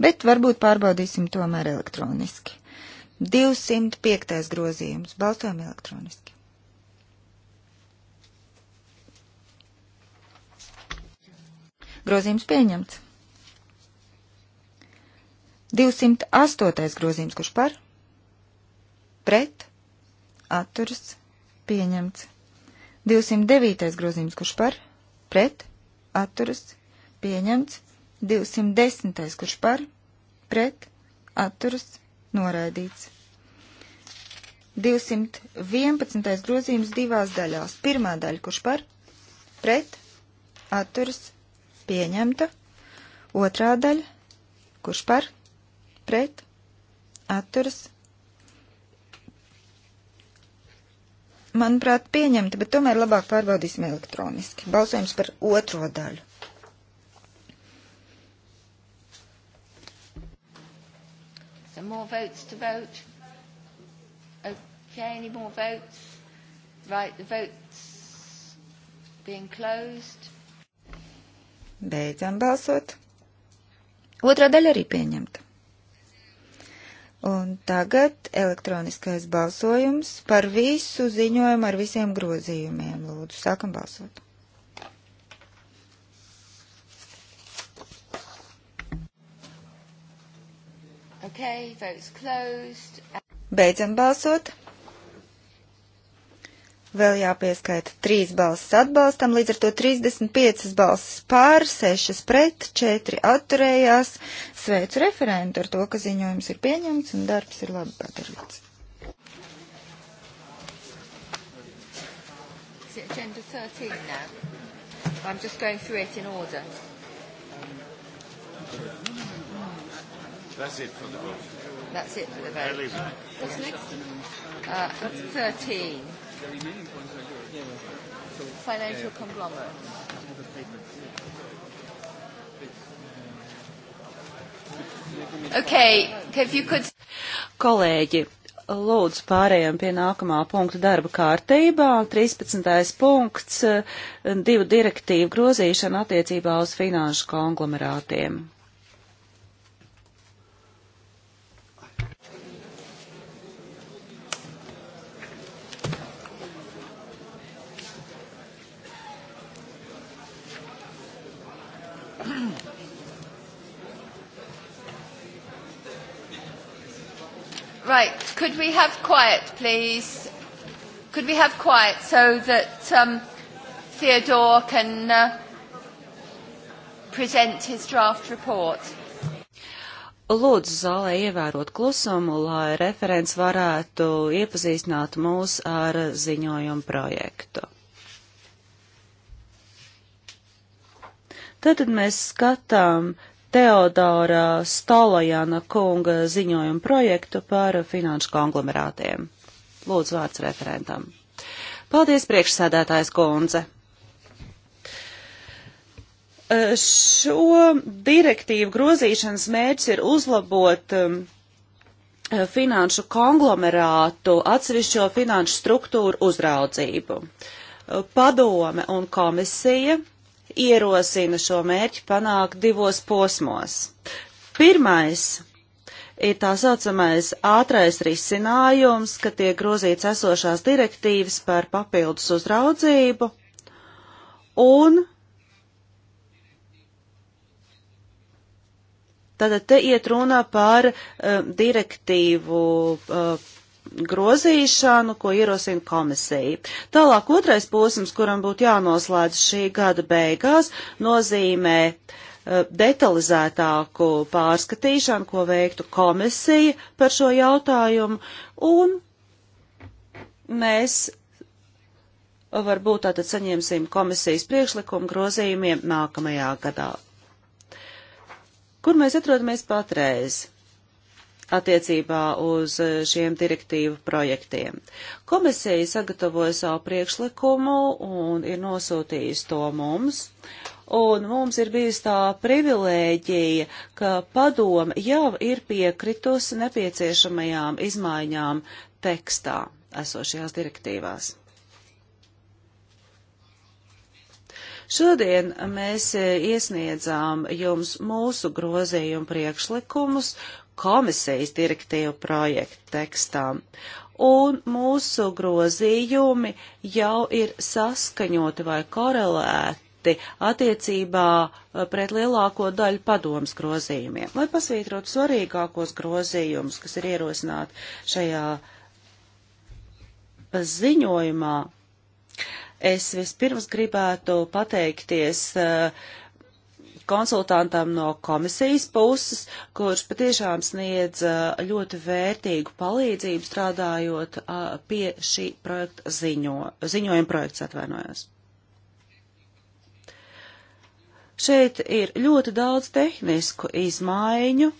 B: Bet varbūt pārbaudīsim tomēr elektroniski. 205. grozījums. Balsojam elektroniski. Grozījums pieņemts. 208. grozījums, kurš par, pret, atturas, pieņemts. 209. grozījums, kurš par, pret, atturas, pieņemts. 210. kurš par, pret, atturas, noraidīts. 211. grozījums divās daļās. Pirmā daļa, kurš par, pret, atturas, pieņemta. Otrā daļa, kurš par, pret pret atturas. Manuprāt, pieņemti, bet tomēr labāk pārbaudīsim elektroniski. Balsojums par otro daļu.
D: Some more votes to vote. Okay, any more votes? Right, the vote's being closed.
B: Beidzam balsot. Otrā daļa arī pieņemta. Un tagad elektroniskais balsojums par visu ziņojumu ar visiem grozījumiem. Lūdzu, sākam balsot.
D: Okay, votes closed.
B: Beidzam balsot. Vēl jāpieskaita 3 balsis atbalstam, līdz ar to 35 balsis pār, 6 pret, 4 atturējās. Sveicu referentu ar to, ka ziņojums ir pieņemts un darbs ir labi padarīts.
D: Is it agenda 13 now? I'm just going through it in order.
A: That's it for the vote. That's it for the vote. What's next? Uh, 13. The remaining ones are yours. Yeah, yeah.
D: So, Financial uh, conglomerates. The papers. Okay, if you could...
C: Kolēģi, lūdzu pārējām pie nākamā punkta darba kārtībā. 13. punkts - divu direktīvu grozīšana attiecībā uz finanšu konglomerātiem.
D: Right, could we have quiet, please? Could we have quiet so that um, Theodore can uh, present his draft report?
C: Lūdzu zālē ievērot klusumu, lai referents varētu iepazīstināt mūs ar ziņojumu projektu. Tātad mēs skatām uh, Teodora Stolojana kunga ziņojumu projektu par finanšu konglomerātiem. Lūdzu vārds referentam. Paldies, priekšsēdētājs kundze! šo direktīvu grozīšanas mērķis ir uzlabot um, finanšu konglomerātu atsevišķo finanšu struktūru uzraudzību. Padome un komisija ierosina šo mērķi panākt divos posmos. Pirmais ir tā saucamais ātrais risinājums, ka tiek grozīts esošās direktīvas par papildus uzraudzību un Tātad te iet runa par uh, direktīvu uh, grozīšanu, ko ierosina komisija. Tālāk otrais posms, kuram būtu jānoslēdz šī gada beigās, nozīmē uh, detalizētāku pārskatīšanu, ko veiktu komisija par šo jautājumu, un mēs varbūt tātad saņemsim komisijas priekšlikumu grozījumiem nākamajā gadā. Kur mēs atrodamies patreiz? attiecībā uz eh, šiem direktīvu projektiem. Komisija sagatavoja savu priekšlikumu un ir nosūtījusi to mums. Un mums ir bijusi tā privilēģija, ka padoma jau ir piekritusi nepieciešamajām izmaiņām tekstā esošajās direktīvās. Šodien mēs e, iesniedzām jums mūsu grozījumu priekšlikumus komisijas direktīvu projektu tekstām. Un mūsu grozījumi jau ir saskaņoti vai korelēti attiecībā e, pret lielāko daļu padomas grozījumiem. Lai pasvītrotu svarīgākos grozījumus, kas ir ierosināti šajā ziņojumā, uh, Es vispirms gribētu pateikties uh, konsultantam no komisijas puses, kurš patiešām sniedz eh, ļoti vērtīgu palīdzību strādājot eh, pie šī projekta ziņo, ziņojuma projekts atvainojos. Šeit ir ļoti daudz tehnisku izmaiņu,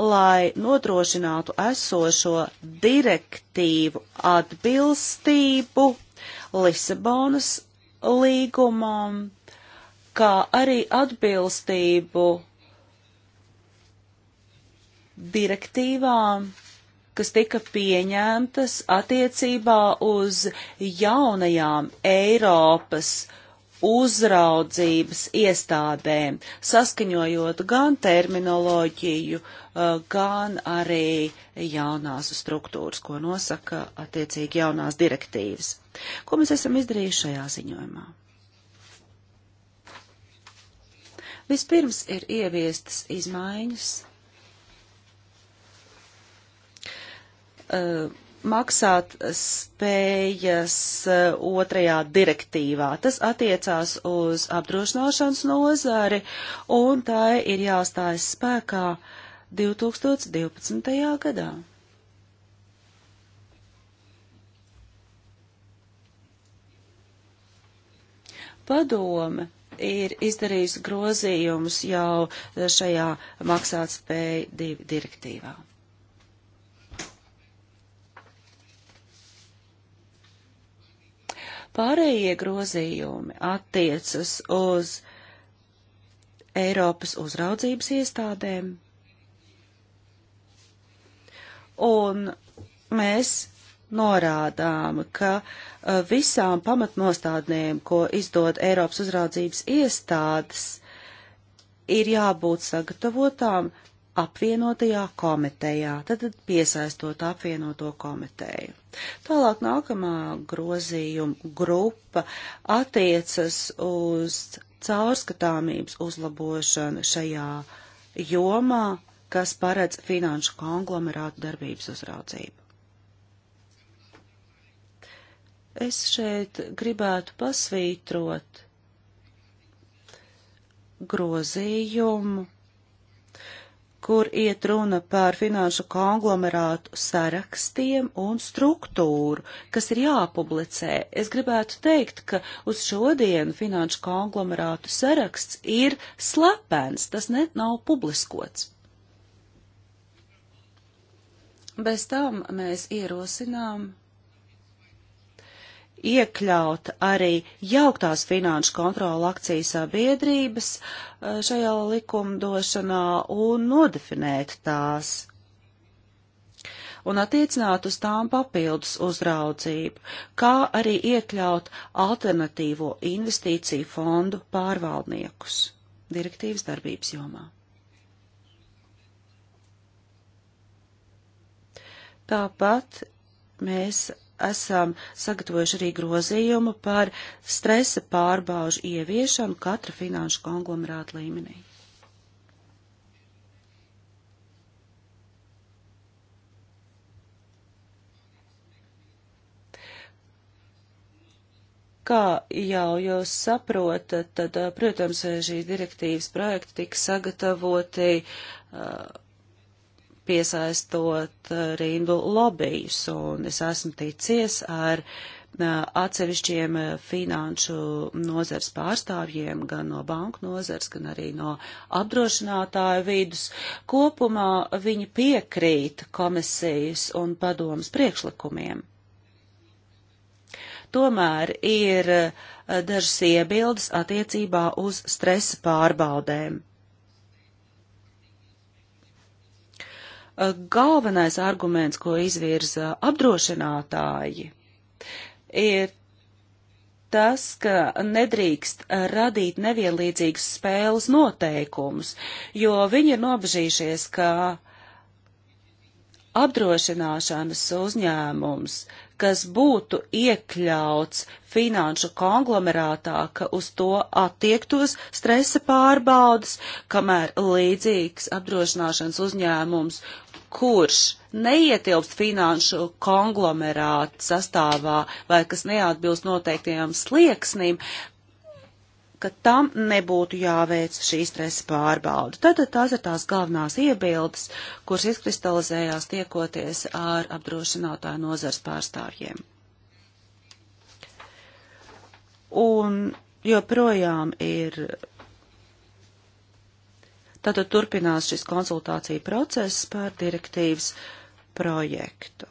C: lai nodrošinātu esošo direktīvu atbilstību Lisabonas līgumam, kā arī atbilstību direktīvām, kas tika pieņemtas attiecībā uz jaunajām Eiropas uh, uzraudzības iestādēm, saskaņojot gan terminoloģiju, uh, gan arī jaunās struktūras, ko nosaka attiecīgi jaunās direktīvas. Ko mēs esam izdarījuši šajā ziņojumā? Vispirms ir ieviestas izmaiņas. Uh, maksāt spējas eh, otrajā direktīvā. Tas attiecās uz apdrošināšanas nozari un tā ir jāstājas spēkā 2012. gadā. Padome ir izdarījusi grozījumus jau šajā maksātspēju divi direktīvā. Pārējie grozījumi attiecas uz Eiropas uzraudzības iestādēm, un mēs norādām, ka uh, visām pamatnostādnēm, ko izdod Eiropas uzraudzības iestādes, ir jābūt sagatavotām apvienotajā komitejā, tad piesaistot apvienoto komiteju. Tālāk nākamā grozījuma grupa attiecas uz caurskatāmības uzlabošanu šajā jomā, kas paredz finanšu konglomerātu darbības uzraudzību. Es šeit gribētu pasvītrot grozījumu kur iet runa par finanšu konglomerātu sarakstiem un struktūru, kas ir jāpublicē. Es gribētu teikt, ka uz šodienu finanšu konglomerātu saraksts ir slepens, tas net nav publiskots. Bez tam mēs ierosinām iekļaut arī jauktās finanšu kontrola akcijas sabiedrības eh, šajā likumdošanā un nodefinēt tās un attiecināt uz tām papildus uzraudzību, kā arī iekļaut alternatīvo investīciju fondu pārvaldniekus direktīvas darbības jomā. Tāpat mēs esam sagatavojuši arī grozījumu par stresa pārbaužu ieviešanu katra finanšu konglomerāta līmenī. Kā jau jūs saprotat, tad, eh, protams, šīs direktīvas projekti tika sagatavoti uh, piesaistot uh, rindu lobbyus, un es esmu ticies ar uh, atsevišķiem uh, finanšu nozars pārstāvjiem, gan no banku nozars, gan arī no apdrošinātāju vidus. Kopumā viņi piekrīt komisijas un padomas priekšlikumiem tomēr ir dažas iebildes attiecībā uz stresa pārbaudēm. Eh, galvenais arguments, ko izvirza apdrošinātāji, ir tas, ka nedrīkst radīt nevienlīdzīgas spēles noteikumus, jo viņi ir nobežījušies, ka apdrošināšanas uzņēmums, kas būtu iekļauts finanšu konglomerātā, ka uz to attiektos stresa pārbaudas, kamēr līdzīgs apdrošināšanas uzņēmums, kurš neietilpst finanšu konglomerāta sastāvā vai kas neatbilst noteiktajām slieksnim, ka tam nebūtu jāveic šī stresa pārbauda. Tātad tās ir tās galvenās iebildes, kuras izkristalizējās tiekoties ar apdrošinātāju nozars pārstāvjiem. Un joprojām ir Tātad turpinās šis konsultācija process par direktīvas projektu.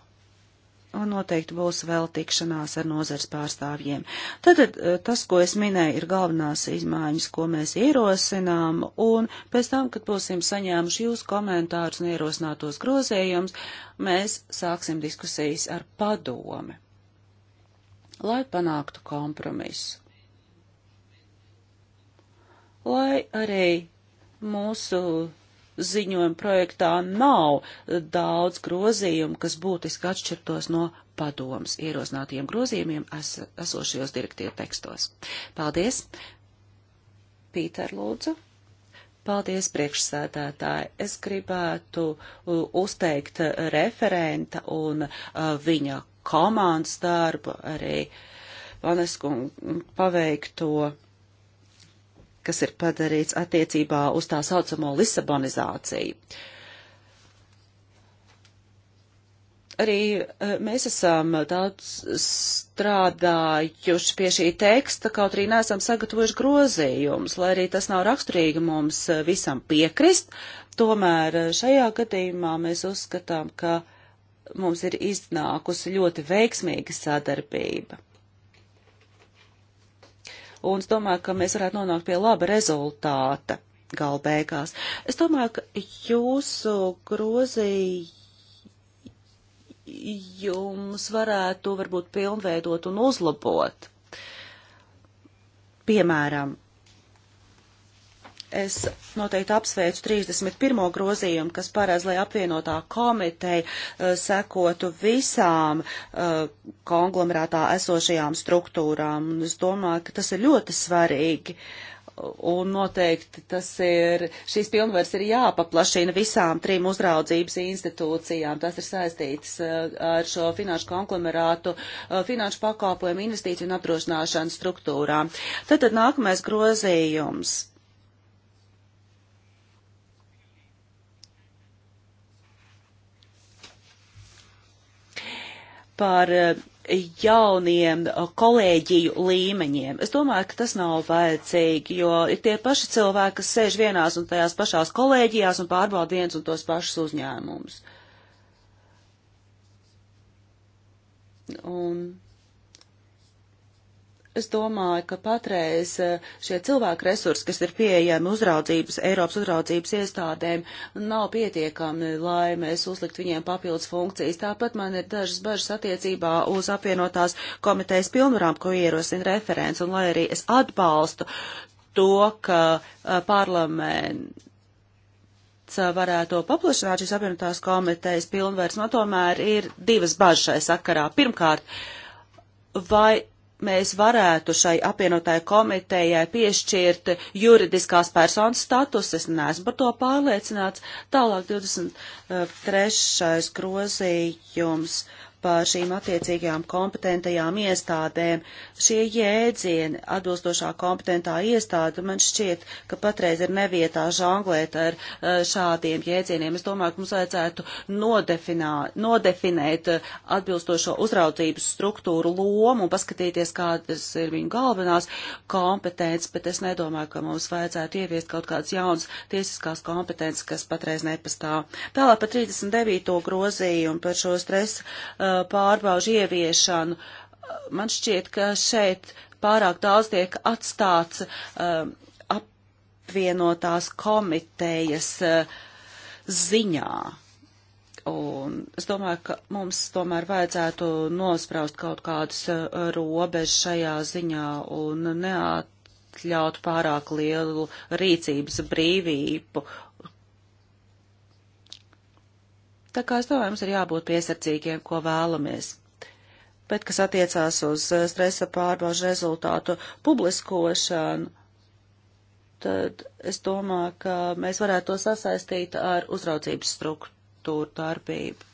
C: Un noteikti būs vēl tikšanās ar nozars pārstāvjiem. Tātad e, tas, ko es minēju, ir galvenās izmaiņas, ko mēs ierosinām, un pēc tam, kad būsim saņēmuši jūsu komentārus un ierosinātos grozējumus, mēs sāksim diskusijas ar padomi, lai panāktu kompromisu lai arī Mūsu ziņojuma projektā nav daudz grozījumu, kas būtiski atšķirtos no padomas ierosinātajiem grozījumiem es, esošajos direktīvu tekstos. Paldies! Pīter, lūdzu! Paldies, priekšsēdētāji. Es gribētu uzteikt referenta un viņa komandas darbu, arī Vaneskunga paveikto kas ir padarīts attiecībā uz tā saucamo Lisabonizāciju. Arī eh, mēs esam daudz strādājuši pie šī teksta, kaut arī neesam sagatavojuši grozījumus, lai arī tas nav raksturīgi mums visam piekrist. Tomēr eh, šajā gadījumā mēs uzskatām, ka mums ir iznākusi ļoti veiksmīga sadarbība un es domāju, ka mēs varētu nonākt pie laba rezultāta gala beigās. Es domāju, ka jūsu grozījums varētu varbūt pilnveidot un uzlabot. Piemēram, Es noteikti apsveicu 31. grozījumu, kas paredz, lai apvienotā komiteja eh, sekotu visām uh, konglomerātā esošajām struktūrām. Un es domāju, ka tas ir ļoti svarīgi. Un noteikti tas ir, šīs pilnvars ir jāpaplašina visām trim uzraudzības institūcijām. Tas ir saistīts eh, ar šo finanšu konglomerātu, finanšu pakalpojumu, investīciju un apdrošināšanas struktūrām. Tad, tad nākamais grozījums par eh, jauniem eh, kolēģiju līmeņiem. Es domāju, ka tas nav vajadzīgi, jo ir tie paši cilvēki, kas sēž vienās un tajās pašās kolēģijās un pārbauda viens un tos pašus uzņēmumus. Un Es domāju, ka patreiz eh, šie cilvēku resursi, kas ir pieejami uzraudzības, Eiropas uzraudzības iestādēm, nav pietiekami, lai mēs uzlikt viņiem papildus funkcijas. Tāpat man ir dažas bažas attiecībā uz apvienotās komitejas pilnvarām, ko ierosina referents, un lai arī es atbalstu to, ka eh, parlaments eh, varētu paplašināt šīs apvienotās komitejas pilnvērs, man tomēr ir divas bažas šai sakarā. Pirmkārt, vai mēs varētu šai apvienotāju komitejai piešķirt juridiskās personas status. Es neesmu par to pārliecināts. Tālāk 23. Eh, grozījums. Uh, par šīm attiecīgajām kompetentajām iestādēm. Šie jēdzieni atbilstošā kompetentā iestāde man šķiet, ka patreiz ir nevietā žanglēt ar eh, šādiem jēdzieniem. Es domāju, ka mums vajadzētu nodefinēt eh, atbilstošo uzraudzības struktūru lomu un paskatīties, kādas ir viņu galvenās kompetences, bet es nedomāju, ka mums vajadzētu ieviest kaut kādas jaunas tiesiskās kompetences, kas patreiz nepastāv. Tālāk par 39. grozījumu par šo stresa uh, eh, pārbaužu ieviešanu. Man šķiet, ka šeit pārāk daudz tiek atstāts uh, apvienotās komitejas uh, ziņā. Un es domāju, ka mums tomēr vajadzētu nospraust kaut kādas uh, robežas šajā ziņā un neat ļaut pārāk lielu rīcības brīvību Tā kā es domāju, mums ir jābūt piesardzīgiem, ko vēlamies. Bet kas attiecās uz eh, stresa pārbaužu rezultātu publiskošanu, tad es domāju, ka mēs varētu to sasaistīt ar uzraudzības struktūru darbību.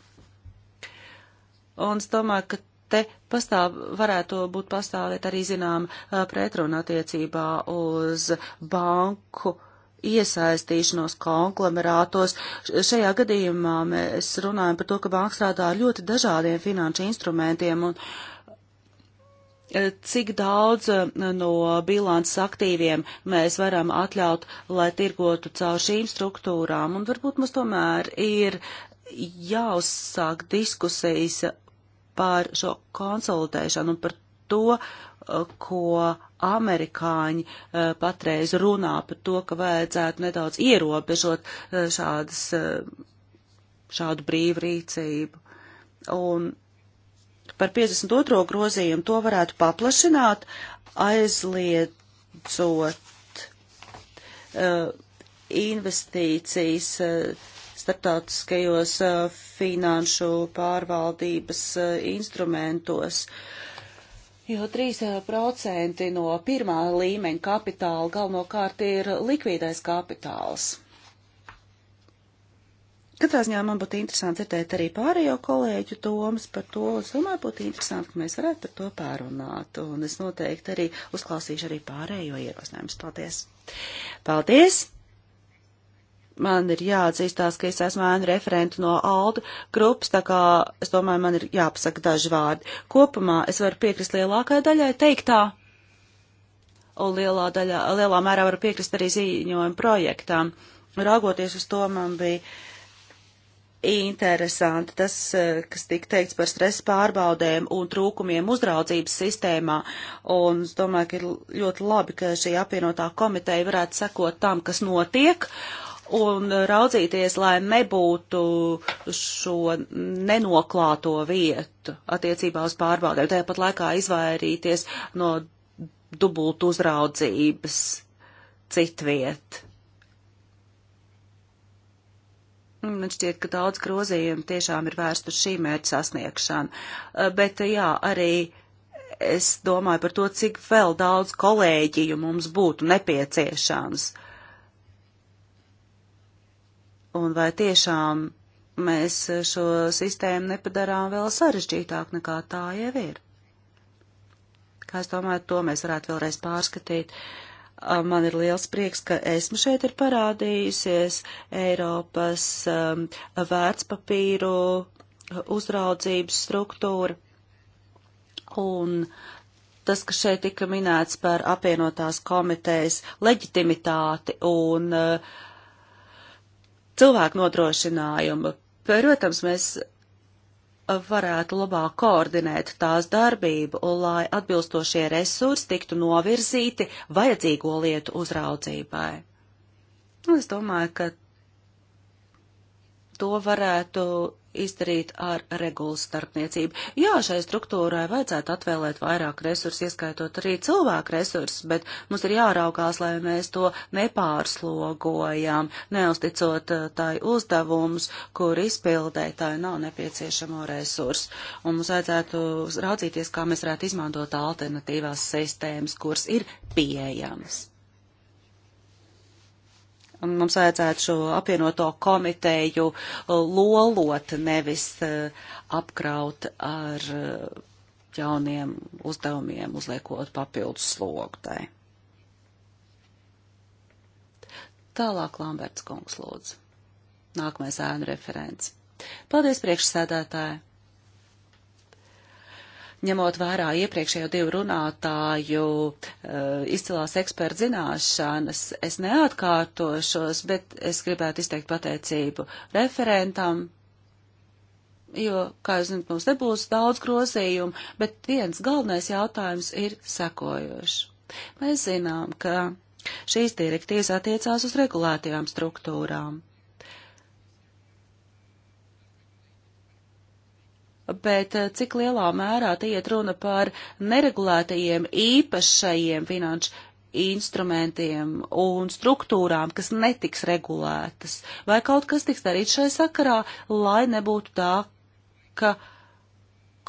C: Un es domāju, ka te pastāv, varētu būt pastāvēt arī zinām eh, pretruna attiecībā uz banku uh, iesaistīšanos konglomerātos. Šajā gadījumā mēs runājam par to, ka banka strādā ar ļoti dažādiem finanšu instrumentiem un e, cik daudz e, no bilances aktīviem mēs varam atļaut, lai tirgotu caur šīm struktūrām. Un varbūt mums tomēr ir jāuzsāk diskusijas par šo konsolidēšanu un par to, ko amerikāņi eh, patreiz runā par to, ka vajadzētu nedaudz ierobežot eh, šādas, eh, šādu brīvu rīcību. Un par 52. grozījumu to varētu paplašināt, aizliedzot investīcijas starptautiskajos finanšu pārvaldības instrumentos. Uh, Jo 3% no pirmā līmeņa kapitāla galvenokārt ir likvīdais kapitāls. Katrā ziņā man būtu interesanti dzirdēt arī pārējo kolēģu domas par to. Es domāju, būtu interesanti, ka mēs varētu par to pārunāt. Un es noteikti arī uzklausīšu arī pārējo ierosinājumus. Paldies! Paldies! man ir jāatzīstās, ka es esmu ēnu referentu no ALDE grupas, tā kā es domāju, man ir jāpasaka daži vārdi. Kopumā es varu piekrist lielākai daļai teiktā, un lielā, daļā, lielā mērā varu piekrist arī ziņojumu projektām. Raugoties uz to, man bija interesanti tas, eh, kas tika teikts par stresa pārbaudēm un trūkumiem uzraudzības sistēmā, un es domāju, ka ir ļoti labi, ka šī apvienotā komiteja varētu sekot tam, kas notiek, uh, un raudzīties, lai nebūtu šo nenoklāto vietu attiecībā uz pārbaudēm, tāpat laikā izvairīties no dubultu uzraudzības citviet. Man šķiet, ka daudz grozījumu tiešām ir vērst uz šī mērķa sasniegšanu. Eh, bet eh, jā, arī es domāju par to, cik vēl daudz kolēģiju mums būtu nepieciešams un vai tiešām mēs šo sistēmu nepadarām vēl sarežģītāk nekā tā jau ir. Kā es domāju, to mēs varētu vēlreiz pārskatīt. Man ir liels prieks, ka esmu šeit ir parādījusies Eiropas um, vērtspapīru uh, uzraudzības struktūra. Un tas, kas šeit tika minēts par apvienotās komitejas leģitimitāti un uh, cilvēku nodrošinājumu. Protams, mēs varētu labāk koordinēt tās darbību, lai atbilstošie resursi tiktu novirzīti vajadzīgo lietu uzraudzībai. Nu, es domāju, ka to varētu izdarīt ar regulas starpniecību. Jā, šai struktūrai vajadzētu atvēlēt vairāk resursu, ieskaitot arī cilvēku resursus, bet mums ir jāraukās, lai mēs to nepārslogojam, neusticot eh, tai uzdevumus, kur izpildē tai nav nepieciešamo resursu. Un mums vajadzētu raudzīties, kā mēs varētu izmantot alternatīvās sistēmas, kuras ir pieejamas. Un mums vajadzētu šo apvienoto komiteju uh, lolot, nevis uh, apkraut ar uh, jauniem uzdevumiem, uzliekot papildus slogtai. Tālāk Lamberts kungs lūdzu. Nākamais ēnu referents. Paldies priekšsēdētāji! ņemot vērā iepriekšējo divu runātāju eh, izcilās eksperta zināšanas, es neatkārtošos, bet es gribētu izteikt pateicību referentam, jo, kā jūs zināt, mums nebūs daudz grozījumu, bet viens galvenais jautājums ir sekojošs. Mēs zinām, ka šīs direktīvas attiecās uz regulētajām struktūrām. bet eh, cik lielā mērā te iet runa par neregulētajiem īpašajiem finanšu instrumentiem un struktūrām, kas netiks regulētas, vai kaut kas tiks darīts šai sakarā, lai nebūtu tā, ka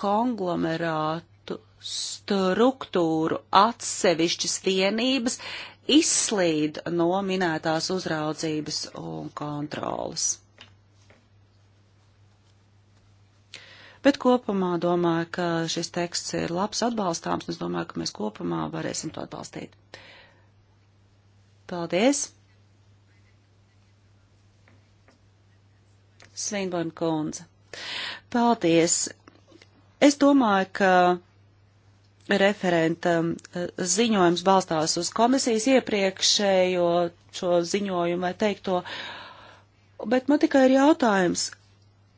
C: konglomerātu struktūru atsevišķas vienības izslīd no minētās uzraudzības un kontrolas. Bet kopumā domāju, ka šis teksts ir labs atbalstāms, un es domāju, ka mēs kopumā varēsim to atbalstīt. Paldies! Svinborn kundze. Paldies! Es domāju, ka referenta eh, ziņojums balstās uz komisijas iepriekšējo šo ziņojumu vai teikto, bet man tikai ir jautājums,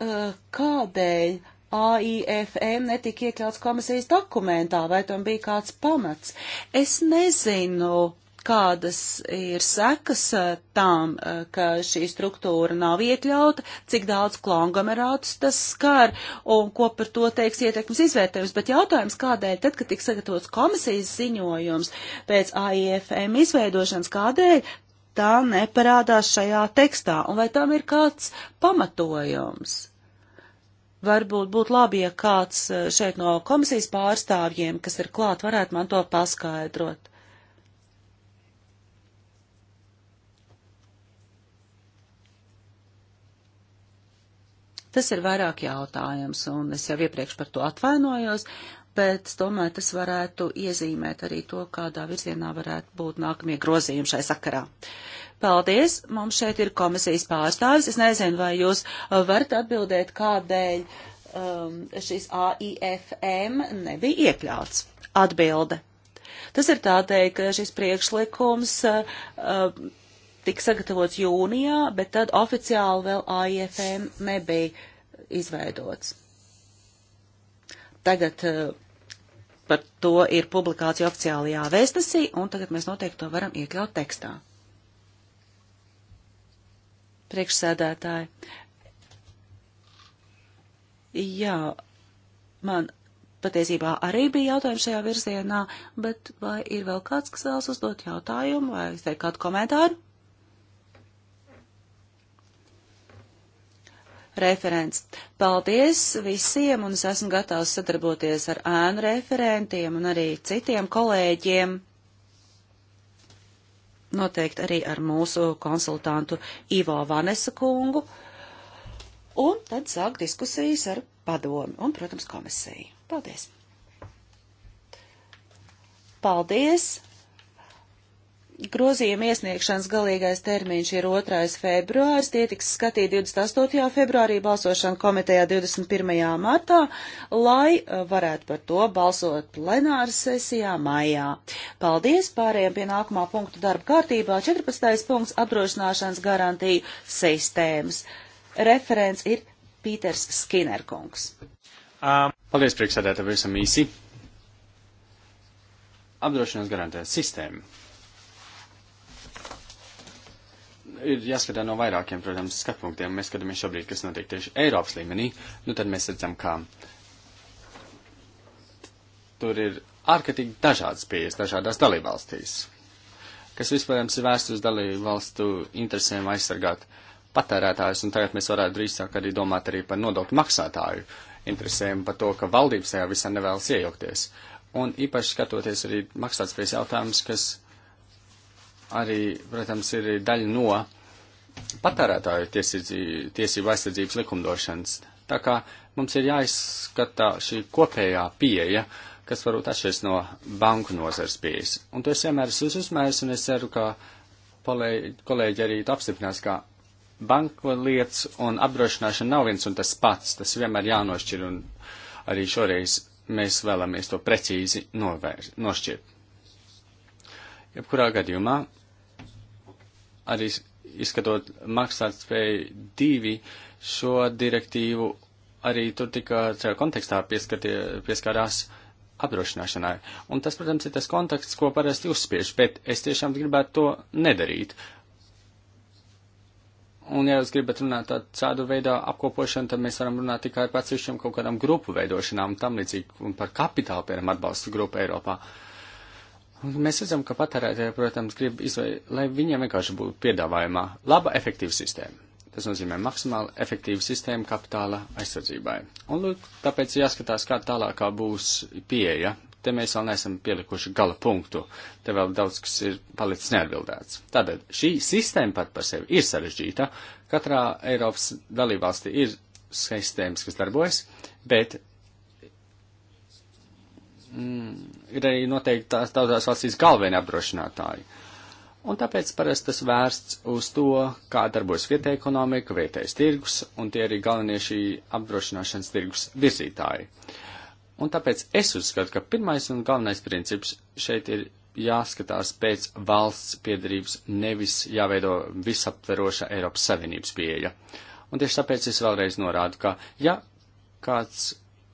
C: eh, kādēļ AIFM netika iekļauts komisijas dokumentā, vai tam bija kāds pamats. Es nezinu, kādas ir sekas eh, tām, eh, ka šī struktūra nav iekļauta, cik daudz klongamerātus tas skar un ko par to teiks ietekmes izvērtējums. Bet jautājums, kādēļ tad, kad tiks sagatavots komisijas ziņojums pēc AIFM izveidošanas, kādēļ tā neparādās šajā tekstā un vai tam ir kāds pamatojums? varbūt būtu labi, ja kāds eh, šeit no komisijas pārstāvjiem, kas ir klāt, varētu man to paskaidrot. Tas ir vairāk jautājums, un es jau iepriekš par to atvainojos, bet tomēr tas varētu iezīmēt arī to, kādā virzienā varētu būt nākamie grozījumi šai sakarā. Uh, Paldies! Mums šeit ir komisijas pārstāvis. Es nezinu, vai jūs uh, varat atbildēt, kādēļ um, šis AIFM nebija iekļauts. Atbilde. Tas ir tādēļ, ka šis priekšlikums uh, uh tika sagatavots jūnijā, bet tad oficiāli vēl AIFM nebija izveidots. Tagad uh, par to ir publikācija oficiālajā vēstnesī, un tagad mēs noteikti to varam iekļaut tekstā. Priekšsēdētāji. Jā, man patiesībā arī bija jautājums šajā virzienā, bet vai ir vēl kāds, kas vēlas uzdot jautājumu vai izteikt kādu komentāru? Referents. Paldies visiem, un es esmu gatavs sadarboties ar ēnu referentiem un arī citiem kolēģiem noteikti arī ar mūsu konsultantu Ivo Vanesa kungu. Un tad sāk diskusijas ar padomi un, protams, komisiju. Paldies! Paldies! Grozījuma iesniegšanas galīgais termiņš ir 2. februārs, tie tiks skatīti 28. februārī balsošana komitejā 21. martā, lai eh, varētu par to balsot plenāra sesijā maijā. Paldies pārējiem pie nākamā punktu darba kārtībā 14. punkts apdrošināšanas garantiju sistēmas. Referents ir Pīters Skinerkungs.
A: Um, paldies, priekšsēdētāji, visam īsi. Apdrošināšanas garantijas sistēma ir jāskatā no vairākiem, protams, skatpunktiem. Mēs skatāmies šobrīd, kas notiek tieši Eiropas līmenī, nu tad mēs redzam, ka tur ir ārkārtīgi dažādas pieejas dažādās dalībvalstīs, kas vispār ir vērsts uz dalībvalstu interesēm aizsargāt patērētājus, un tagad mēs varētu drīzāk arī domāt arī par nodokļu maksātāju interesēm, par to, ka valdības tajā visā nevēlas iejaukties. Un īpaši skatoties arī maksātspējas jautājums, kas arī, protams, ir daļa no patērētāju tiesību aizsardzības likumdošanas. Tā kā mums ir jāizskatā šī kopējā pieeja, kas varbūt atšķiras no banku nozars pieejas. Un to es vienmēr esmu uzmērs, un es ceru, ka kolēģi arī to apstiprinās, ka banku lietas un apdrošināšana nav viens un tas pats, tas vienmēr jānošķir, un arī šoreiz mēs vēlamies to precīzi novēr, nošķirt. Jebkurā gadījumā, arī izskatot maksātspēju divi šo direktīvu, arī tur tika šajā kontekstā pieskatie, pieskārās apdrošināšanai. Un tas, protams, ir tas konteksts, ko parasti uzspiež, bet es tiešām gribētu to nedarīt. Un, ja jūs gribat runāt tādu veidu apkopošanu, tad mēs varam runāt tikai par atsevišķiem kaut kādām grupu veidošanām, tam līdzīgi un par kapitālu, piemēram, atbalstu grupu Eiropā. Uh, Un mēs redzam, ka patērētāji, protams, grib, izvai, lai viņiem vienkārši būtu piedāvājumā laba, efektīva sistēma. Tas nozīmē maksimāli efektīvu sistēmu kapitāla aizsardzībai. Un lūk, tāpēc jāskatās, kā tālākā būs pieeja. Te mēs vēl neesam pielikuši gala punktu. Te vēl daudz, kas ir palicis neatbildēts. Tātad šī sistēma pat par sevi ir sarežģīta. Katrā Eiropas dalībvalstī ir sistēmas, kas darbojas, bet mm, ir arī noteikti tās daudzās valstīs galvenie apdrošinātāji. Un tāpēc parasti tas vērsts uz to, kā darbojas vietēja ekonomika, vietējais tirgus, un tie arī galvenie šī apdrošināšanas tirgus virzītāji. Un tāpēc es uzskatu, ka pirmais un galvenais princips šeit ir jāskatās pēc valsts piedarības, nevis jāveido visaptveroša Eiropas Savienības pieeja. Un tieši tāpēc es vēlreiz norādu, ka ja kāds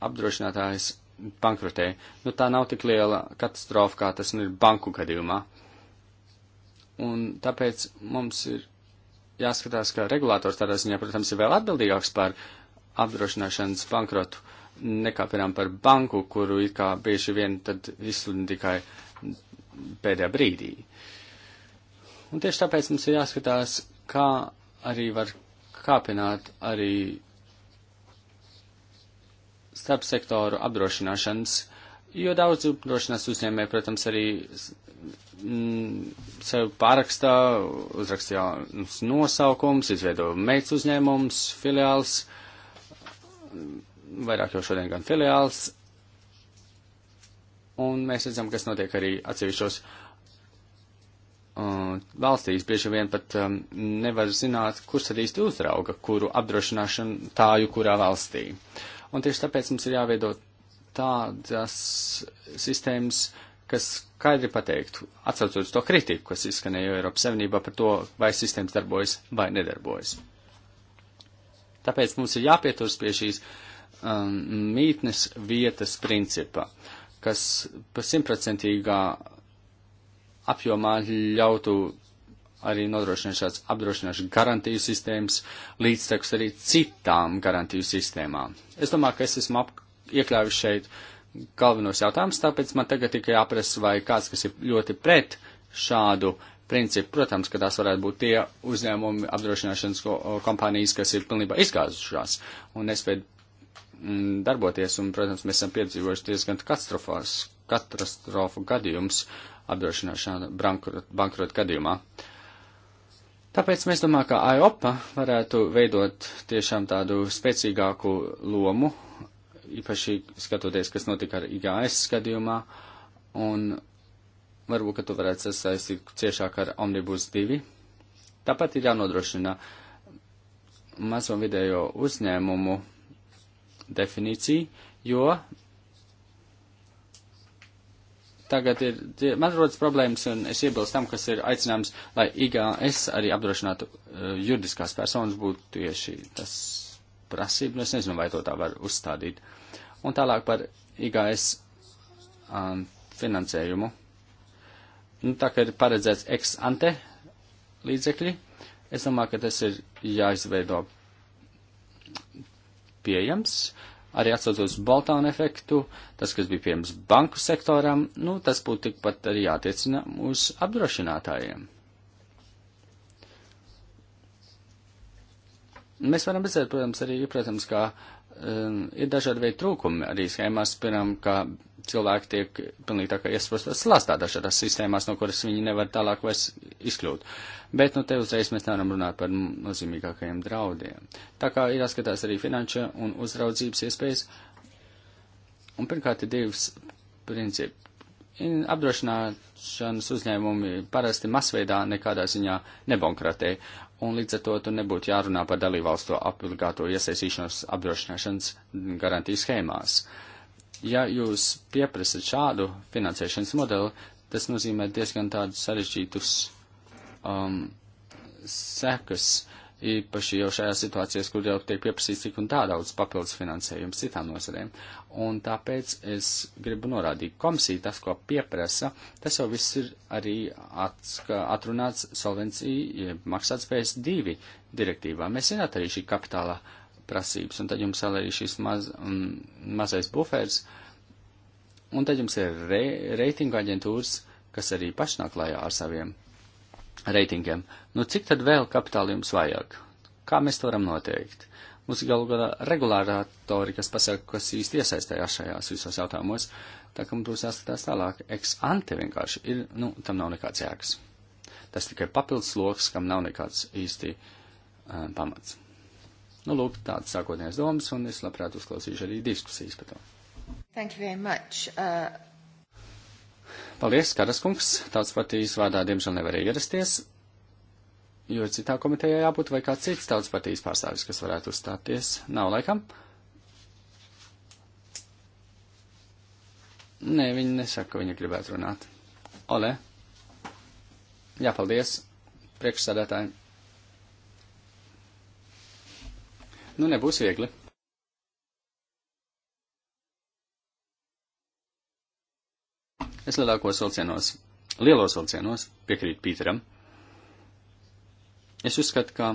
A: apdrošinātājs bankrotē. Nu, tā nav tik liela katastrofa, kā tas nu ir banku gadījumā. Un tāpēc mums ir jāskatās, ka regulators tādā ziņā, protams, ir vēl atbildīgāks par apdrošināšanas bankrotu nekā, piemēram, par banku, kuru it kā bieži vien tad izsludina tikai pēdējā brīdī. Un tieši tāpēc mums ir jāskatās, kā arī var kāpināt arī starp sektoru apdrošināšanas, jo daudz apdrošinās uzņēmē, protams, arī mm, sev pārakstā, uzrakstījā nosaukums, izveido meitas uzņēmums, filiāls, vairāk jau šodien gan filiāls, un mēs redzam, kas notiek arī atsevišķos uh, valstīs bieži vien pat um, nevar zināt, kurš tad īsti uzrauga, kuru apdrošināšanu tāju kurā valstī. Un tieši tāpēc mums ir jāveido tādas sistēmas, kas skaidri pateiktu, atcaucot to kritiku, kas izskanēja Eiropas Savienībā par to, vai sistēmas darbojas vai nedarbojas. Tāpēc mums ir jāpieturas pie šīs um, mītnes vietas principa, kas pa simtprocentīgā apjomā ļautu arī nodrošina šāds apdrošināšanas garantiju sistēmas līdztekus arī citām garantiju sistēmām. Es domāju, ka es esmu ap, iekļāvis šeit galvenos jautājumus, tāpēc man tagad tikai jāprasa, vai kāds, kas ir ļoti pret šādu principu, protams, ka tās varētu būt tie uzņēmumi apdrošināšanas kompānijas, kas ir pilnībā izgāzušās un nespēj mm, darboties, un, protams, mēs esam piedzīvojuši diezgan katastrofas, katastrofu gadījums apdrošināšana bankrota gadījumā. Uh, Tāpēc mēs domājam, ka AIOPA varētu veidot tiešām tādu spēcīgāku lomu, īpaši skatoties, kas notika ar IGS skatījumā, un varbūt, ka to varētu sasaistīt ciešāk ar Omnibus 2. Tāpat ir jānodrošina mazo vidējo uzņēmumu definīcija, jo tagad ir, man rodas problēmas, un es iebilstu tam, kas ir aicinājums, lai IGS arī apdrošinātu uh, juridiskās personas būtu tieši tas prasība, nu es nezinu, vai to tā var uzstādīt. Un tālāk par IGS um, finansējumu. Nu, tā kā ir paredzēts ex ante līdzekļi, es domāju, ka tas ir jāizveido pieejams. Uh, arī atsaucos uz Baltānu efektu, tas, kas bija pirms banku sektoram, nu, tas būtu tikpat arī jātiecina uz apdrošinātājiem. Mēs varam redzēt, protams, arī, protams, kā Um, ir dažādi veidi trūkumi arī schēmās, piemēram, ka cilvēki tiek pilnīgi tā kā iesprostot slastā dažādās sistēmās, no kuras viņi nevar tālāk vairs izkļūt. Bet, nu, te uzreiz mēs nevaram runāt par nozīmīgākajiem draudiem. Tā kā ir jāskatās arī finanša un uzraudzības iespējas. Un pirmkārt ir divas principi. Apdrošināšanas uzņēmumi parasti masveidā nekādā ziņā nebonkrotē, un līdz ar to tur nebūtu jārunā par dalībvalstu obligāto iesaistīšanos apdrošināšanas garantijas schēmās. Ja jūs pieprasat šādu finansēšanas modeli, tas nozīmē diezgan tādus sarežģītus um, sekas, īpaši jau šajās situācijās, kur jau tiek pieprasīts tik un tā daudz papildus finansējums citām nozarēm. Un tāpēc es gribu norādīt, komisija tas, ko pieprasa, tas jau viss ir arī atrunāts solvencija maksātspējas divi direktīvā. Mēs zināt arī šī kapitāla prasības, un tad jums vēl arī šis maz, mm, mazais bufers, un tad jums ir re, reitingu aģentūras, kas arī pašnāk lajā ar saviem reitingiem. Nu, cik tad vēl kapitāli jums vajag? Kā mēs to varam noteikt? Mums galu galā regulātori, kas pasaka, kas īsti iesaistējās šajās visos jautājumos, tā ka mums būs jāskatās tālāk. Ex ante vienkārši ir, nu, tam nav nekāds jēgas. Tas tikai papildus loks, kam nav nekāds īsti um, pamats. Nu, lūk, tāds sākotnējais domas, un es labprāt uzklausīšu arī diskusijas par to.
D: Thank you very much. Uh...
A: Paldies, Karas kungs. Tāds partijas vārdā diemžēl nevarēja ierasties, jo ir citā komitejā jābūt vai kāds cits tāds partijas pārstāvis, kas varētu uzstāties. Nav laikam. Nē, viņi nesaka, ka viņi gribētu runāt. Ole. Jā, paldies. Priekšsādātāji. Nu, nebūs viegli. Es lielākos vilcienos, lielos vilcienos piekrītu Pīteram. Es uzskatu, ka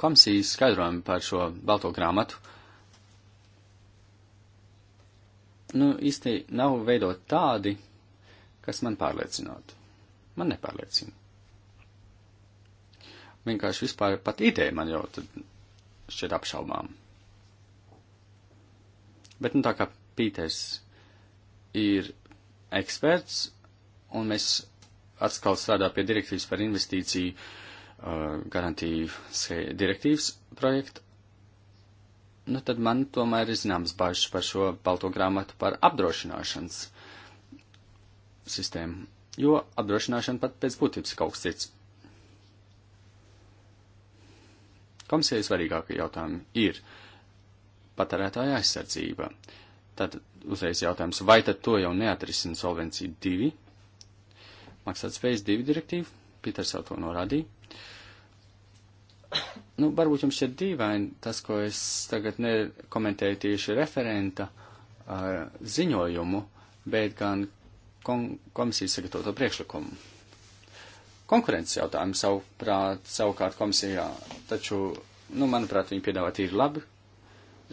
A: komisijas skaidrojumi par šo balto grāmatu nu, īsti nav veidot tādi, kas man pārliecinātu. Man nepārliecina. Vienkārši vispār pat ideja man jau tad šķiet apšaubām. Bet, nu, tā kā Pīters ir eksperts, un mēs atkal strādā pie direktīvas par investīciju uh, garantiju direktīvas projektu. Nu, tad man tomēr ir zināms bažas par šo balto grāmatu par apdrošināšanas sistēmu, jo apdrošināšana pat pēc būtības ir kaut kas cits. Komisijas svarīgākie jautājumi ir patērētāja aizsardzība. Uh, Tātad uzreiz jautājums, vai tad to jau neatrisina solvencija 2? Maksāt spējas 2 direktīva, Pīters jau to norādīja. Nu, varbūt jums šķiet dīvaini tas, ko es tagad nekomentēju tieši referenta uh, ziņojumu, bet gan kon komisijas sagatavoto priekšlikumu. Konkurences jautājumi savuprāt, savukārt komisijā, taču, nu, manuprāt, viņi piedāvā tīri labu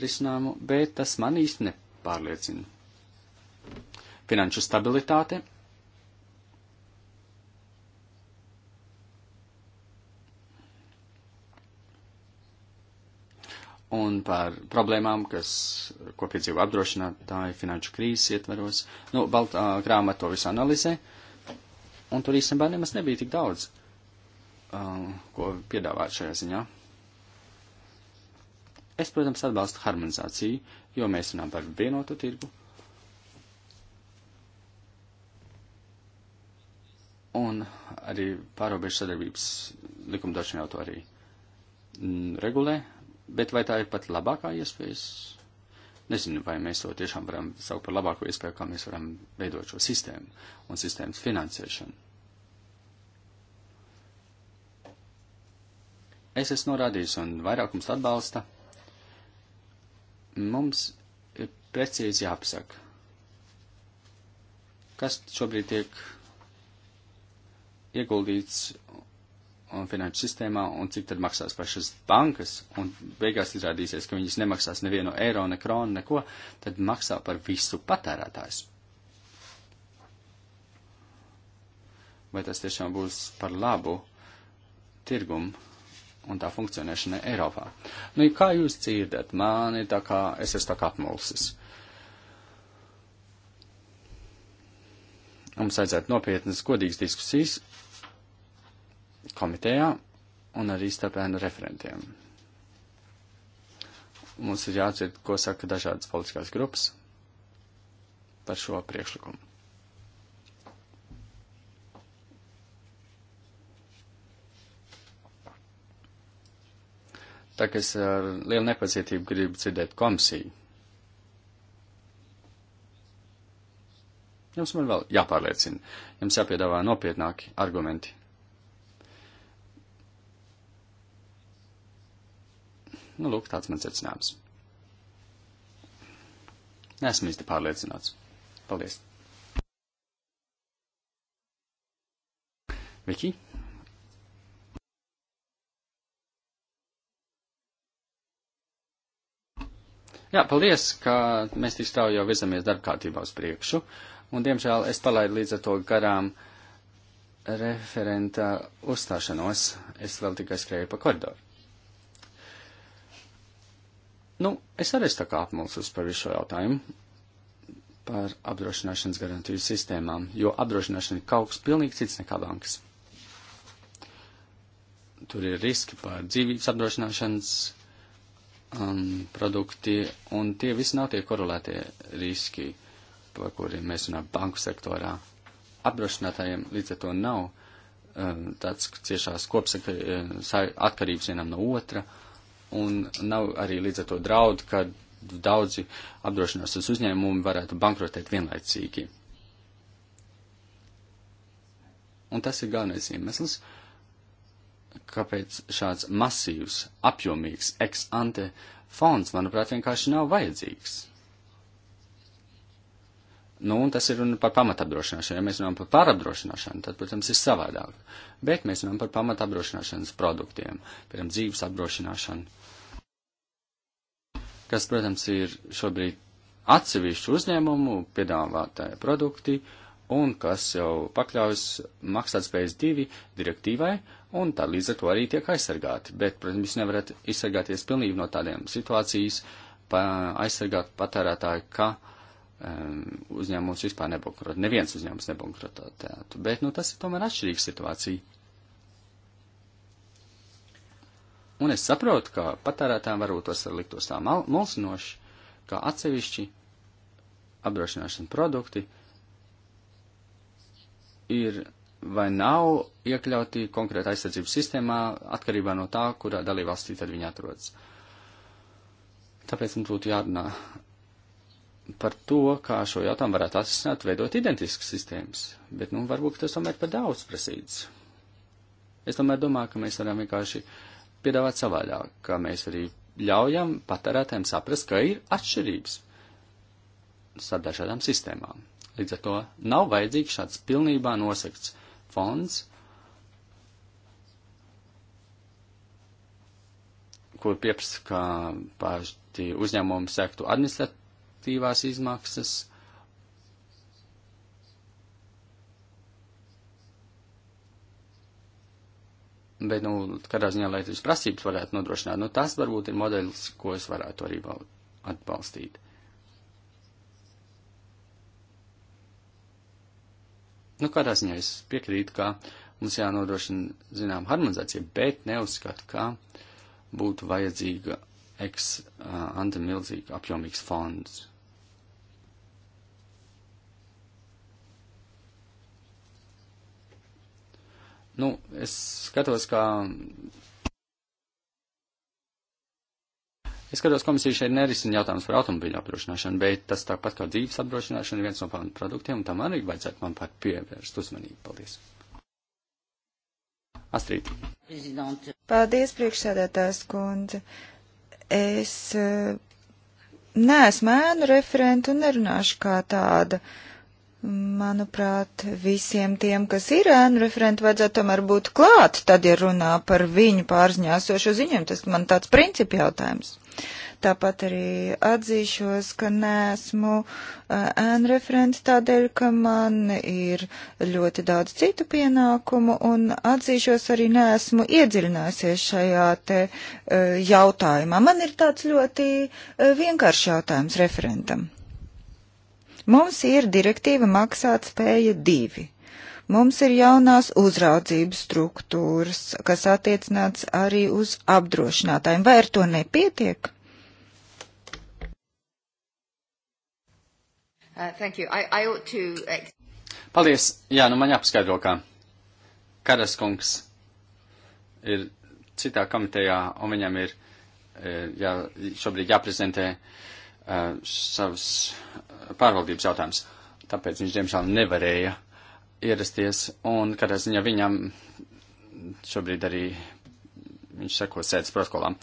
A: risinājumu, bet tas man īsti ne pārliecina. Finanšu stabilitāte. Un par problēmām, kas, ko piedzīvo apdrošinātāji finanšu krīzes ietveros. Nu, Baltā grāmata to visu analizē. Un tur īstenībā nemaz nebija tik daudz, um, ko piedāvāt šajā ziņā. Es, protams, atbalstu harmonizāciju, jo mēs runājam par vienotu tirgu. Un arī pārobežu sadarbības likumdošana jau to arī mm, regulē, bet vai tā ir pat labākā iespējas? Nezinu, vai mēs to tiešām varam saukt par labāko iespēju, kā mēs varam veidot šo sistēmu un sistēmas finansēšanu. Es esmu norādījis un vairākums atbalsta mums ir precīzi jāpasaka, kas šobrīd tiek ieguldīts un finanšu sistēmā, un cik tad maksās pašas bankas, un beigās izrādīsies, ka viņas nemaksās nevienu eiro, ne kronu, neko, tad maksā par visu patērētājs. Vai tas tiešām būs par labu tirgumu? un tā funkcionēšana Eiropā. Nu, ja kā jūs dzirdat, mani tā kā, es esmu tā kā apmulsis. Mums vajadzētu nopietnas, godīgas diskusijas komitejā un arī starp ēnu referentiem. Mums ir jāatcerīt, ko saka dažādas politiskās grupas par šo priekšlikumu. Tā kā es ar lielu nepacietību gribu dzirdēt komisiju. Jums man vēl jāpārliecina. Jums jāpiedāvā nopietnāki argumenti. Nu, lūk, tāds mans secinājums. Nesmu īsti pārliecināts. Paldies. Viki? Jā, paldies, ka mēs tik stāv jau virzamies darbkārtībā uz priekšu, un diemžēl es palaidu līdz ar to garām referenta uzstāšanos, es vēl tikai skrēju pa koridoru. Nu, es arī tā kā apmulsus par visu šo jautājumu, par apdrošināšanas garantiju sistēmām, jo apdrošināšana ir kaut kas pilnīgi cits nekā bankas. Tur ir riski par dzīvības apdrošināšanas um, produkti, un tie visi nav tie korelētie riski, par kuriem mēs runājam banku sektorā. Apdrošinātājiem līdz ar to nav um, tāds ciešās kopsaka um, atkarības vienam no otra, un nav arī līdz ar to draudu, ka daudzi apdrošināšanas uzņēmumi varētu bankrotēt vienlaicīgi. Un tas ir galvenais iemesls, uh, kāpēc šāds masīvs, apjomīgs ex ante fonds, manuprāt, vienkārši nav vajadzīgs. Nu, un tas ir runa par pamatabdrošināšanu. Ja mēs runājam par pārapdrošināšanu, tad, protams, ir savādāk. Bet mēs runājam par pamatabdrošināšanas produktiem, piemēram, dzīves apdrošināšanu, kas, protams, ir šobrīd atsevišķu uzņēmumu piedāvātāja produkti, uh, un kas jau pakļaujas maksātspējas divi direktīvai, un tā līdz ar to arī tiek aizsargāti. Bet, protams, jūs nevarat izsargāties pilnīgi no tādiem situācijas, pa, aizsargāt patērētāju, ka um, uzņēmums vispār nebankrotētu. Neviens uzņēmums nebankrotētu. Bet, nu, tas ir tomēr atšķirīga situācija. Un es saprotu, ka patērētājiem varbūt tas var liktos tā mulsinoši, ka atsevišķi apdrošināšana produkti uh, ir vai nav iekļauti konkrēta aizsardzības sistēmā, atkarībā no tā, kurā dalībvalstī tad viņi atrodas. Tāpēc mums būtu jārunā par to, kā šo jautājumu varētu atrisināt, veidot identiskas sistēmas, bet, nu, varbūt tas tomēr par daudz prasīts. Es tomēr domāju, ka mēs varam vienkārši piedāvāt savādāk, ka mēs arī ļaujam patērētājiem saprast, ka ir atšķirības starp dažādām sistēmām. Līdz ar to nav vajadzīgs šāds pilnībā nosakts fonds, kur pieprasa, ka pārti uzņēmumi sektu administratīvās izmaksas. Bet, nu, kādā ziņā, lai tas prasības varētu nodrošināt, nu, tas varbūt ir modelis, ko es varētu arī atbalstīt. Nu, kādā ziņā es piekrītu, ka mums jānodrošina, zinām, harmonizācija, bet neuzskatu, ka būtu vajadzīga eks uh, ante milzīga apjomīgs fonds. Nu, es skatos, ka Es skatos, komisija šeit nerisina jautājumus par automobīļu apdrošināšanu, bet tas tāpat kā dzīves apdrošināšana ir viens no produktiem, un tam arī vajadzētu man pat pievērst uzmanību. Paldies! Astrid.
B: Paldies, priekšsēdētājs kundze. Es eh, neesmu ēnu referentu un nerunāšu kā tāda. Manuprāt, visiem tiem, kas ir ēnu referenti, vajadzētu tomēr būt klāt, tad, ja runā par viņu pārziņāsošo ziņojumu. Tas man tāds principi jautājums. Tāpat arī atzīšos, ka neesmu ēnu referents tādēļ, ka man ir ļoti daudz citu pienākumu un atzīšos arī neesmu iedziļinājusies šajā te jautājumā. Man ir tāds ļoti vienkāršs jautājums referentam. Mums ir direktīva maksāt spēja divi. Mums ir jaunās uzraudzības struktūras, kas attiecināts arī uz apdrošinātājiem. Vai ar to nepietiek?
D: Uh, I, I to...
A: Paldies. Jā, nu man jāpaskaidro, kā Karaskungs ir citā komitejā, un viņam ir eh, jā, šobrīd jāprezentē uh, eh, savas eh, pārvaldības jautājums. Tāpēc viņš, diemžēl, nevarēja ierasties, un kādā ziņā viņam šobrīd arī viņš seko sēdes protokolām.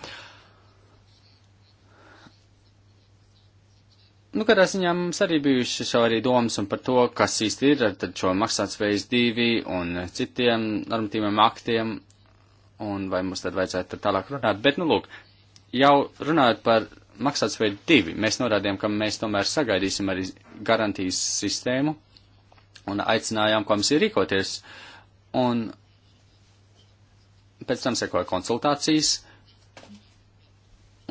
A: Nu, kādā ziņā mums arī bijuši jau arī domas un par to, kas īsti ir ar šo maksātspējas divi un citiem normatīviem aktiem, un vai mums tad vajadzētu tad tālāk runāt. Bet, nu, lūk, jau runājot par maksātspēju divi, mēs norādījām, ka mēs tomēr sagaidīsim arī garantijas sistēmu, un aicinājām komisiju rīkoties. Un pēc tam sekoja konsultācijas,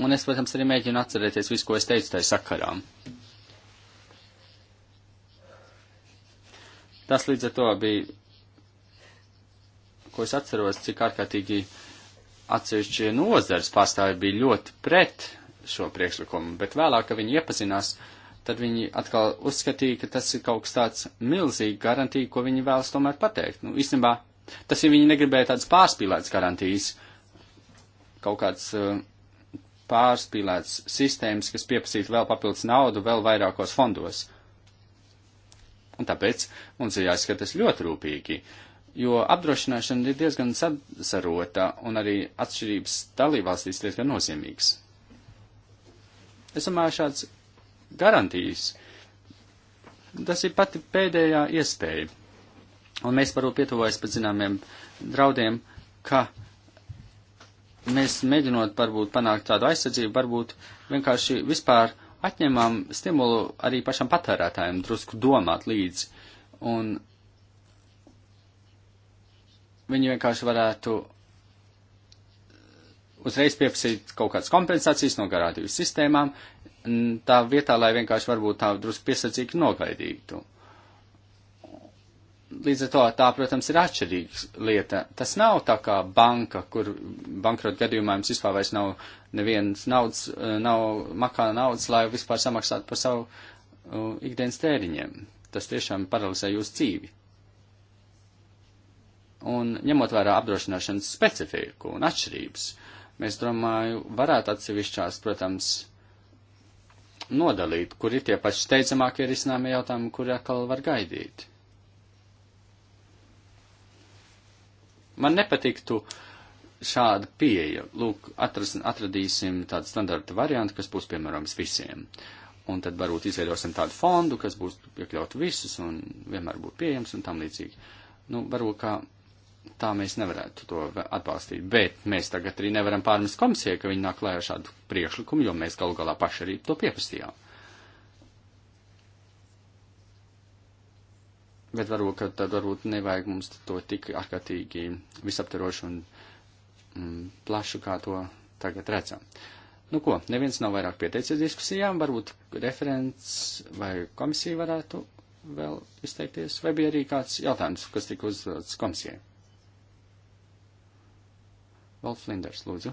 A: un es, protams, arī mēģinu atcerēties visu, ko es teicu tai sakarām. Tas līdz ar to bija, ko es atceros, cik ārkārtīgi atsevišķie nozars pārstāvi bija ļoti pret šo priekšlikumu, bet vēlāk, kad viņi iepazinās, uh, tad viņi atkal uzskatīja, ka tas ir kaut kas tāds milzīgi garantija, ko viņi vēlas tomēr pateikt. Nu, īstenībā tas ir ja viņi negribēja tādas pārspīlētas garantijas, kaut kāds uh, pārspīlēts sistēmas, kas pieprasītu vēl papildus naudu vēl vairākos fondos. Un tāpēc mums ir jāskatās ļoti rūpīgi, jo apdrošināšana ir diezgan sarota un arī atšķirības dalībvalstīs diezgan nozīmīgas. Es domāju, šāds garantijas. Tas ir pati pēdējā iespēja. Un mēs varam pietuvoties pēc zināmiem draudiem, ka mēs mēģinot varbūt panākt tādu aizsardzību, varbūt vienkārši vispār atņemam stimulu arī pašam patērētājiem drusku domāt līdzi. Un viņi vienkārši varētu uzreiz pieprasīt kaut kādas kompensācijas no garantijas sistēmām, tā vietā, lai vienkārši varbūt tā drusku piesardzīgi nogaidītu. Līdz ar to tā, protams, ir atšķirīgs lieta. Tas nav tā kā banka, kur bankrota gadījumā jums vispār vairs nav nevienas naudas, e, nav makā naudas, lai vispār samaksātu par savu uh, ikdienas tēriņiem. Tas tiešām paralizē jūsu dzīvi. Un ņemot vērā apdrošināšanas specifiku un atšķirības, mēs domāju, varētu atsevišķās, protams, uh, nodalīt, kur ir tie paši steidzamākie risināmie jautājumi, kur atkal var gaidīt. Man nepatiktu šāda pieeja. Lūk, atras, atradīsim tādu standarta variantu, kas būs piemērams visiem. Un tad varbūt izveidosim tādu fondu, kas būs iekļaut visus un vienmēr būtu pieejams un tam līdzīgi. Nu, varbūt kā tā mēs nevarētu to atbalstīt. Bet mēs tagad arī nevaram pārmest komisijai, ka viņi nāk klājā šādu priekšlikumu, jo mēs galu galā paši arī to pieprasījām. Bet varbūt, ka tad varbūt nevajag mums to tik ārkārtīgi visaptarošu un mm, plašu, kā to tagad redzam. Nu ko, neviens nav vairāk pieteicies diskusijām, varbūt referents vai komisija varētu vēl izteikties, vai bija arī kāds jautājums, kas tika uzdots komisijai. Valsts Linders, lūdzu.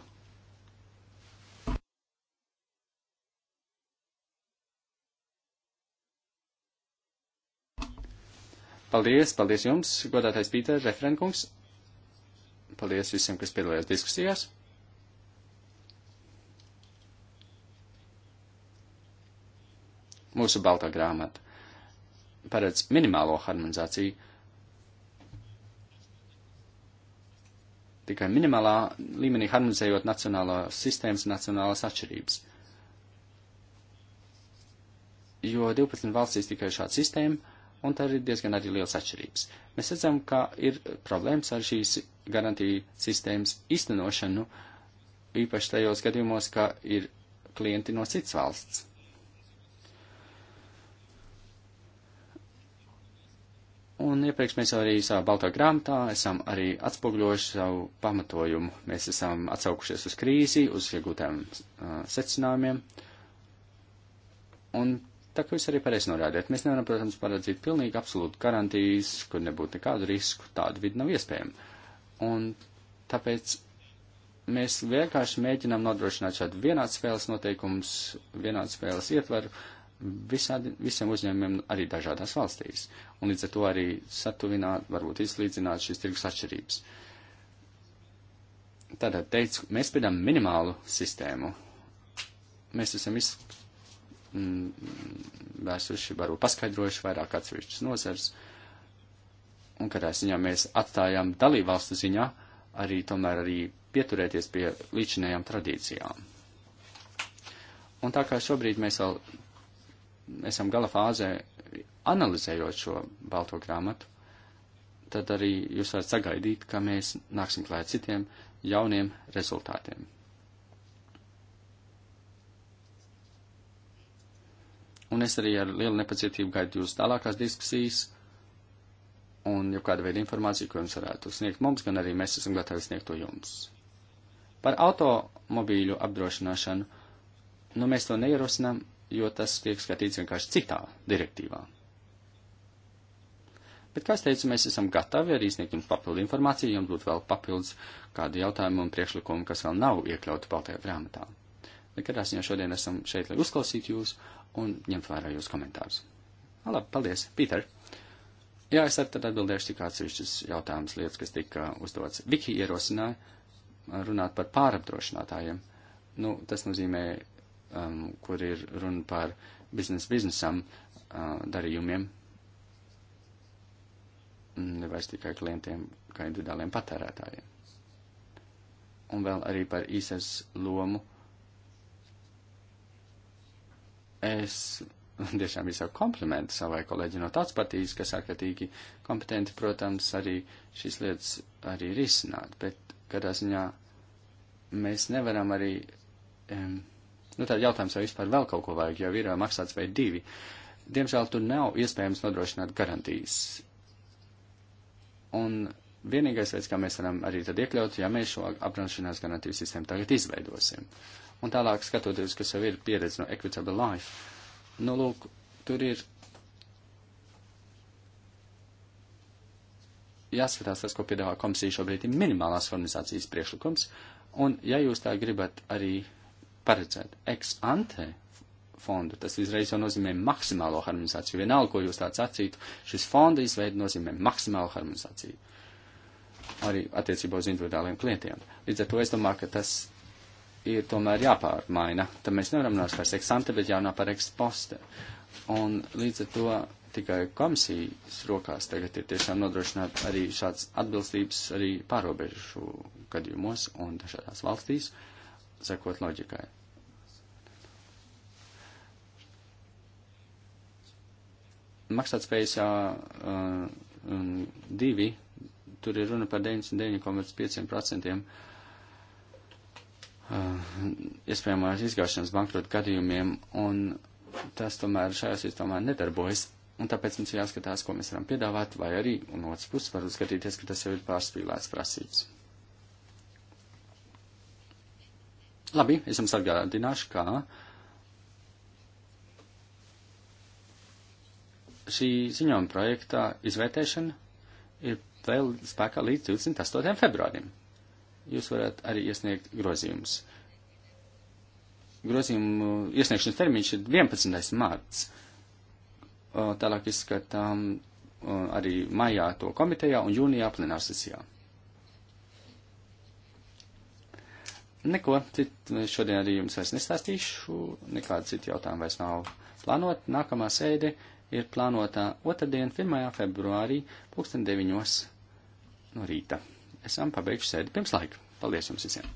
A: Paldies, paldies jums, godātais Pīter, referentkungs. Paldies visiem, kas piedalījās diskusijās. Mūsu baltā grāmata paredz minimālo harmonizāciju tikai minimālā līmenī harmonizējot nacionālās sistēmas, nacionālās atšķirības. Jo 12 valstīs tikai šāda sistēma, un tā ir diezgan arī liels atšķirības. Mēs redzam, ka ir problēmas ar šīs garantiju sistēmas īstenošanu, īpaši tajos gadījumos, ka ir klienti no citas valsts. Un iepriekš mēs arī savā baltā grāmatā esam arī atspoguļojuši savu pamatojumu. Mēs esam atsaukušies uz krīzi, uz iegūtām uh, secinājumiem. Un tā kā jūs arī pareizi norādījāt, mēs nevaram, protams, paredzīt pilnīgi absolūti garantijas, kur nebūtu nekādu risku, tādu vidu nav iespējama. Un tāpēc mēs vienkārši mēģinām nodrošināt šādu vienāds spēles noteikums, vienāds spēles ietveru, uh, visādi, visiem uzņēmumiem arī dažādās valstīs, un līdz ar to arī satuvināt, varbūt izlīdzināt šīs tirgus atšķirības. Tātad teicu, mēs pēdām minimālu sistēmu. Mēs esam iz, mm, vēsuši, varbūt paskaidrojuši vairāk atsevišķas nozars, un kādā ziņā mēs atstājām dalībvalstu ziņā arī tomēr arī pieturēties pie līdzinējām tradīcijām. Un tā kā šobrīd mēs vēl esam gala fāzē analizējot šo balto grāmatu, tad arī jūs varat sagaidīt, ka mēs nāksim klāt citiem jauniem rezultātiem. Un es arī ar lielu nepacietību gaidu jūs tālākās diskusijas un jau kādu veidu informāciju, ko jums varētu sniegt mums, gan arī mēs esam gatavi sniegt to jums. Par automobīļu apdrošināšanu, nu mēs to neierosinām, jo tas tiek skatīts vienkārši citā direktīvā. Bet, kā es teicu, mēs esam gatavi arī sniegt jums papildu informāciju, jums būtu vēl papildus kādi jautājumi un priekšlikumi, kas vēl nav iekļauti baltajā grāmatā. Bet kādā ziņā šodien esam šeit, lai uzklausītu jūs un ņemt vērā jūs komentārus. Ah, labi, paldies, Pīter! Jā, es tad atbildēšu tik atsevišķas jautājumas lietas, kas tika uzdots. Viki ierosināja runāt par pārapdrošinātājiem. Nu, tas nozīmē um, kur ir runa par biznes biznesam uh, darījumiem, nevis tikai klientiem, kā individuāliem patērētājiem. Un vēl arī par īsas lomu. Es tiešām visāku komplimentu savai kolēģi no tāds patīs, kas ārkārtīgi kompetenti, protams, arī šīs lietas arī risināt, bet kādā ziņā mēs nevaram arī um, Nu, tad jautājums, vai vispār vēl kaut ko vajag, jau ir maksāts vai divi. Diemžēl tur nav iespējams nodrošināt garantijas. Un vienīgais veids, kā mēs varam arī tad iekļaut, ja mēs šo apdrošināšanās garantiju sistēmu tagad izveidosim. Un tālāk skatoties, kas jau ir pieredze no Equitable Life, nu, lūk, tur ir jāskatās tas, ko piedāvā komisija šobrīd ir minimālās harmonizācijas priekšlikums, un ja jūs tā gribat arī paredzētu ex ante fondu, tas izreiz jau nozīmē maksimālo harmonizāciju. Vienalga, ko jūs tāds sacītu, šis fonda izveida nozīmē maksimālu harmonizāciju. Arī attiecībā uz individuāliem klientiem. Līdz ar to es domāju, ka tas ir tomēr jāpārmaina. Tad mēs nevaram runāt par ex ante, bet jānāk par ex poste. Un līdz ar to tikai komisijas rokās tagad ir tiešām nodrošināt arī šāds atbilstības arī pārobežu gadījumos un dažādās valstīs, sekot loģikai. maksātspējas uh, divi, tur ir runa par 99,5% uh, iespējamās izgāšanas bankrota gadījumiem, un tas tomēr šajā sistēmā nedarbojas. Un tāpēc mums ir jāskatās, ko mēs varam piedāvāt, vai arī, un otrs puses, var uzskatīties, ka tas jau ir pārspīlēts prasīts. Labi, es jums atgādināšu, kā šī ziņojuma projekta izvērtēšana ir vēl spēkā līdz 28. februārim. Jūs varat arī iesniegt grozījumus. Grozījumu iesniegšanas termiņš ir 11. mārts. Tālāk izskatām arī maijā to komitejā un jūnijā plenārsesijā. Neko citu šodien arī jums vairs nestāstīšu, nekādu citu jautājumu vairs nav plānot. Nākamā sēde ir plānota otrdien, 1. februārī, 2009. no rīta. Esam pabeiguši sēdi pirms laika. Paldies jums visiem!